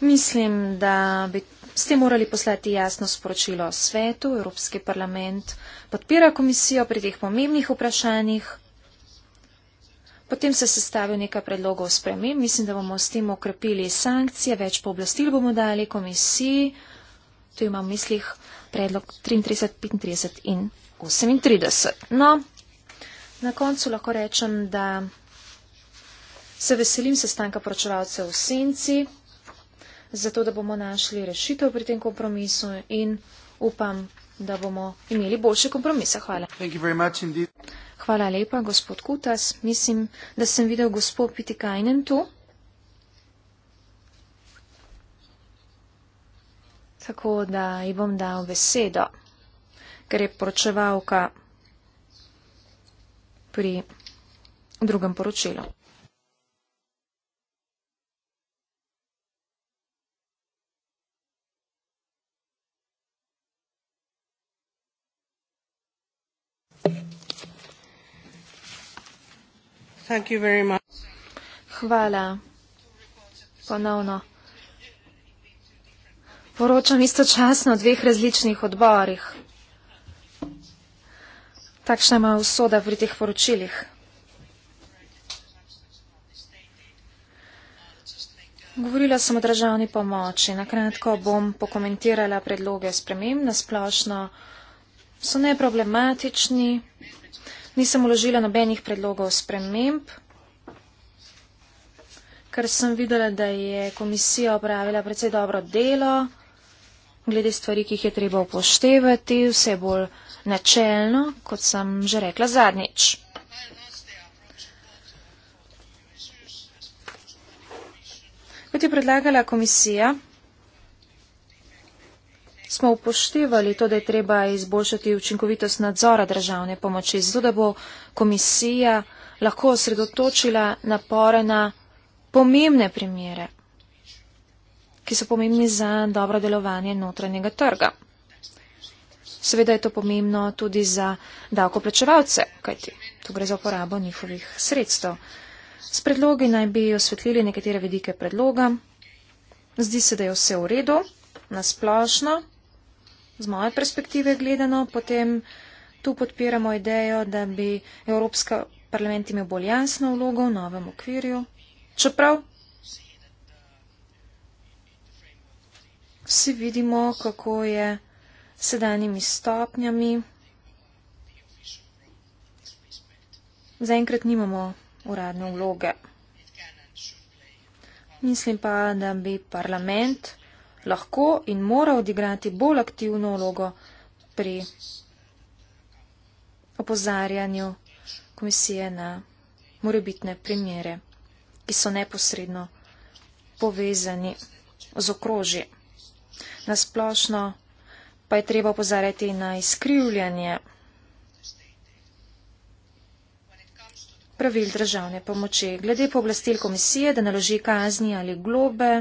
Mislim, da bi ste morali poslati jasno sporočilo svetu, Evropski parlament podpira komisijo pri teh pomembnih vprašanjih. Potem se sestavil nekaj predlogov sprememb, mislim, da bomo s tem okrepili sankcije, več pooblastil bomo dali komisiji. Tu imam v mislih predlog 33, 35 in 38. No, na koncu lahko rečem, da se veselim sestanka poročevalcev v senci, zato da bomo našli rešitev pri tem kompromisu in upam, da bomo imeli boljše kompromise. Hvala. Hvala. Hvala lepa, gospod Kutas. Mislim, da sem videl gospod Pitikajnen tu. Tako da ji bom dal besedo, ker je poročevalka pri drugem poročilu. Thank you. Hvala. Ponovno. Poročam istočasno o dveh različnih odborih. Takšna ima usoda pri teh poročilih. Govorila sem o državni pomoči. Nakratko bom pokomentirala predloge sprememb. Na splošno so neproblematični. Nisem uložila nobenih predlogov sprememb, ker sem videla, da je komisija opravila predvsej dobro delo glede stvari, ki jih je treba upoštevati, vse bolj načelno, kot sem že rekla zadnjič. Kot je predlagala komisija, smo upoštevali to, da je treba izboljšati učinkovitost nadzora državne pomoči, zato da bo komisija lahko osredotočila napore na pomembne primere, ki so pomembni za dobro delovanje notranjega trga. Seveda je to pomembno tudi za davkoplačevalce, kajti tu gre za uporabo njihovih sredstev. S predlogi naj bi osvetlili nekatere vedike predloga. Zdi se, da je vse v redu, nasplošno z moje perspektive gledano, potem tu podpiramo idejo, da bi Evropska parlament imel bolj jasno vlogo v novem okvirju. Čeprav vsi vidimo, kako je sedanjimi stopnjami. Zaenkrat nimamo uradne vloge. Mislim pa, da bi parlament lahko in mora odigrati bolj aktivno vlogo pri opozarjanju komisije na morebitne primere, ki so neposredno povezani z okroži. Nasplošno pa je treba opozarjati na izkrivljanje pravil državne pomoči. Glede pooblastil komisije, da naloži kazni ali globe,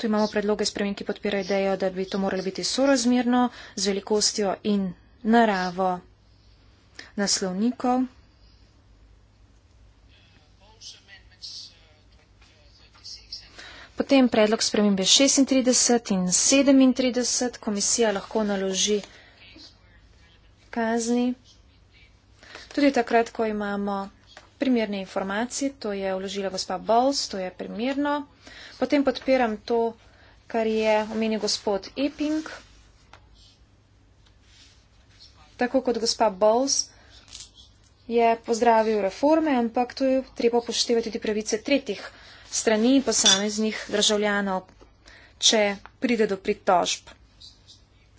Tu imamo predloge spremen, ki podpira idejo, da bi to moralo biti sorazmerno z velikostjo in naravo naslovnikov. Potem predlog spremembe 36 in 37. Komisija lahko naloži kazni. Tudi takrat, ko imamo primerne informacije, to je vložila gospa Bowles, to je primerno. Potem podpiram to, kar je omenil gospod Epping. Tako kot gospa Bowles je pozdravil reforme, ampak tu je treba poštevati tudi pravice tretjih strani in posameznih državljanov, če pride do pritožb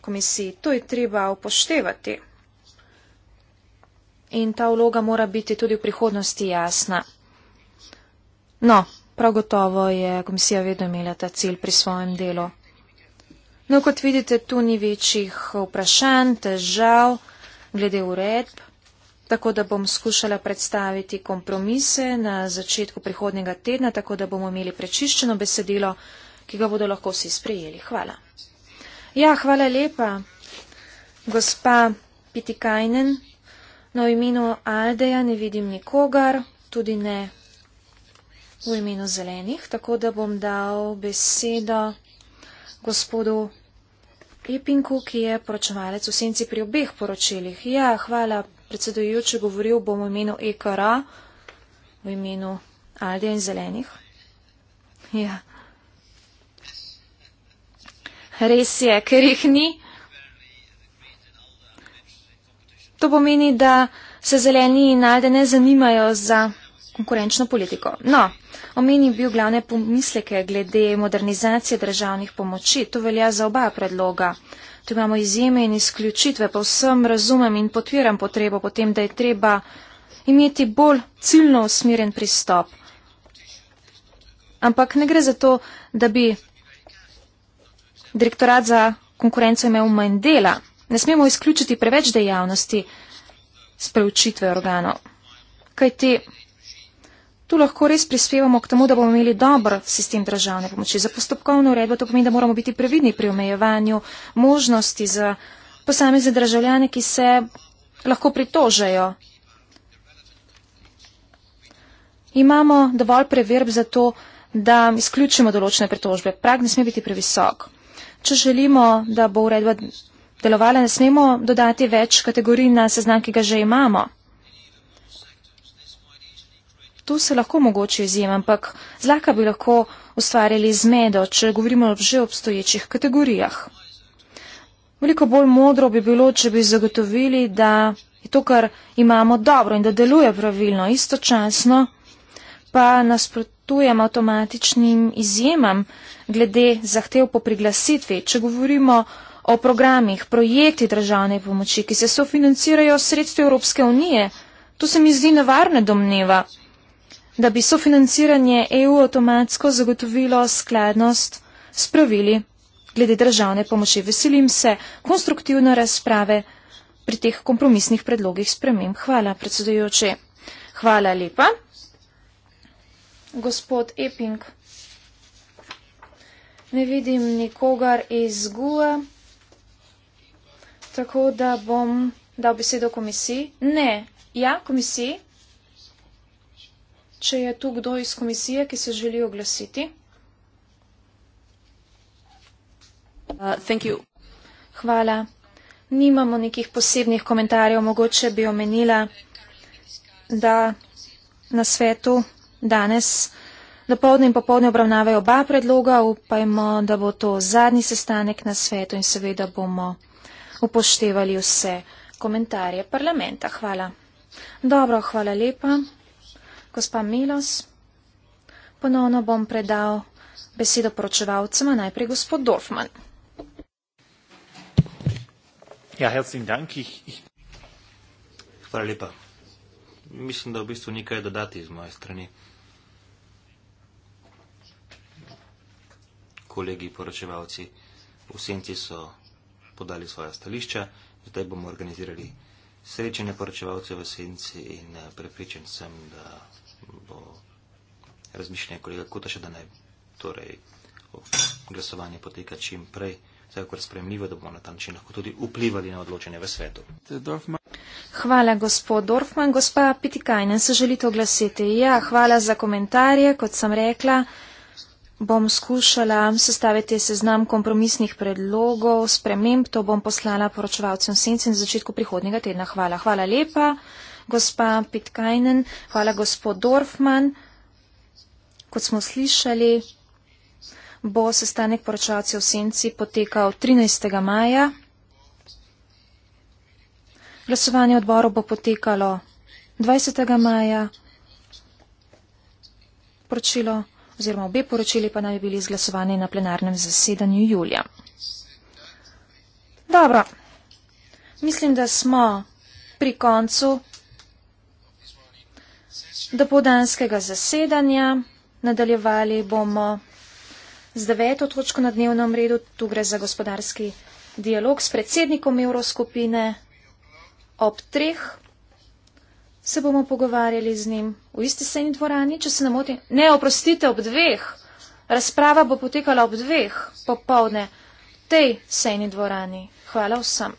komisiji. To je treba upoštevati in ta vloga mora biti tudi v prihodnosti jasna. No, prav gotovo je komisija vedno imela ta cilj pri svojem delu. No, kot vidite, tu ni večjih vprašanj, težav glede uredb, tako da bom skušala predstaviti kompromise na začetku prihodnega tedna, tako da bomo imeli prečiščeno besedilo, ki ga bodo lahko vsi sprejeli. Hvala. Ja, hvala lepa, gospa Pitikajnen. No, v imenu Aldeja ne vidim nikogar, tudi ne v imenu zelenih, tako da bom dal besedo gospodu Epinku, ki je poročevalec v senci pri obeh poročilih. Ja, hvala, predsedujoče, govoril bom v imenu EKR, v imenu Aldeja in zelenih. Ja. Res je, ker jih ni. To pomeni, da se zeleni in alde ne zanimajo za konkurenčno politiko. No, omenim bil glavne pomisleke glede modernizacije državnih pomoči. To velja za oba predloga. Tu imamo izjeme in izključitve. Povsem razumem in potviram potrebo potem, da je treba imeti bolj ciljno usmiren pristop. Ampak ne gre za to, da bi direktorat za konkurenco imel manj dela. Ne smemo izključiti preveč dejavnosti s preučitve organov. Kaj ti? Tu lahko res prispevamo k temu, da bomo imeli dober sistem državne pomoči. Za postopkovno uredbo to pomeni, da moramo biti previdni pri omejevanju možnosti za posamezne državljane, ki se lahko pritožejo. Imamo dovolj preverb za to, da izključimo določene pritožbe. Prag ne sme biti previsok. Če želimo, da bo uredba delovala, ne smemo dodati več kategorij na seznam, ki ga že imamo. Tu se lahko mogoče izjema, ampak zlaka bi lahko ustvarjali zmedo, če govorimo o že obstoječih kategorijah. Veliko bolj modro bi bilo, če bi zagotovili, da je to, kar imamo dobro in da deluje pravilno, istočasno pa nasprotujem avtomatičnim izjemam glede zahtev po priglasitvi. Če govorimo o programih, projekti državne pomoči, ki se sofinancirajo sredstvo Evropske unije. To se mi zdi nevarna domneva, da bi sofinanciranje EU avtomatsko zagotovilo skladnost s pravili glede državne pomoči. Veselim se konstruktivne razprave pri teh kompromisnih predlogih sprememb. Hvala, predsedujoče. Hvala lepa. Gospod Eping. Ne vidim nikogar iz GUA. E tako da bom dal besedo komisiji. Ne, ja, komisiji. Če je tu kdo iz komisije, ki se želi oglasiti. Uh, Hvala. Nimamo nekih posebnih komentarjev. Mogoče bi omenila, da na svetu danes dopoledne in popoldne obravnavajo oba predloga. Upajmo, da bo to zadnji sestanek na svetu in seveda bomo upoštevali vse komentarje parlamenta. Hvala. Dobro, hvala lepa. Gospa Milos, ponovno bom predal besedo poročevalcema, najprej gospod Dorfman. Ja, herzlichen Dank. Ich, ich... Hvala lepa. Mislim, da v bistvu ni kaj dodati iz moje strani. Kolegi poročevalci, v senci so podali svoje stališče, zdaj bomo organizirali srečanje poročevalcev v senci in eh, prepričan sem, da bo razmišljanje kolega Kuta še, da naj torej glasovanje poteka čim prej, vsekakor spremljivo, da bomo na ta način lahko tudi vplivali na odločanje v svetu. Hvala, gospod Dorfman. Gospa Pitikajnen, se želite oglasiti? Ja, hvala za komentarje, kot sem rekla bom skušala sestaviti seznam kompromisnih predlogov, sprememb, to bom poslala poročevalcem senci na začetku prihodnjega tedna. Hvala. Hvala lepa, gospa Pitkajnen, hvala gospod Dorfman. Kot smo slišali, bo sestanek poročevalcev senci potekal 13. maja. Glasovanje odboru bo potekalo 20. maja. Poročilo oziroma obe poročili pa naj bi bili izglasovani na plenarnem zasedanju julija. Dobro, mislim, da smo pri koncu dopoldanskega zasedanja. Nadaljevali bomo z deveto točko na dnevnem redu. Tu gre za gospodarski dialog s predsednikom evroskupine ob treh se bomo pogovarjali z njim v isti sejni dvorani, če se ne motim. Ne, oprostite, ob dveh. Razprava bo potekala ob dveh popovdne v tej sejni dvorani. Hvala vsem.